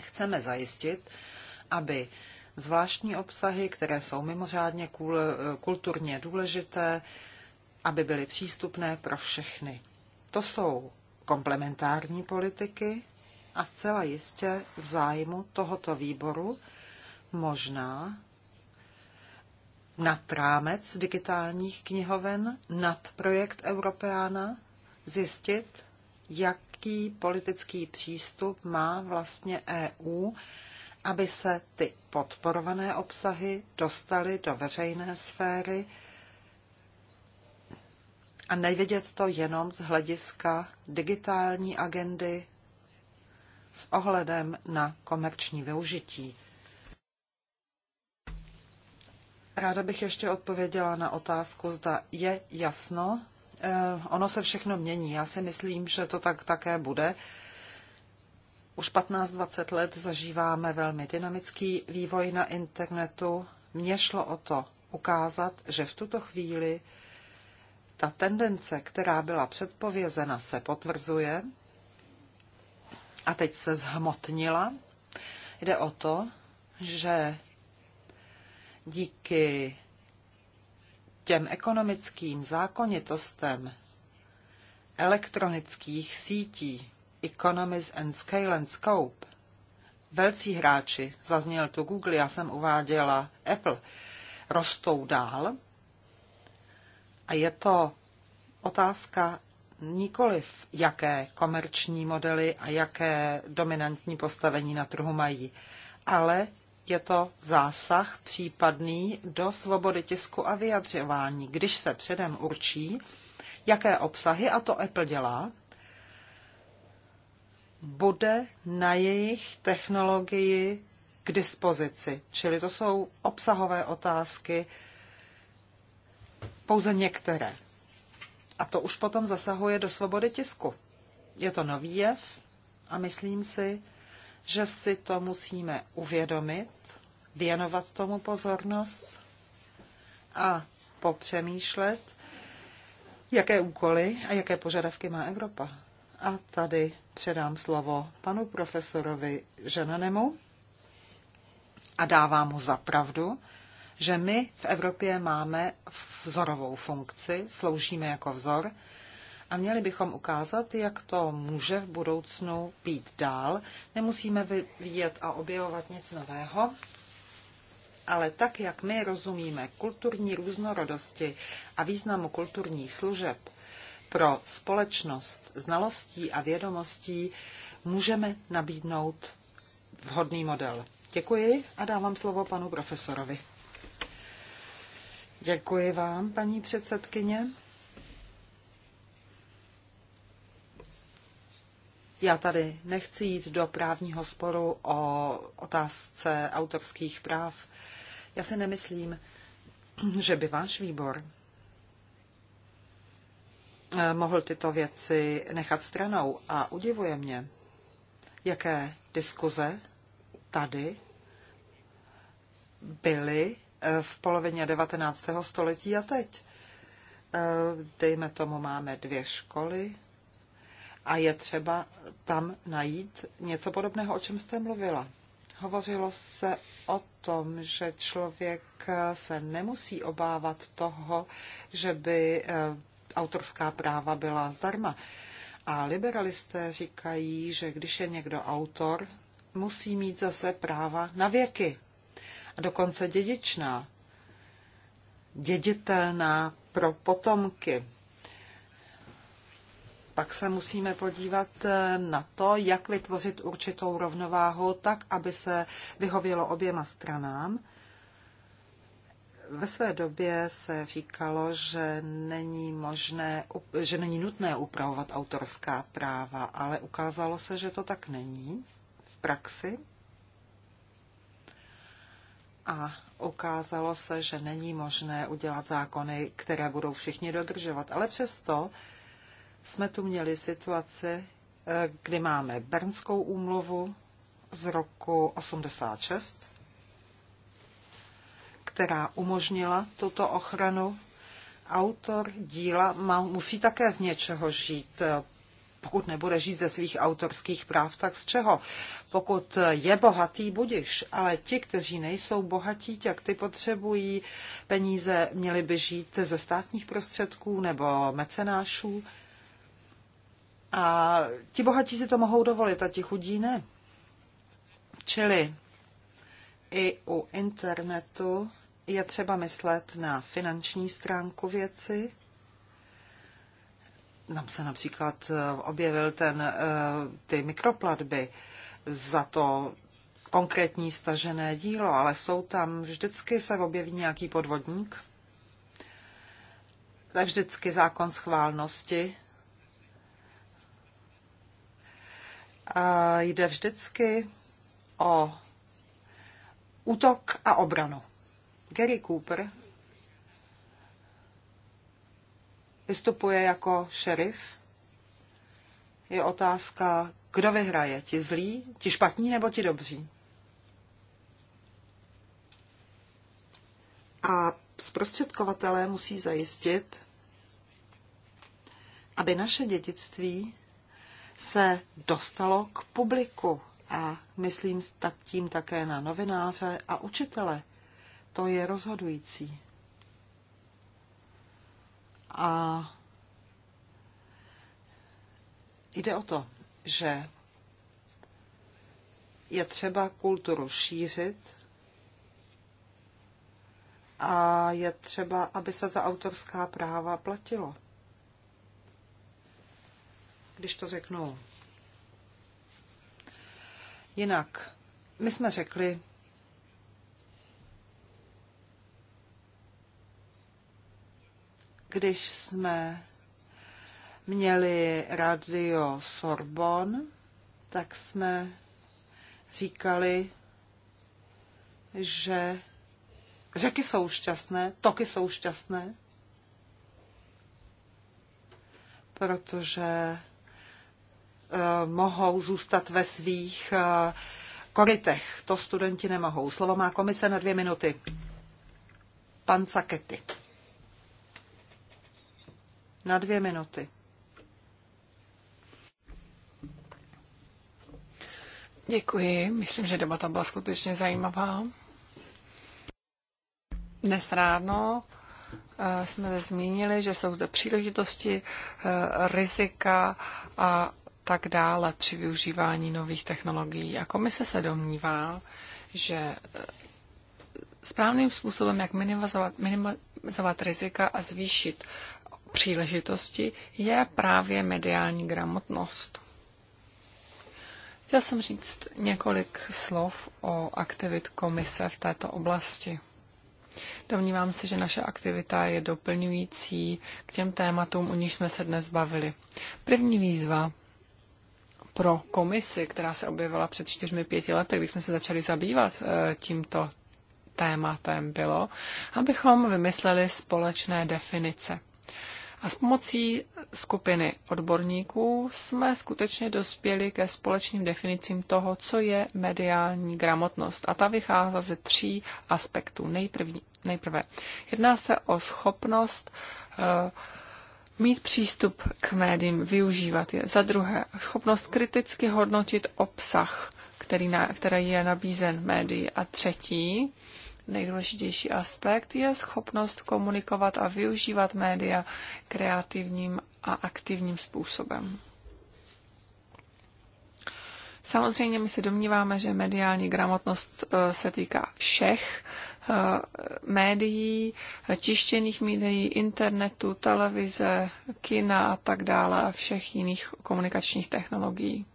chceme zajistit, aby zvláštní obsahy, které jsou mimořádně kulturně důležité, aby byly přístupné pro všechny. To jsou komplementární politiky a zcela jistě v zájmu tohoto výboru možná nad rámec digitálních knihoven, nad projekt Europeana, zjistit, jaký politický přístup má vlastně EU aby se ty podporované obsahy dostaly do veřejné sféry a nevidět to jenom z hlediska digitální agendy s ohledem na komerční využití. Ráda bych ještě odpověděla na otázku, zda je jasno. Eh, ono se všechno mění. Já si myslím, že to tak také bude. Už 15-20 let zažíváme velmi dynamický vývoj na internetu. Mně šlo o to ukázat, že v tuto chvíli ta tendence, která byla předpovězena, se potvrzuje a teď se zhmotnila. Jde o to, že díky těm ekonomickým zákonitostem elektronických sítí Economies and Scale and Scope, velcí hráči, zazněl to Google, já jsem uváděla Apple, rostou dál. A je to otázka nikoliv, jaké komerční modely a jaké dominantní postavení na trhu mají, ale je to zásah případný do svobody tisku a vyjadřování, když se předem určí, jaké obsahy, a to Apple dělá, bude na jejich technologii k dispozici. Čili to jsou obsahové otázky, pouze některé. A to už potom zasahuje do svobody tisku. Je to nový jev a myslím si, že si to musíme uvědomit, věnovat tomu pozornost a popřemýšlet, jaké úkoly a jaké požadavky má Evropa. A tady předám slovo panu profesorovi Ženanemu a dávám mu za pravdu, že my v Evropě máme vzorovou funkci, sloužíme jako vzor a měli bychom ukázat, jak to může v budoucnu být dál. Nemusíme vyvíjet a objevovat nic nového, ale tak, jak my rozumíme kulturní různorodosti a významu kulturních služeb, pro společnost znalostí a vědomostí můžeme nabídnout vhodný model. Děkuji a dávám slovo panu profesorovi. Děkuji vám, paní předsedkyně. Já tady nechci jít do právního sporu o otázce autorských práv. Já si nemyslím, že by váš výbor Eh, mohl tyto věci nechat stranou. A udivuje mě, jaké diskuze tady byly eh, v polovině 19. století a teď. Eh, dejme tomu, máme dvě školy a je třeba tam najít něco podobného, o čem jste mluvila. Hovořilo se o tom, že člověk se nemusí obávat toho, že by autorská práva byla zdarma. A liberalisté říkají, že když je někdo autor, musí mít zase práva na věky. A dokonce dědičná, děditelná pro potomky. Pak se musíme podívat eh, na to, jak vytvořit určitou rovnováhu tak, aby se vyhovělo oběma stranám ve své době se říkalo, že není, možné, že není nutné upravovat autorská práva, ale ukázalo se, že to tak není v praxi. A ukázalo se, že není možné udělat zákony, které budou všichni dodržovat. Ale přesto jsme tu měli situaci, eh, kdy máme Bernskou úmluvu z roku 86, která umožnila tuto ochranu. Autor díla má, musí také z něčeho žít. Pokud nebude žít ze svých autorských práv, tak z čeho? Pokud je bohatý, budiš. Ale ti, kteří nejsou bohatí, tak ty potřebují peníze, měli by žít ze státních prostředků nebo mecenášů. A ti bohatí si to mohou dovolit a ti chudí ne. Čili i u internetu je třeba myslet na finanční stránku věci. Nám se například eh, objevil ten, eh, ty mikroplatby za to konkrétní stažené dílo, ale jsou tam, vždycky se objeví nějaký podvodník, tak vždycky zákon schválnosti. A jde vždycky o útok a obranu. Gary Cooper vystupuje jako šerif. Je otázka, kdo vyhraje, ti zlí, ti špatní nebo ti dobří. A zprostředkovatelé musí zajistit, aby naše dědictví se dostalo k publiku. A myslím tak tím také na novináře a učitele. To je rozhodující. A jde o to, že je třeba kulturu šířit a je třeba, aby se za autorská práva platilo. Když to řeknu. Jinak, my jsme řekli, když jsme měli radio Sorbon, tak jsme říkali, že řeky jsou šťastné, toky jsou šťastné, protože eh, mohou zůstat ve svých eh, korytech. To studenti nemohou. Slovo má komise na dvě minuty. Pan Cakety na dvě minuty. Děkuji. Myslím, že debata byla skutečně zajímavá. Dnes ráno eh, jsme zmínili, že jsou zde příležitosti, eh, rizika a tak dále při využívání nových technologií. A komise se domnívá, že eh, správným způsobem, jak minimizovat, minimizovat rizika a zvýšit příležitosti je právě mediální gramotnost. Chtěl jsem říct několik slov o aktivit komise v této oblasti. Domnívám se, že naše aktivita je doplňující k těm tématům, u níž jsme se dnes bavili. První výzva pro komisi, která se objevila před čtyřmi, pěti lety, když jsme se začali zabývat e, tímto tématem, bylo, abychom vymysleli společné definice. A s pomocí skupiny odborníků jsme skutečně dospěli ke společným definicím toho, co je mediální gramotnost. A ta vychází ze tří aspektů. Nejprvní, nejprve jedná se o schopnost uh, mít přístup k médiím, využívat je. Za druhé, schopnost kriticky hodnotit obsah, který na, který je nabízen médií, A třetí, nejdůležitější aspekt je schopnost komunikovat a využívat média kreativním a aktivním způsobem. Samozřejmě my se domníváme, že mediální gramotnost e, se týká všech e, médií, tištěných médií, internetu, televize, kina a tak dále a všech jiných komunikačních technologií.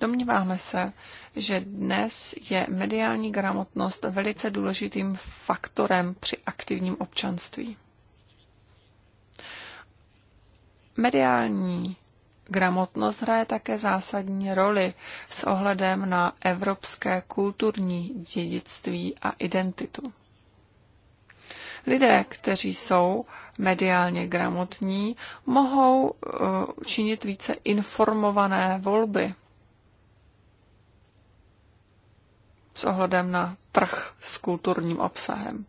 Domníváme se, že dnes je mediální gramotnost velice důležitým faktorem při aktivním občanství. Mediální gramotnost hraje také zásadní roli s ohledem na evropské kulturní dědictví a identitu. Lidé, kteří jsou mediálně gramotní, mohou eh, činit více informované volby. s ohledem na trh s kulturním obsahem.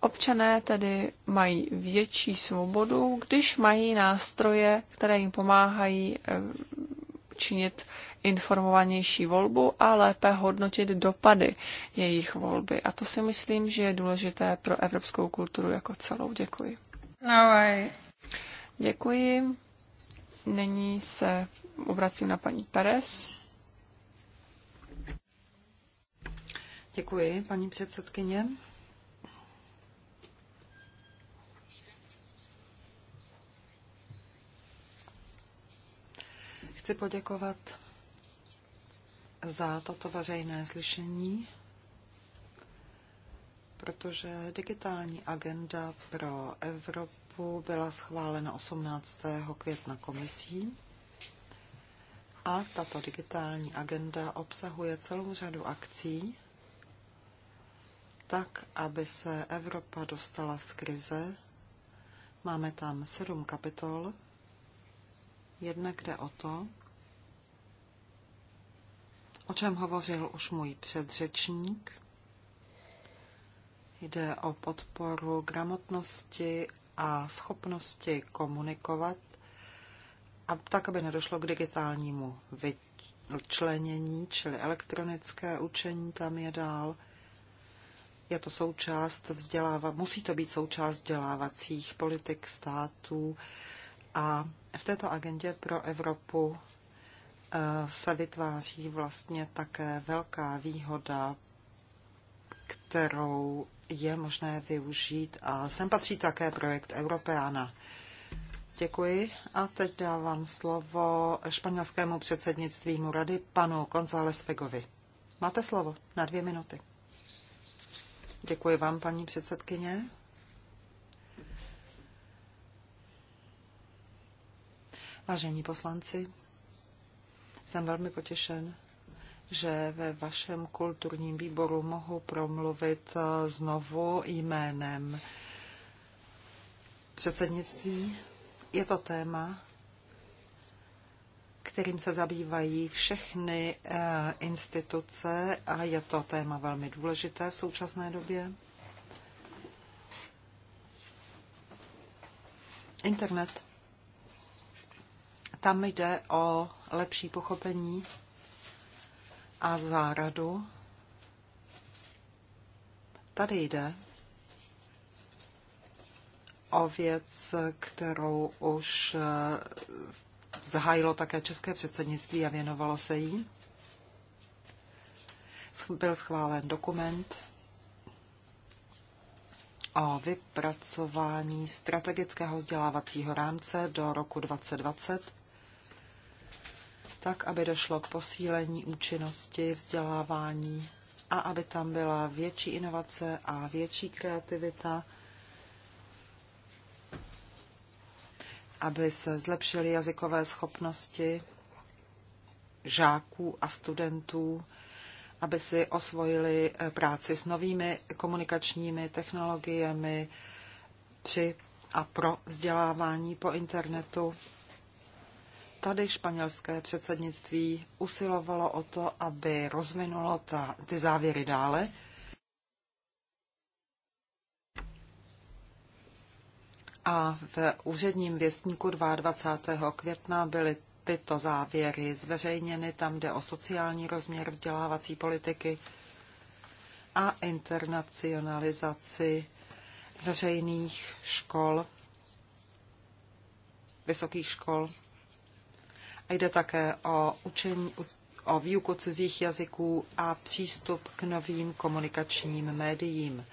Občané tedy mají větší svobodu, když mají nástroje, které jim pomáhají eh, činit informovanější volbu a lépe hodnotit dopady jejich volby. A to si myslím, že je důležité pro evropskou kulturu jako celou. Děkuji. No way. Děkuji. Nyní se obracím na paní Perez. Děkuji, paní předsedkyně. Chci poděkovat za toto veřejné slyšení, protože digitální agenda pro Evropu byla schválena 18. května komisí. A tato digitální agenda obsahuje celou řadu akcí, tak, aby se Evropa dostala z krize. Máme tam sedm kapitol. Jedna jde o to, o čem hovořil už můj předřečník. Jde o podporu gramotnosti a schopnosti komunikovat, a tak, aby nedošlo k digitálnímu vyčlenění, čili elektronické učení tam je dál – je to součást vzdělává, musí to být součást vzdělávacích politik států a v této agendě pro Evropu eh, se vytváří vlastně také velká výhoda, kterou je možné využít a sem patří také projekt Europeana. Děkuji a teď dávám slovo španělskému předsednictvímu rady panu González Fegovi. Máte slovo na dvě minuty. Děkuji vám, paní předsedkyně. Vážení poslanci, jsem velmi potěšen, že ve vašem kulturním výboru mohu promluvit eh, znovu jménem předsednictví. Je to téma, kterým se zabývají všechny eh, instituce a je to téma velmi důležité v současné době. Internet. Tam jde o lepší pochopení a záradu. Tady jde o věc, kterou už v eh, zahájilo také české předsednictví a věnovalo se jí. Byl schválen dokument o vypracování strategického vzdělávacího rámce do roku 2020, tak aby došlo k posílení účinnosti vzdělávání a aby tam byla větší inovace a větší kreativita aby se zlepšily jazykové schopnosti žáků a studentů, aby si osvojili eh, práci s novými komunikačními technologiemi při a pro vzdělávání po internetu. Tady španělské předsednictví usilovalo o to, aby rozvinulo ta, ty závěry dále a v úředním věstníku 22. května byly tyto závěry zveřejněny, tam jde o sociální rozměr vzdělávací politiky a internacionalizaci veřejných škol, vysokých škol. A jde také o, učení, o výuku cizích jazyků a přístup k novým komunikačním médiím.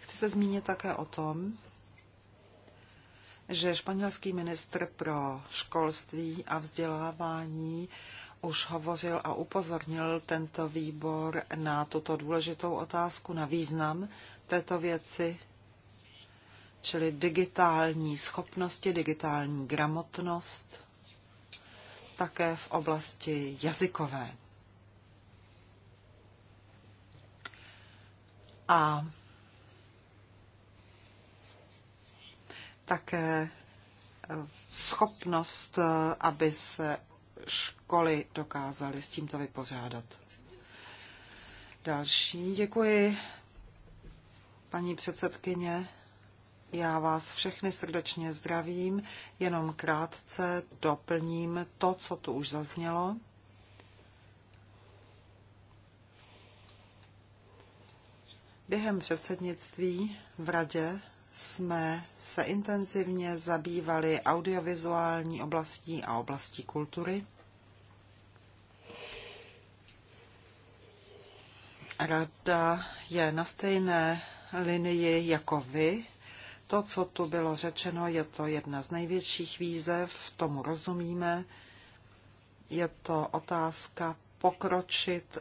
Chci se zmínit také o tom, že španělský ministr pro školství a vzdělávání už hovořil a upozornil tento výbor na tuto důležitou otázku, na význam této věci, čili digitální schopnosti, digitální gramotnost, také v oblasti jazykové. A také eh, schopnost, eh, aby se školy dokázaly s tímto vypořádat. Další děkuji, paní předsedkyně. Já vás všechny srdečně zdravím, jenom krátce doplním to, co tu už zaznělo. Během předsednictví v Radě jsme se intenzivně zabývali audiovizuální oblastí a oblastí kultury. Rada je na stejné linii jako vy. To, co tu bylo řečeno, je to jedna z největších výzev, tomu rozumíme. Je to otázka pokročit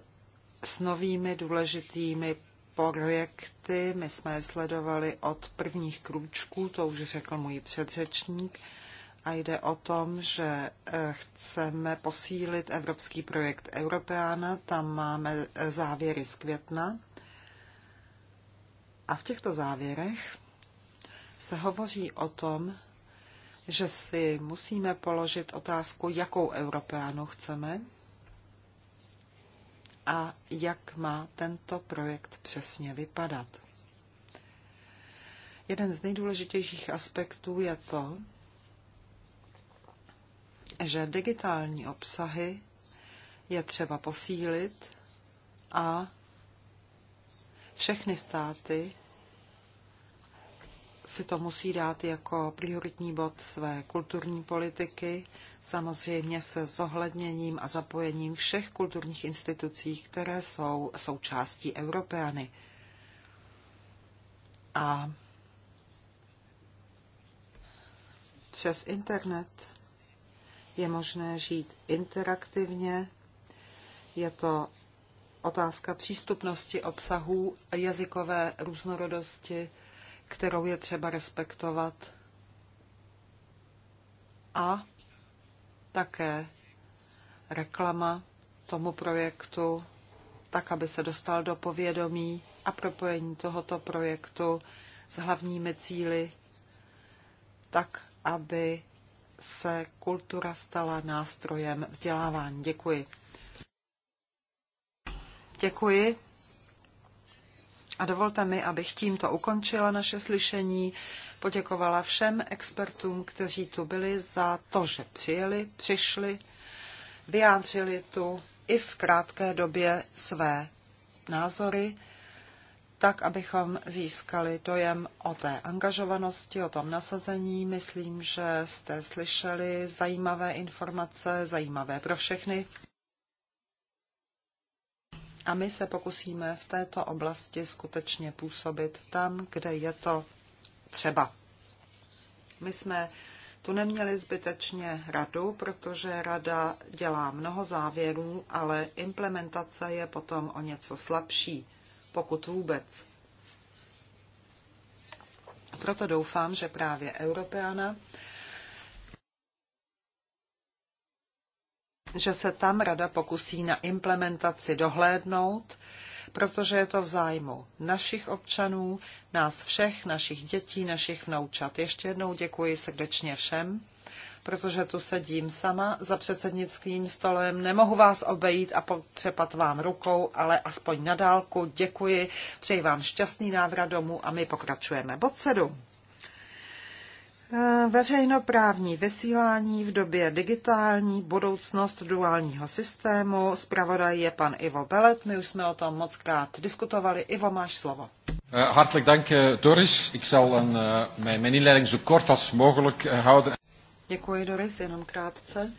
s novými důležitými projekty. My jsme je sledovali od prvních krůčků, to už řekl můj předřečník, a jde o tom, že eh, chceme posílit evropský projekt Europeana. Tam máme eh, závěry z května. A v těchto závěrech se hovoří o tom, že si musíme položit otázku, jakou Europeanu chceme a jak má tento projekt přesně vypadat. Jeden z nejdůležitějších aspektů je to, že digitální obsahy je třeba posílit a všechny státy si to musí dát jako prioritní bod své kulturní politiky, samozřejmě se zohledněním a zapojením všech kulturních institucí, které jsou součástí Europeany. A přes internet je možné žít interaktivně, je to otázka přístupnosti obsahů, jazykové různorodosti, kterou je třeba respektovat a také reklama tomu projektu, tak aby se dostal do povědomí a propojení tohoto projektu s hlavními cíly, tak aby se kultura stala nástrojem vzdělávání. Děkuji. Děkuji. A dovolte mi, abych tímto ukončila naše slyšení, poděkovala všem expertům, kteří tu byli za to, že přijeli, přišli, vyjádřili tu i v krátké době své názory, tak, abychom získali dojem o té angažovanosti, o tom nasazení. Myslím, že jste slyšeli zajímavé informace, zajímavé pro všechny. A my se pokusíme v této oblasti skutečně působit tam, kde je to třeba. My jsme tu neměli zbytečně radu, protože rada dělá mnoho závěrů, ale implementace je potom o něco slabší, pokud vůbec. Proto doufám, že právě Europeana že se tam rada pokusí na implementaci dohlédnout, protože je to v zájmu našich občanů, nás všech, našich dětí, našich vnoučat. Ještě jednou děkuji srdečně všem, protože tu sedím sama za předsednickým stolem. Nemohu vás obejít a potřepat vám rukou, ale aspoň na dálku děkuji. Přeji vám šťastný návrat domů a my pokračujeme. Bod 7. Eh, veřejnoprávní vysílání v době digitální, budoucnost duálního systému. Zpravodaj je pan Ivo Belet, my už jsme o tom moc krát diskutovali. Ivo, máš slovo. Eh, hartelijk dank, eh, Doris. Ik zal een, mijn, mijn inleiding zo kort als mogelijk houden. Děkuji, Doris, jenom krátce.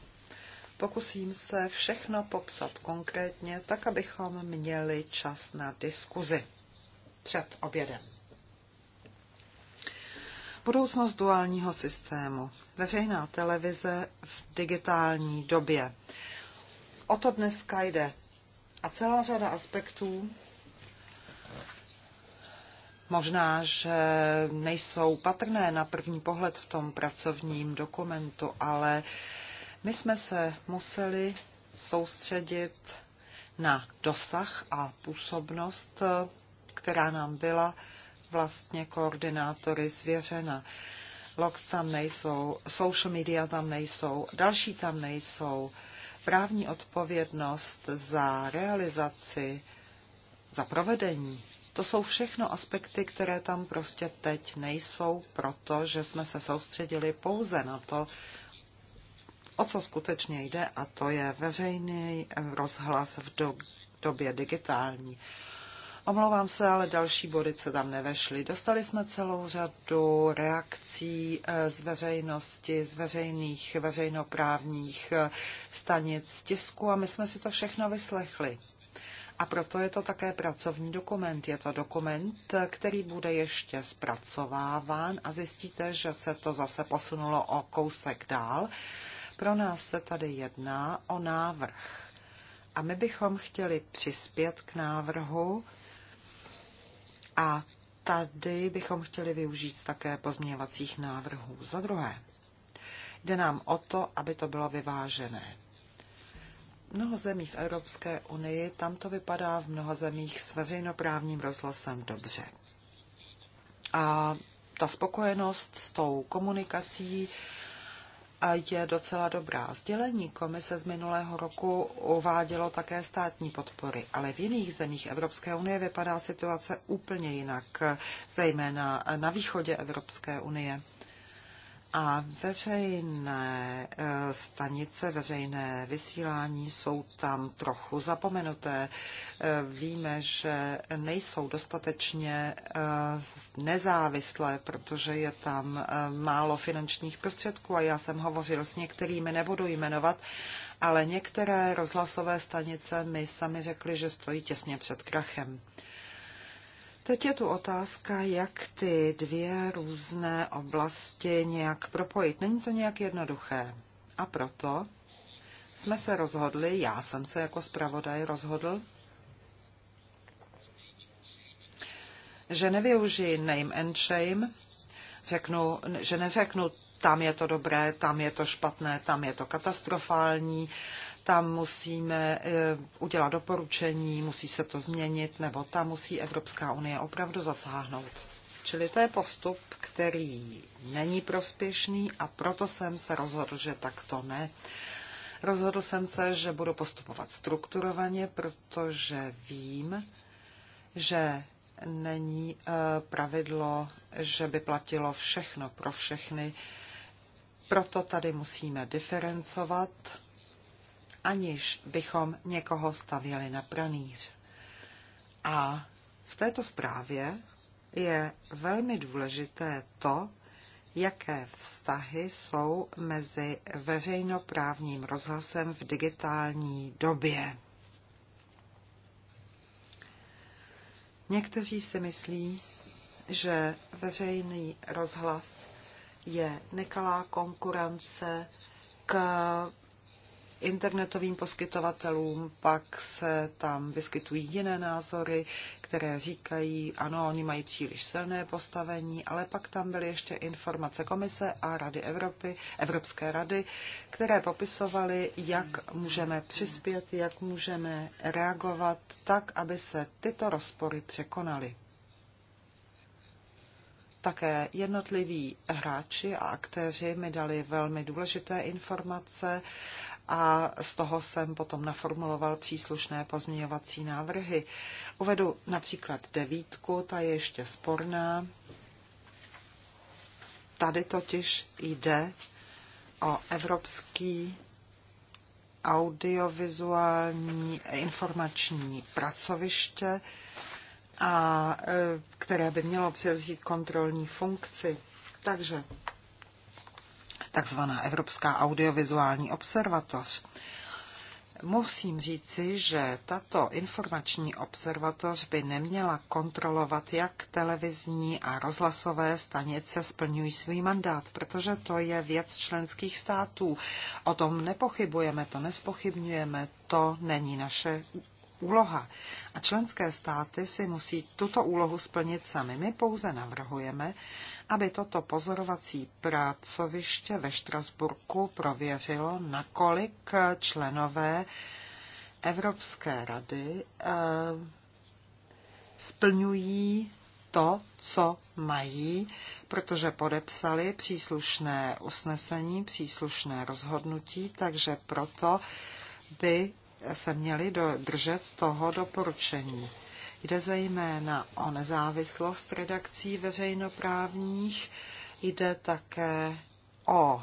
Pokusím se všechno popsat konkrétně, tak abychom měli čas na diskuzi před obědem. Budoucnost duálního systému. Veřejná televize v digitální době. O to dneska jde. A celá řada aspektů možná, že nejsou patrné na první pohled v tom pracovním dokumentu, ale my jsme se museli soustředit na dosah a působnost, která nám byla vlastně koordinátory svěřena. Logs tam nejsou, social media tam nejsou, další tam nejsou. Právní odpovědnost za realizaci, za provedení to jsou všechno aspekty, které tam prostě teď nejsou, protože jsme se soustředili pouze na to, o co skutečně jde, a to je veřejný rozhlas v době digitální. Omlouvám se, ale další body se tam nevešly. Dostali jsme celou řadu reakcí eh, z veřejnosti, z veřejných, veřejnoprávních eh, stanic, tisku a my jsme si to všechno vyslechli. A proto je to také pracovní dokument. Je to dokument, eh, který bude ještě zpracováván a zjistíte, že se to zase posunulo o kousek dál. Pro nás se tady jedná o návrh. A my bychom chtěli přispět k návrhu, a tady bychom chtěli využít také pozměňovacích návrhů. Za druhé, jde nám o to, aby to bylo vyvážené. Mnoho zemí v Evropské unii, tam to vypadá v mnoha zemích s veřejnoprávním rozhlasem dobře. A ta spokojenost s tou komunikací je docela dobrá. Sdělení komise z minulého roku uvádělo také státní podpory, ale v jiných zemích Evropské unie vypadá situace úplně jinak, zejména na východě Evropské unie. A veřejné eh, stanice, veřejné vysílání jsou tam trochu zapomenuté. Eh, víme, že nejsou dostatečně eh, nezávislé, protože je tam málo finančních prostředků a já jsem hovořil s některými, nebudu jmenovat, ale některé rozhlasové stanice mi sami řekly, že stojí těsně před krachem. Teď je tu otázka, jak ty dvě různé oblasti nějak propojit. Není to nějak jednoduché. A proto jsme se rozhodli, já jsem se jako zpravodaj rozhodl, že nevyužiji name and shame, řeknu, že neřeknu, tam je to dobré, tam je to špatné, tam je to katastrofální, tam musíme eh, udělat doporučení, musí se to změnit, nebo tam musí Evropská unie opravdu zasáhnout. Čili to je postup, který není prospěšný a proto jsem se rozhodl, že tak to ne. Rozhodl jsem se, že budu postupovat strukturovaně, protože vím, že není eh, pravidlo, že by platilo všechno pro všechny. Proto tady musíme diferencovat aniž bychom někoho stavěli na pranýř. A v této zprávě je velmi důležité to, jaké vztahy jsou mezi veřejnoprávním rozhlasem v digitální době. Někteří si myslí, že veřejný rozhlas je nekalá konkurence k internetovým poskytovatelům, pak se tam vyskytují jiné názory, které říkají, ano, oni mají příliš silné postavení, ale pak tam byly ještě informace Komise a Rady Evropy, Evropské rady, které popisovaly, jak můžeme přispět, jak můžeme reagovat tak, aby se tyto rozpory překonaly. Také jednotliví hráči a aktéři mi dali velmi důležité informace a z toho jsem potom naformuloval příslušné pozměňovací návrhy. Uvedu například devítku, ta je ještě sporná. Tady totiž jde o evropský audiovizuální informační pracoviště, a, e, které by mělo převzít kontrolní funkci. Takže takzvaná Evropská audiovizuální observatoř. Musím říci, že tato informační observatoř by neměla kontrolovat, jak televizní a rozhlasové stanice splňují svůj mandát, protože to je věc členských států. O tom nepochybujeme, to nespochybňujeme, to není naše úloha. A členské státy si musí tuto úlohu splnit sami. My pouze navrhujeme, aby toto pozorovací pracoviště ve Štrasburku prověřilo, nakolik členové Evropské rady eh, splňují to, co mají, protože podepsali příslušné usnesení, příslušné rozhodnutí, takže proto by se měli držet toho doporučení. Jde zejména o nezávislost redakcí veřejnoprávních, jde také o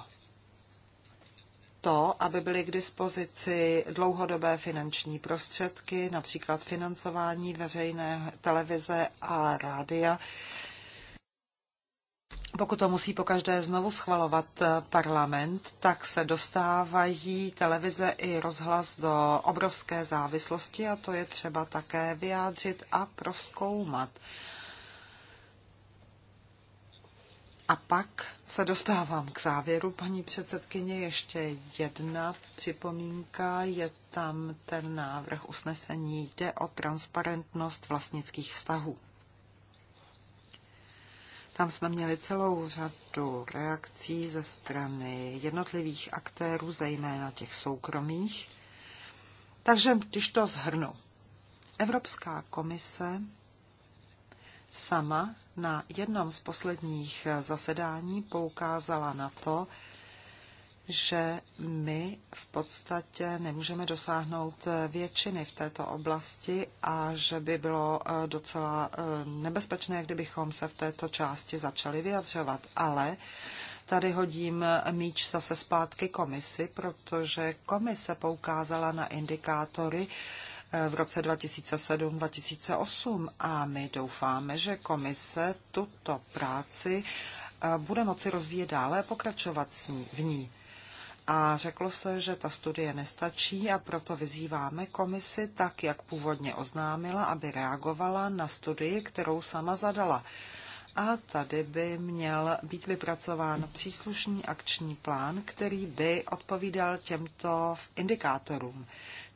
to, aby byly k dispozici dlouhodobé finanční prostředky, například financování veřejné televize a rádia, pokud to musí pokaždé znovu schvalovat eh, parlament, tak se dostávají televize i rozhlas do obrovské závislosti a to je třeba také vyjádřit a proskoumat. A pak se dostávám k závěru, paní předsedkyně. Ještě jedna připomínka. Je tam ten návrh usnesení. Jde o transparentnost vlastnických vztahů. Tam jsme měli celou řadu reakcí ze strany jednotlivých aktérů, zejména těch soukromých. Takže když to zhrnu, Evropská komise sama na jednom z posledních zasedání poukázala na to, že my v podstatě nemůžeme dosáhnout eh, většiny v této oblasti a že by bylo eh, docela eh, nebezpečné, kdybychom se v této části začali vyjadřovat. Ale tady hodím míč zase zpátky komisi, protože komise poukázala na indikátory, v roce 2007-2008 a my doufáme, že komise tuto práci bude moci rozvíjet dále a pokračovat v ní. A řeklo se, že ta studie nestačí a proto vyzýváme komisi, tak jak původně oznámila, aby reagovala na studii, kterou sama zadala. A tady by měl být vypracován příslušný akční plán, který by odpovídal těmto indikátorům.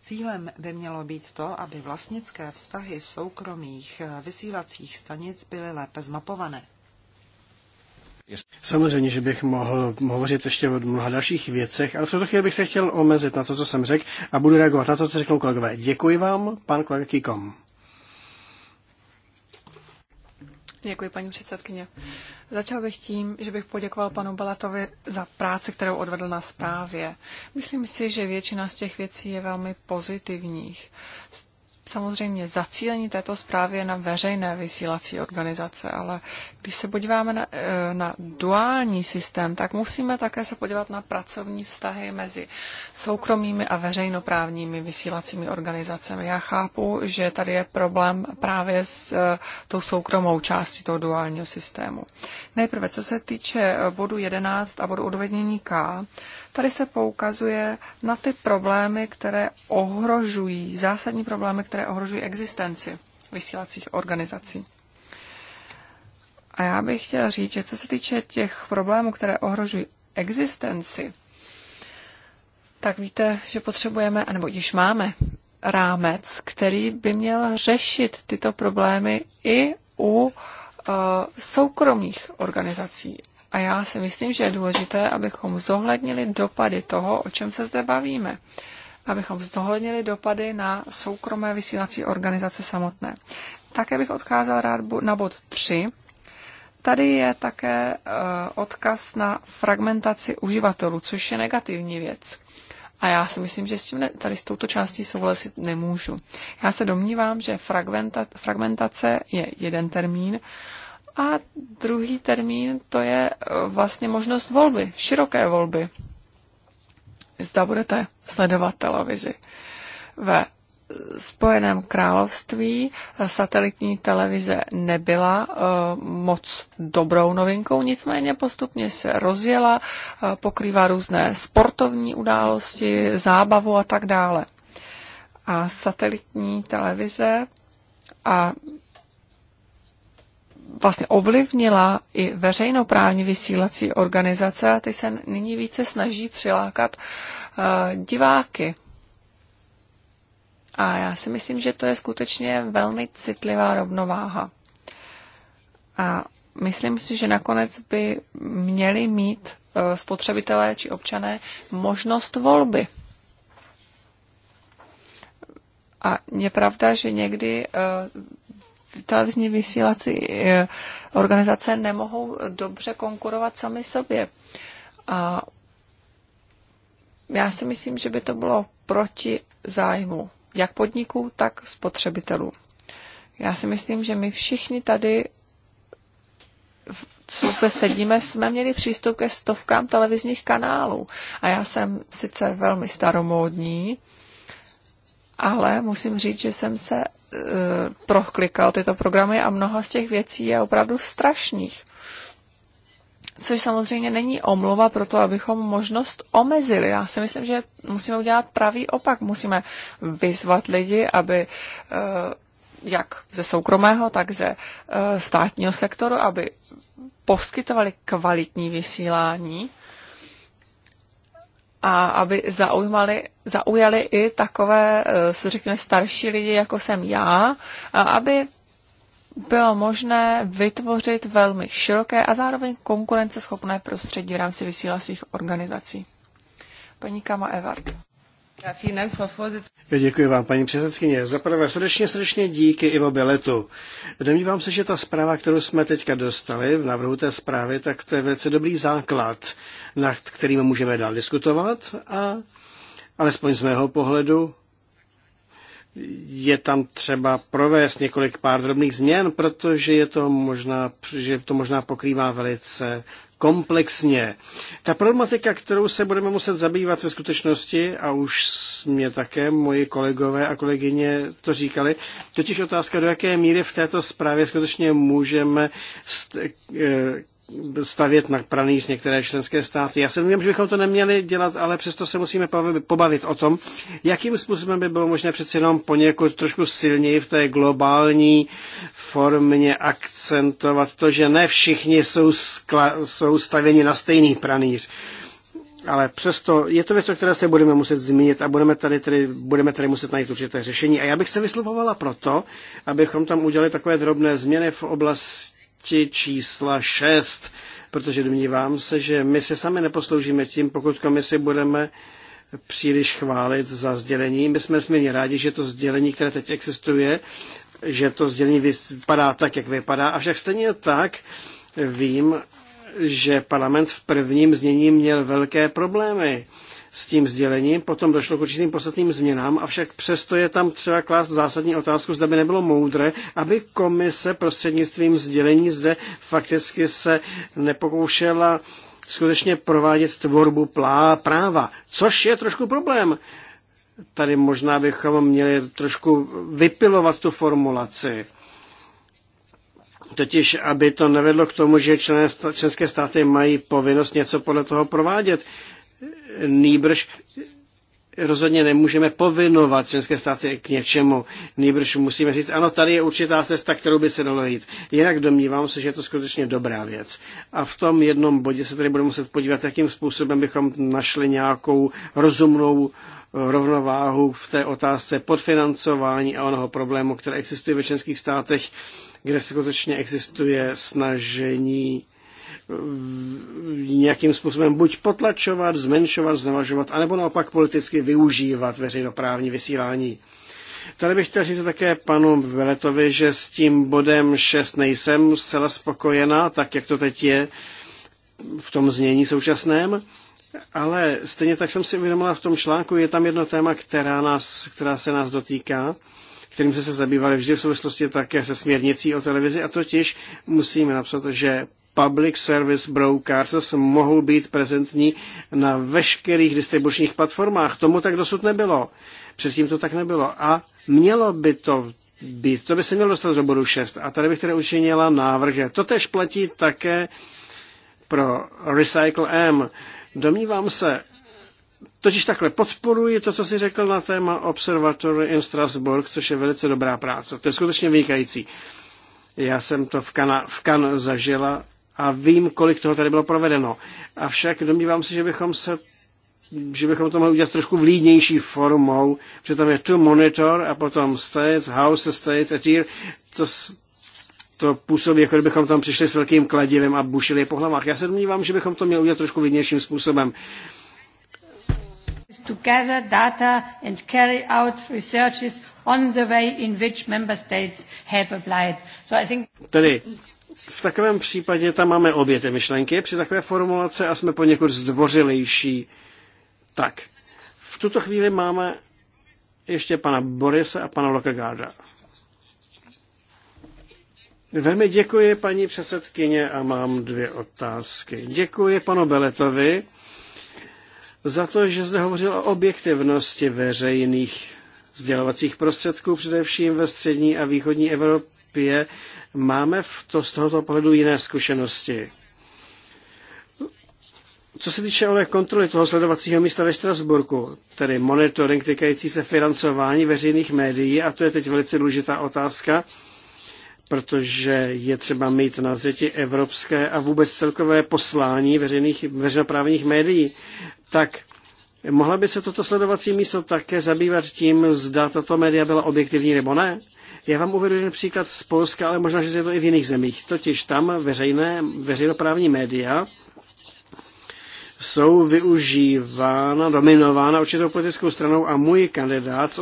Cílem by mělo být to, aby vlastnické vztahy soukromých vysílacích stanic byly lépe zmapované. Samozřejmě, že bych mohl hovořit ještě o mnoha dalších věcech, ale v tuto chvíli bych se chtěl omezit na to, co jsem řekl a budu reagovat na to, co řeknou kolegové. Děkuji vám, pan kolega Kikom. Děkuji, paní předsedkyně. Začal bych tím, že bych poděkoval panu Balatovi za práci, kterou odvedl na zprávě. Myslím si, že většina z těch věcí je velmi pozitivních. Samozřejmě zacílení této zprávy je na veřejné vysílací organizace, ale když se podíváme na, eh, na duální systém, tak musíme také se podívat na pracovní vztahy mezi soukromými a veřejnoprávními vysílacími organizacemi. Já chápu, že tady je problém právě s eh, tou soukromou částí toho duálního systému. Nejprve, co se týče eh, bodu 11 a bodu odvednění K, Tady se poukazuje na ty problémy, které ohrožují, zásadní problémy, které ohrožují existenci vysílacích organizací. A já bych chtěla říct, že co se týče těch problémů, které ohrožují existenci, tak víte, že potřebujeme, anebo již máme rámec, který by měl řešit tyto problémy i u uh, soukromých organizací a já si myslím, že je důležité, abychom zohlednili dopady toho, o čem se zde bavíme. Abychom zohlednili dopady na soukromé vysílací organizace samotné. Také bych odkázal rád na bod 3. Tady je také eh, odkaz na fragmentaci uživatelů, což je negativní věc. A já si myslím, že s tím ne, tady s touto částí souhlasit nemůžu. Já se domnívám, že fragmentace je jeden termín a druhý termín to je e, vlastně možnost volby, široké volby. Zda budete sledovat televizi. Ve Spojeném království e, satelitní televize nebyla e, moc dobrou novinkou, nicméně postupně se rozjela, pokrývá různé sportovní události, zábavu a tak dále. A satelitní televize a vlastně ovlivnila i veřejnoprávní vysílací organizace a ty se nyní více snaží přilákat uh, diváky. A já si myslím, že to je skutečně velmi citlivá rovnováha. A myslím si, že nakonec by měli mít uh, spotřebitelé či občané možnost volby. A je pravda, že někdy uh, televizní vysílací eh, organizace nemohou dobře konkurovat sami sobě. A já si myslím, že by to bylo proti zájmu jak podniků, tak spotřebitelů. Já si myslím, že my všichni tady, co zde sedíme, jsme měli přístup ke stovkám televizních kanálů. A já jsem sice velmi staromódní, ale musím říct, že jsem se e, proklikal tyto programy a mnoho z těch věcí je opravdu strašných. Což samozřejmě není omluva pro to, abychom možnost omezili. Já si myslím, že musíme udělat pravý opak. Musíme vyzvat lidi, aby e, jak ze soukromého, tak ze e, státního sektoru, aby poskytovali kvalitní vysílání a aby zaujmali, zaujali i takové, eh, řekněme, starší lidi, jako jsem já, a aby bylo možné vytvořit velmi široké a zároveň konkurenceschopné prostředí v rámci vysílacích organizací. Paní Kama Evart. Děkuji vám, paní předsedkyně. Za prvé srdečně, srdečně díky Ivo Beletu. Domnívám se, že ta zpráva, kterou jsme teďka dostali v návrhu té zprávy, tak to je velice dobrý základ, nad kterým můžeme dál diskutovat a alespoň z mého pohledu je tam třeba provést několik pár drobných změn, protože je to možná, že to možná pokrývá velice komplexně. Ta problematika, kterou se budeme muset zabývat ve skutečnosti, a už mě také moji kolegové a kolegyně to říkali, totiž otázka, do jaké míry v této zprávě skutečně můžeme eh, stavět na z některé členské státy. Já se domnívám, že bychom to neměli dělat, ale přesto se musíme pobavit o tom, jakým způsobem by bylo možné přeci jenom poněkud trošku silněji v té globální, v formě akcentovat to, že ne všichni jsou, skla- jsou stavěni na stejný pranýř. Ale přesto je to věc, o které se budeme muset zmínit a budeme tady, tady, budeme tady muset najít určité řešení. A já bych se vyslovovala proto, abychom tam udělali takové drobné změny v oblasti čísla 6, protože domnívám se, že my se sami neposloužíme tím, pokud komisi budeme příliš chválit za sdělení. My jsme směrně rádi, že to sdělení, které teď existuje, že to sdělení vypadá tak, jak vypadá. Avšak stejně tak vím, že parlament v prvním znění měl velké problémy s tím sdělením, potom došlo k určitým posledním změnám, avšak přesto je tam třeba klást zásadní otázku, zda by nebylo moudré, aby komise prostřednictvím sdělení zde fakticky se nepokoušela skutečně provádět tvorbu plá práva, což je trošku problém, Tady možná bychom měli trošku vypilovat tu formulaci. Totiž, aby to nevedlo k tomu, že členské státy mají povinnost něco podle toho provádět. Nýbrž rozhodně nemůžeme povinovat členské státy k něčemu. Nýbrž musíme říct, ano, tady je určitá cesta, kterou by se dalo jít. Jinak domnívám se, že je to skutečně dobrá věc. A v tom jednom bodě se tady budeme muset podívat, jakým způsobem bychom našli nějakou rozumnou rovnováhu v té otázce podfinancování a onoho problému, které existuje ve členských státech, kde skutečně existuje snažení eh, nějakým způsobem buď potlačovat, zmenšovat, znevažovat, anebo naopak politicky využívat veřejnoprávní vysílání. Tady bych chtěl říct také panu Veletovi, že s tím bodem 6 nejsem zcela spokojená, tak jak to teď je v tom znění současném. Ale stejně tak jsem si uvědomila v tom článku, je tam jedno téma, která, nás, která se nás dotýká, kterým se se zabývali vždy v souvislosti také se směrnicí o televizi, a totiž musíme napsat, že public service broadcasters mohou být prezentní na veškerých distribučních platformách. Tomu tak dosud nebylo. Předtím to tak nebylo. A mělo by to být. To by se mělo dostat do bodu 6. A tady bych tedy učinila návrh, že to tež platí také pro Recycle M, Domnívám se, totiž takhle podporuji to, co jsi řekl na téma Observatory in Strasbourg, což je velice dobrá práce. To je skutečně vynikající. Já jsem to v, Kana, v Kan zažila a vím, kolik toho tady bylo provedeno. Avšak domnívám se, že bychom se že bychom to mohli udělat trošku vlídnější formou, protože tam je to monitor a potom states, house states a tier. To, to působí, jako kdybychom tam přišli s velkým kladivem a bušili je po hlavách. Já se domnívám, že bychom to měli udělat trošku vidnějším způsobem. To gather data and carry out researches on the way in which member states have applied. So I think... Tedy v takovém případě tam máme obě ty myšlenky při takové formulace a jsme poněkud zdvořilejší. Tak, v tuto chvíli máme ještě pana Borise a pana Lokegarda. Velmi děkuji, paní předsedkyně, a mám dvě otázky. Děkuji panu Beletovi za to, že zde hovořil o objektivnosti veřejných sdělovacích prostředků, především ve střední a východní Evropě. Máme v to, z tohoto pohledu jiné zkušenosti. Co se týče ale kontroly toho sledovacího místa ve Štrasburku, tedy monitoring týkající se financování veřejných médií, a to je teď velice důležitá otázka, protože je třeba mít na zřeti evropské a vůbec celkové poslání veřejných, veřejnoprávních médií, tak mohla by se toto sledovací místo také zabývat tím, zda tato média byla objektivní nebo ne? Já vám uvedu jeden příklad z Polska, ale možná, že je to i v jiných zemích. Totiž tam veřejné, veřejnoprávní média jsou využívána, dominována určitou politickou stranou a můj kandidát z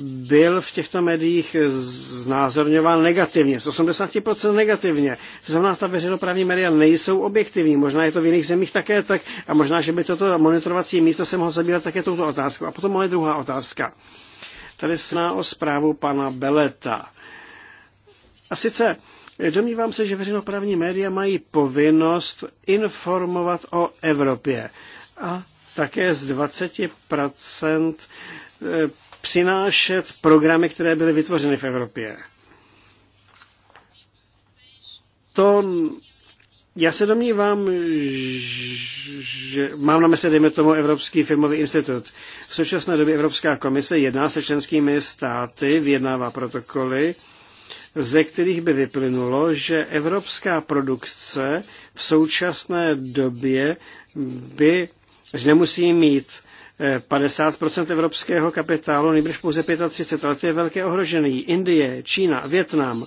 byl v těchto médiích eh, znázorňován negativně, z 80% negativně. To znamená, ta veřejnoprávní média nejsou objektivní. Možná je to v jiných zemích také tak a možná, že by toto monitorovací místo se mohlo zabývat také touto otázkou. A potom moje druhá otázka. Tady se o zprávu pana Beleta. A sice eh, domnívám se, že veřejnoprávní média mají povinnost informovat o Evropě. A také z 20% přinášet programy, které byly vytvořeny v Evropě. To já se domnívám, že mám na mysli, dejme tomu, Evropský filmový institut. V současné době Evropská komise jedná se členskými státy, vyjednává protokoly, ze kterých by vyplynulo, že evropská produkce v současné době by že nemusí mít 50% eh, evropského kapitálu, nejbrž pouze 35, ale to je velké ohrožení. Indie, Čína, Větnam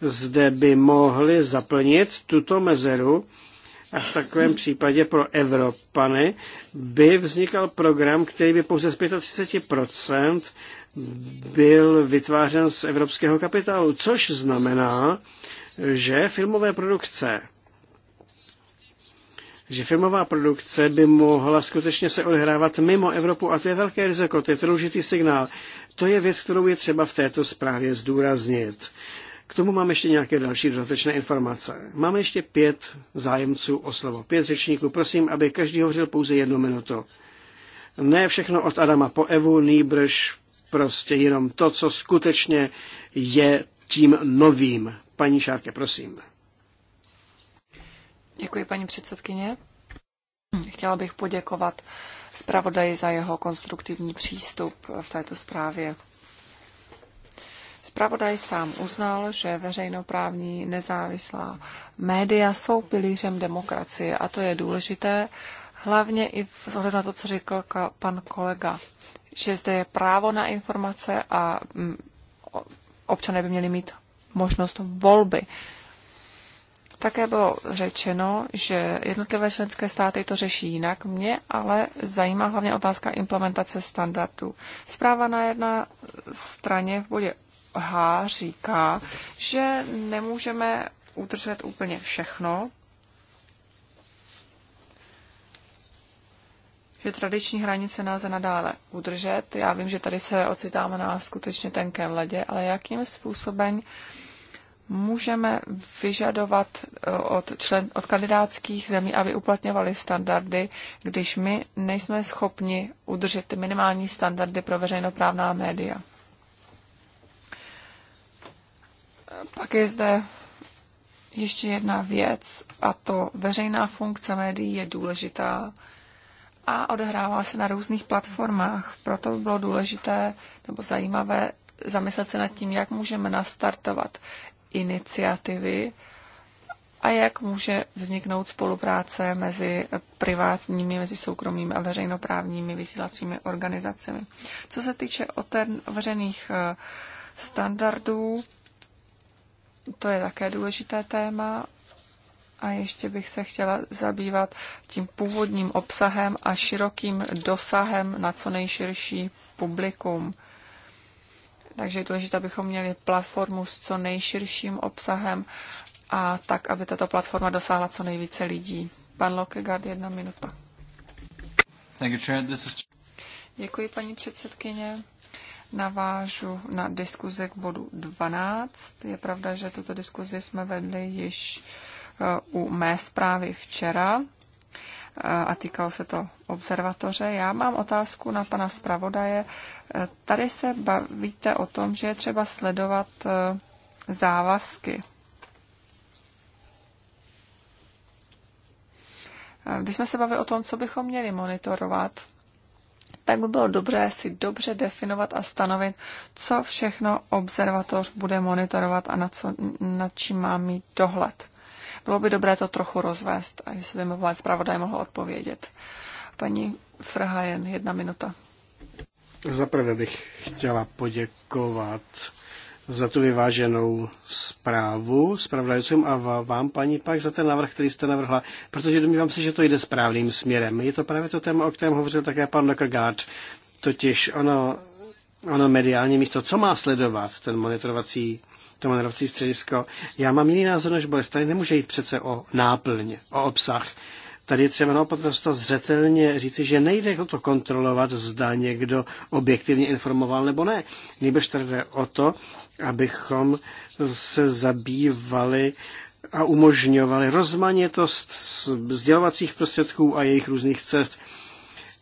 zde by mohli zaplnit tuto mezeru a v takovém případě pro Evropany by vznikal program, který by pouze z 35% byl vytvářen z evropského kapitálu, což znamená, že filmové produkce že filmová produkce by mohla skutečně se odehrávat mimo Evropu a to je velké riziko, to je důležitý signál. To je věc, kterou je třeba v této zprávě zdůraznit. K tomu máme ještě nějaké další dodatečné informace. Máme ještě pět zájemců o slovo, pět řečníků. Prosím, aby každý hovořil pouze jednu minutu. Ne všechno od Adama po Evu, nýbrž prostě jenom to, co skutečně je tím novým. Paní Šárke, prosím. Děkuji, paní předsedkyně. Chtěla bych poděkovat zpravodaji za jeho konstruktivní přístup v této zprávě. Spravodaj sám uznal, že veřejnoprávní nezávislá média jsou pilířem demokracie a to je důležité, hlavně i vzhledem na to, co řekl pan kolega, že zde je právo na informace a mm, občané by měli mít možnost volby také bylo řečeno, že jednotlivé členské státy to řeší jinak. Mě ale zajímá hlavně otázka implementace standardů. Zpráva na jedné straně v bodě H říká, že nemůžeme udržet úplně všechno, že tradiční hranice náze nadále udržet. Já vím, že tady se ocitáme na skutečně tenkém ledě, ale jakým způsobem uh, můžeme vyžadovat eh, od, člen, od kandidátských zemí, aby uplatňovali standardy, když my nejsme schopni udržet minimální standardy pro veřejnoprávná média. Pak je zde ještě jedna věc, a to veřejná funkce médií je důležitá a odehrává se na různých platformách. Proto by bylo důležité nebo zajímavé zamyslet se nad tím, jak můžeme nastartovat iniciativy a jak může vzniknout spolupráce mezi privátními, mezi soukromými a veřejnoprávními vysílacími organizacemi. Co se týče otevřených eh, standardů, to je také důležité téma. A ještě bych se chtěla zabývat tím původním obsahem a širokým dosahem na co nejširší publikum. Takže je důležité, abychom měli platformu s co nejširším obsahem a tak, aby tato platforma dosáhla co nejvíce lidí. Pan Lokegaard, jedna minuta. Děkuji, paní předsedkyně. Navážu na diskuze k bodu 12. Je pravda, že tuto diskuzi jsme vedli již eh, u mé zprávy včera eh, a týkalo se to observatoře. Já mám otázku na pana zpravodaje Tady se bavíte o tom, že je třeba sledovat eh, závazky. Eh, když jsme se bavili o tom, co bychom měli monitorovat, tak by bylo dobré si dobře definovat a stanovit, co všechno observatoř bude monitorovat a nad, co, nad čím má mít dohled. Bylo by dobré to trochu rozvést, a jestli by mohla zpravodaj mohl odpovědět. Paní Frhajen, jedna minuta. Zaprvé bych chtěla poděkovat za tu vyváženou zprávu zpravodajcům a vám, paní Pak, za ten návrh, který jste navrhla, protože domnívám se, že to jde správným směrem. Je to právě to téma, o kterém hovořil také pan Lockergaard, totiž ono, ono mediální místo, co má sledovat ten monitorovací to monitorovací středisko. Já mám jiný názor než Bolest. Tady nemůže jít přece o náplň, o obsah. Tady je třeba naprosto zřetelně říci, že nejde o to kontrolovat, zda někdo objektivně informoval nebo ne. Nejbrž tady jde o to, abychom se zabývali a umožňovali rozmanitost sdělovacích prostředků a jejich různých cest.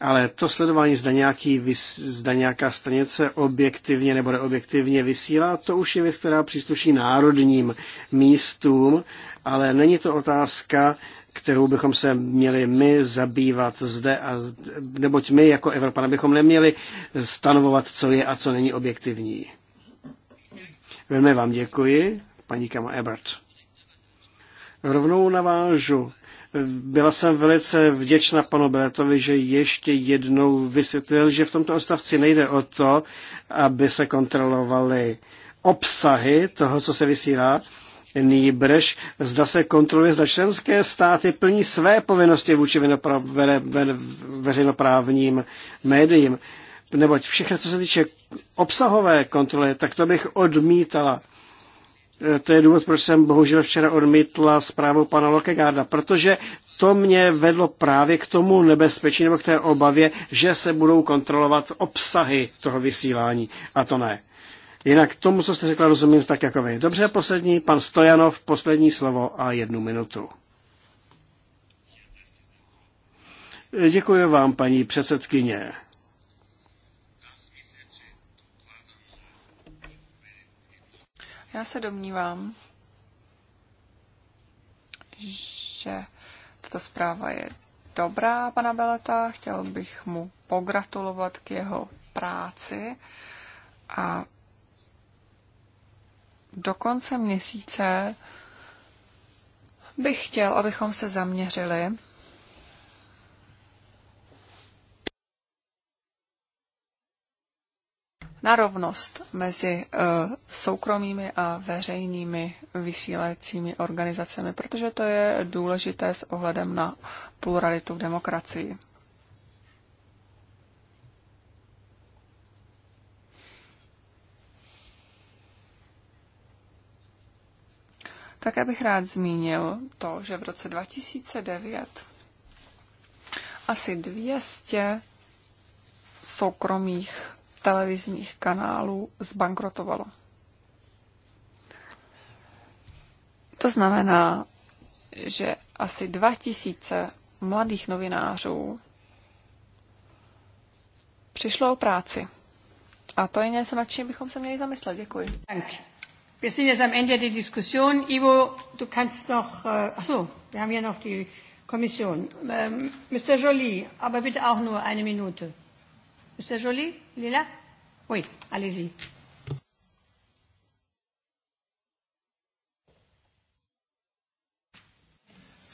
Ale to sledování, zda, nějaký, zda nějaká stanice objektivně nebo neobjektivně vysílá, to už je věc, která přísluší národním místům, ale není to otázka kterou bychom se měli my zabývat zde, a, neboť my jako Evropané bychom neměli stanovovat, co je a co není objektivní. Velmi vám děkuji, paní Kama Ebert. Rovnou navážu. Byla jsem velice vděčna panu Beletovi, že ještě jednou vysvětlil, že v tomto odstavci nejde o to, aby se kontrolovaly obsahy toho, co se vysílá, nýbrž zda se kontroluje, zda členské státy plní své povinnosti vůči veřejnoprávním médiím. Neboť všechno, co se týče obsahové kontroly, tak to bych odmítala. E, to je důvod, proč jsem bohužel včera odmítla zprávu pana Lokegarda, protože to mě vedlo právě k tomu nebezpečí nebo k té obavě, že se budou kontrolovat obsahy toho vysílání. A to ne. Jinak tomu, co jste řekla, rozumím tak jako vy. Dobře, poslední, pan Stojanov, poslední slovo a jednu minutu. Děkuji vám, paní předsedkyně. Já se domnívám, že tato zpráva je dobrá pana Beleta. Chtěl bych mu pogratulovat k jeho práci a do konce měsíce bych chtěl, abychom se zaměřili na rovnost mezi eh, soukromými a veřejnými vysílacími organizacemi, protože to je důležité s ohledem na pluralitu v demokracii. Tak bych rád zmínil to, že v roce 2009 asi 200 soukromých televizních kanálů zbankrotovalo. To znamená, že asi 2000 mladých novinářů přišlo o práci. A to je něco, nad čím bychom se měli zamyslet. Děkuji. Thank Wir sind jetzt am Ende der Diskussion. Ivo, du kannst noch, äh, ach so, wir haben ja noch die Kommission. Ähm, Mr. Jolie, aber bitte auch nur eine Minute. Mr. Jolie, Lila? Oui, allez-y.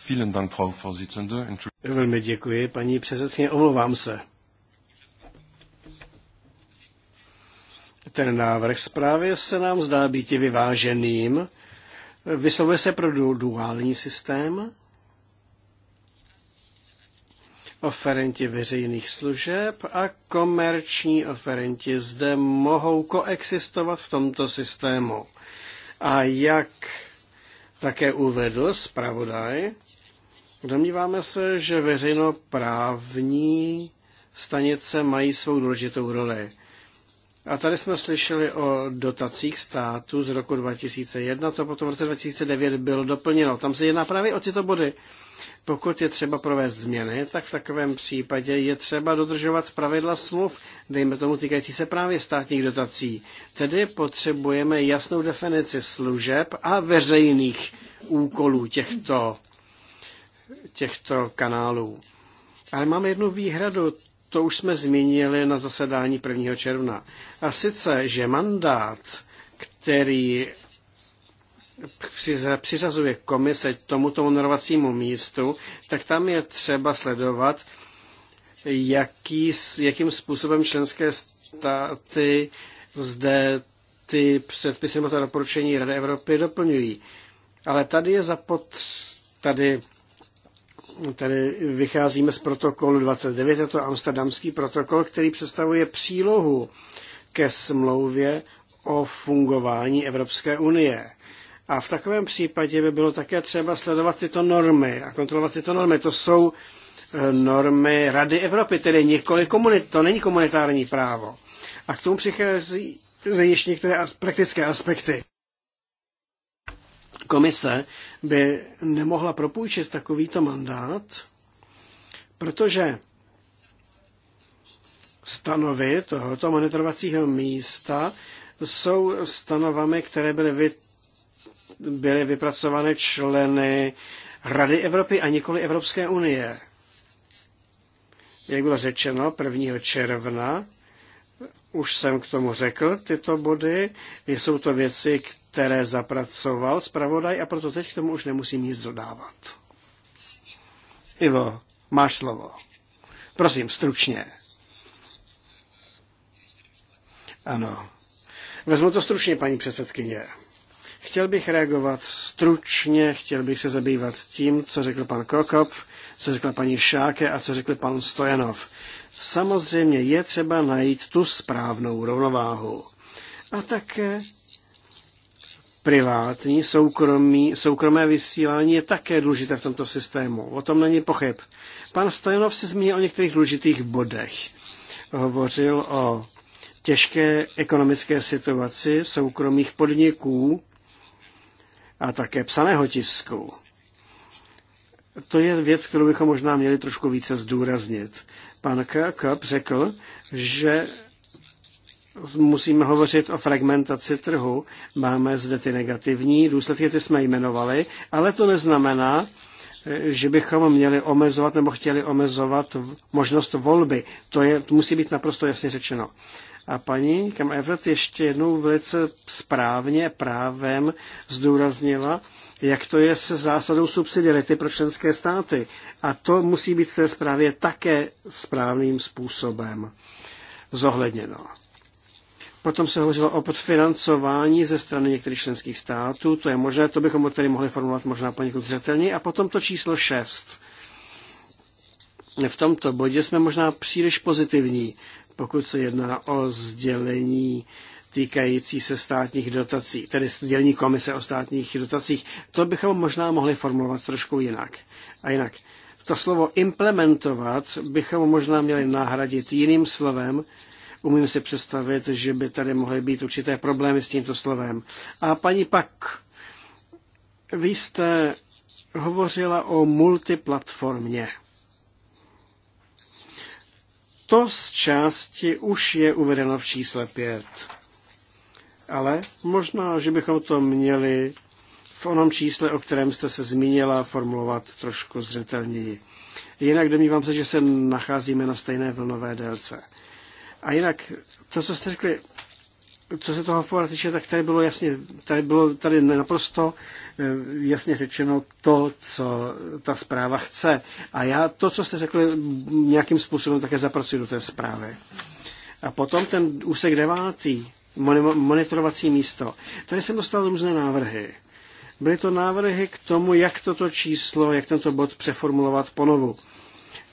Vielen Dank, Frau Vorsitzende. Velmi děkuji, paní předsedkyně, omlouvám se. Ten návrh zprávy se nám zdá být vyváženým. Vyslovuje se pro duální systém, oferenti veřejných služeb a komerční oferenti zde mohou koexistovat v tomto systému. A jak také uvedl zpravodaj, domníváme se, že veřejnoprávní stanice mají svou důležitou roli. A tady jsme slyšeli o dotacích státu z roku 2001, to potom v roce 2009 bylo doplněno. Tam se jedná právě o tyto body. Pokud je třeba provést změny, tak v takovém případě je třeba dodržovat pravidla smluv, dejme tomu týkající se právě státních dotací. Tedy potřebujeme jasnou definici služeb a veřejných úkolů těchto, těchto kanálů. Ale mám jednu výhradu, to už jsme zmínili na zasedání 1. června. A sice, že mandát, který přiřazuje komise tomuto honorovacímu místu, tak tam je třeba sledovat, jaký, jakým způsobem členské státy zde ty předpisy nebo to doporučení Rady Evropy doplňují. Ale tady je zapotřebí, tady Tady vycházíme z protokolu 29, je to amsterdamský protokol, který představuje přílohu ke smlouvě o fungování Evropské unie. A v takovém případě by bylo také třeba sledovat tyto normy a kontrolovat tyto normy. To jsou eh, normy Rady Evropy, tedy nikoli komunit, to není komunitární právo. A k tomu přichází ještě některé as, praktické aspekty komise by nemohla propůjčit takovýto mandát, protože stanovy tohoto monitorovacího místa jsou stanovami, které byly, vy, byly vypracovány členy Rady Evropy a nikoli Evropské unie. Jak bylo řečeno, 1. června už jsem k tomu řekl tyto body. Jsou to věci, které které zapracoval zpravodaj a proto teď k tomu už nemusím nic dodávat. Ivo, máš slovo. Prosím, stručně. Ano. Vezmu to stručně, paní předsedkyně. Chtěl bych reagovat stručně, chtěl bych se zabývat tím, co řekl pan Kokop, co řekla paní Šáke a co řekl pan Stojanov. Samozřejmě je třeba najít tu správnou rovnováhu. A také privátní, soukromí, soukromé vysílání je také důležité v tomto systému. O tom není pochyb. Pan Stojanov se zmínil o některých důležitých bodech. Hovořil o těžké ekonomické situaci soukromých podniků a také psaného tisku. To je věc, kterou bychom možná měli trošku více zdůraznit. Pan Kirkup řekl, že musíme hovořit o fragmentaci trhu. Máme zde ty negativní důsledky, ty jsme jmenovali, ale to neznamená, že bychom měli omezovat nebo chtěli omezovat možnost volby. To, je, to musí být naprosto jasně řečeno. A paní Kam Evert ještě jednou velice správně právem zdůraznila, jak to je se zásadou subsidiarity pro členské státy. A to musí být v té zprávě také správným způsobem zohledněno. Potom se hovořilo o podfinancování ze strany některých členských států, to je možné, to bychom tedy mohli formulovat možná poněkud zřetelně. A potom to číslo 6. V tomto bodě jsme možná příliš pozitivní, pokud se jedná o sdělení týkající se státních dotací, tedy sdělení komise o státních dotacích. To bychom možná mohli formulovat trošku jinak. A jinak, to slovo implementovat bychom možná měli nahradit jiným slovem, Umím si představit, že by tady mohly být určité problémy s tímto slovem. A paní Pak, vy jste hovořila o multiplatformě. To z části už je uvedeno v čísle 5. Ale možná, že bychom to měli v onom čísle, o kterém jste se zmínila, formulovat trošku zřetelněji. Jinak domnívám se, že se nacházíme na stejné vlnové délce. A jinak, to, co jste řekli, co se toho fora týče, tak tady bylo jasně, tady bylo tady naprosto eh, jasně řečeno to, co ta zpráva chce. A já to, co jste řekli, nějakým způsobem také zapracuji do té zprávy. A potom ten úsek devátý, monitorovací místo. Tady jsem dostal různé návrhy. Byly to návrhy k tomu, jak toto číslo, jak tento bod přeformulovat ponovu.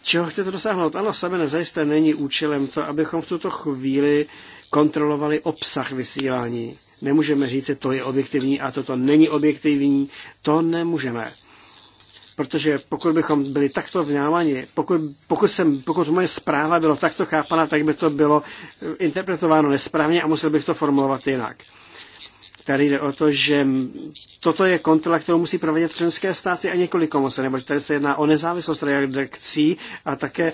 Čeho chcete dosáhnout? Ano, samé nezajisté není účelem to, abychom v tuto chvíli kontrolovali obsah vysílání. Nemůžeme říct, že to je objektivní a toto není objektivní. To nemůžeme. Protože pokud bychom byli takto vnímáni, pokud, pokud, jsem, pokud moje zpráva byla takto chápana, tak by to bylo interpretováno nesprávně a musel bych to formulovat jinak. Tady jde o to, že toto je kontrola, kterou musí provádět členské státy a několik komise, neboť tady se jedná o nezávislost redakcí a také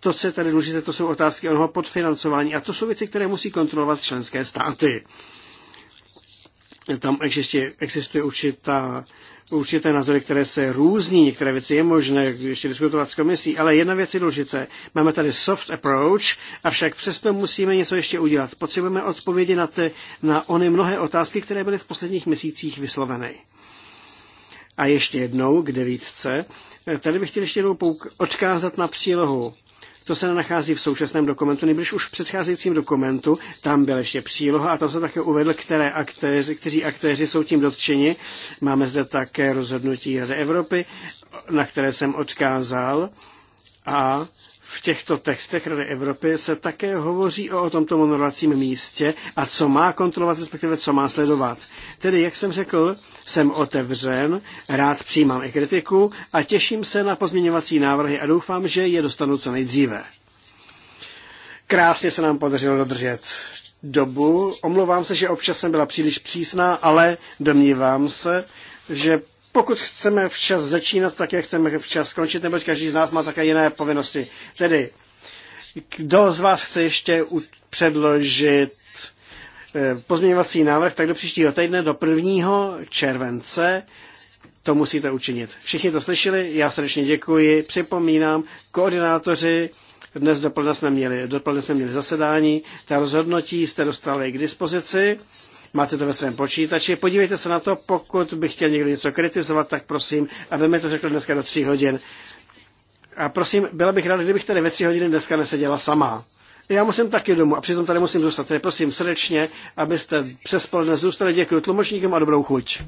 to, co je tady důležité, to jsou otázky onoho podfinancování a to jsou věci, které musí kontrolovat členské státy tam existuje, existuje určitá, určité názory, které se různí, některé věci je možné ještě diskutovat s komisí, ale jedna věc je důležité. Máme tady soft approach, avšak přesto musíme něco ještě udělat. Potřebujeme odpovědi na, ty, na ony mnohé otázky, které byly v posledních měsících vysloveny. A ještě jednou k devítce. Tady bych chtěl ještě jednou pouk- odkázat na přílohu to se nenachází v současném dokumentu, nejbliž už v předcházejícím dokumentu, tam byla ještě příloha a tam se také uvedl, které aktéři, kteří aktéři jsou tím dotčeni. Máme zde také rozhodnutí Rady Evropy, na které jsem odkázal a v těchto textech Rady Evropy se také hovoří o, o tomto monorovacím místě a co má kontrolovat, respektive co má sledovat. Tedy, jak jsem řekl, jsem otevřen, rád přijímám i kritiku a těším se na pozměňovací návrhy a doufám, že je dostanu co nejdříve. Krásně se nám podařilo dodržet dobu. Omlouvám se, že občas jsem byla příliš přísná, ale domnívám se, že pokud chceme včas začínat, tak jak chceme včas skončit, neboť každý z nás má také jiné povinnosti. Tedy, kdo z vás chce ještě předložit eh, pozměňovací návrh, tak do příštího týdne, do 1. července, to musíte učinit. Všichni to slyšeli, já srdečně děkuji, připomínám, koordinátoři, dnes dopoledne jsme měli, dopoledne jsme měli zasedání, ta rozhodnutí jste dostali k dispozici máte to ve svém počítači. Podívejte se na to, pokud by chtěl někdo něco kritizovat, tak prosím, aby mi to řekl dneska do tří hodin. A prosím, byla bych ráda, kdybych tady ve tři hodiny dneska neseděla sama. Já musím taky domů a přitom tady musím zůstat. Tedy prosím srdečně, abyste přes zůstali. Děkuji tlumočníkům a dobrou chuť.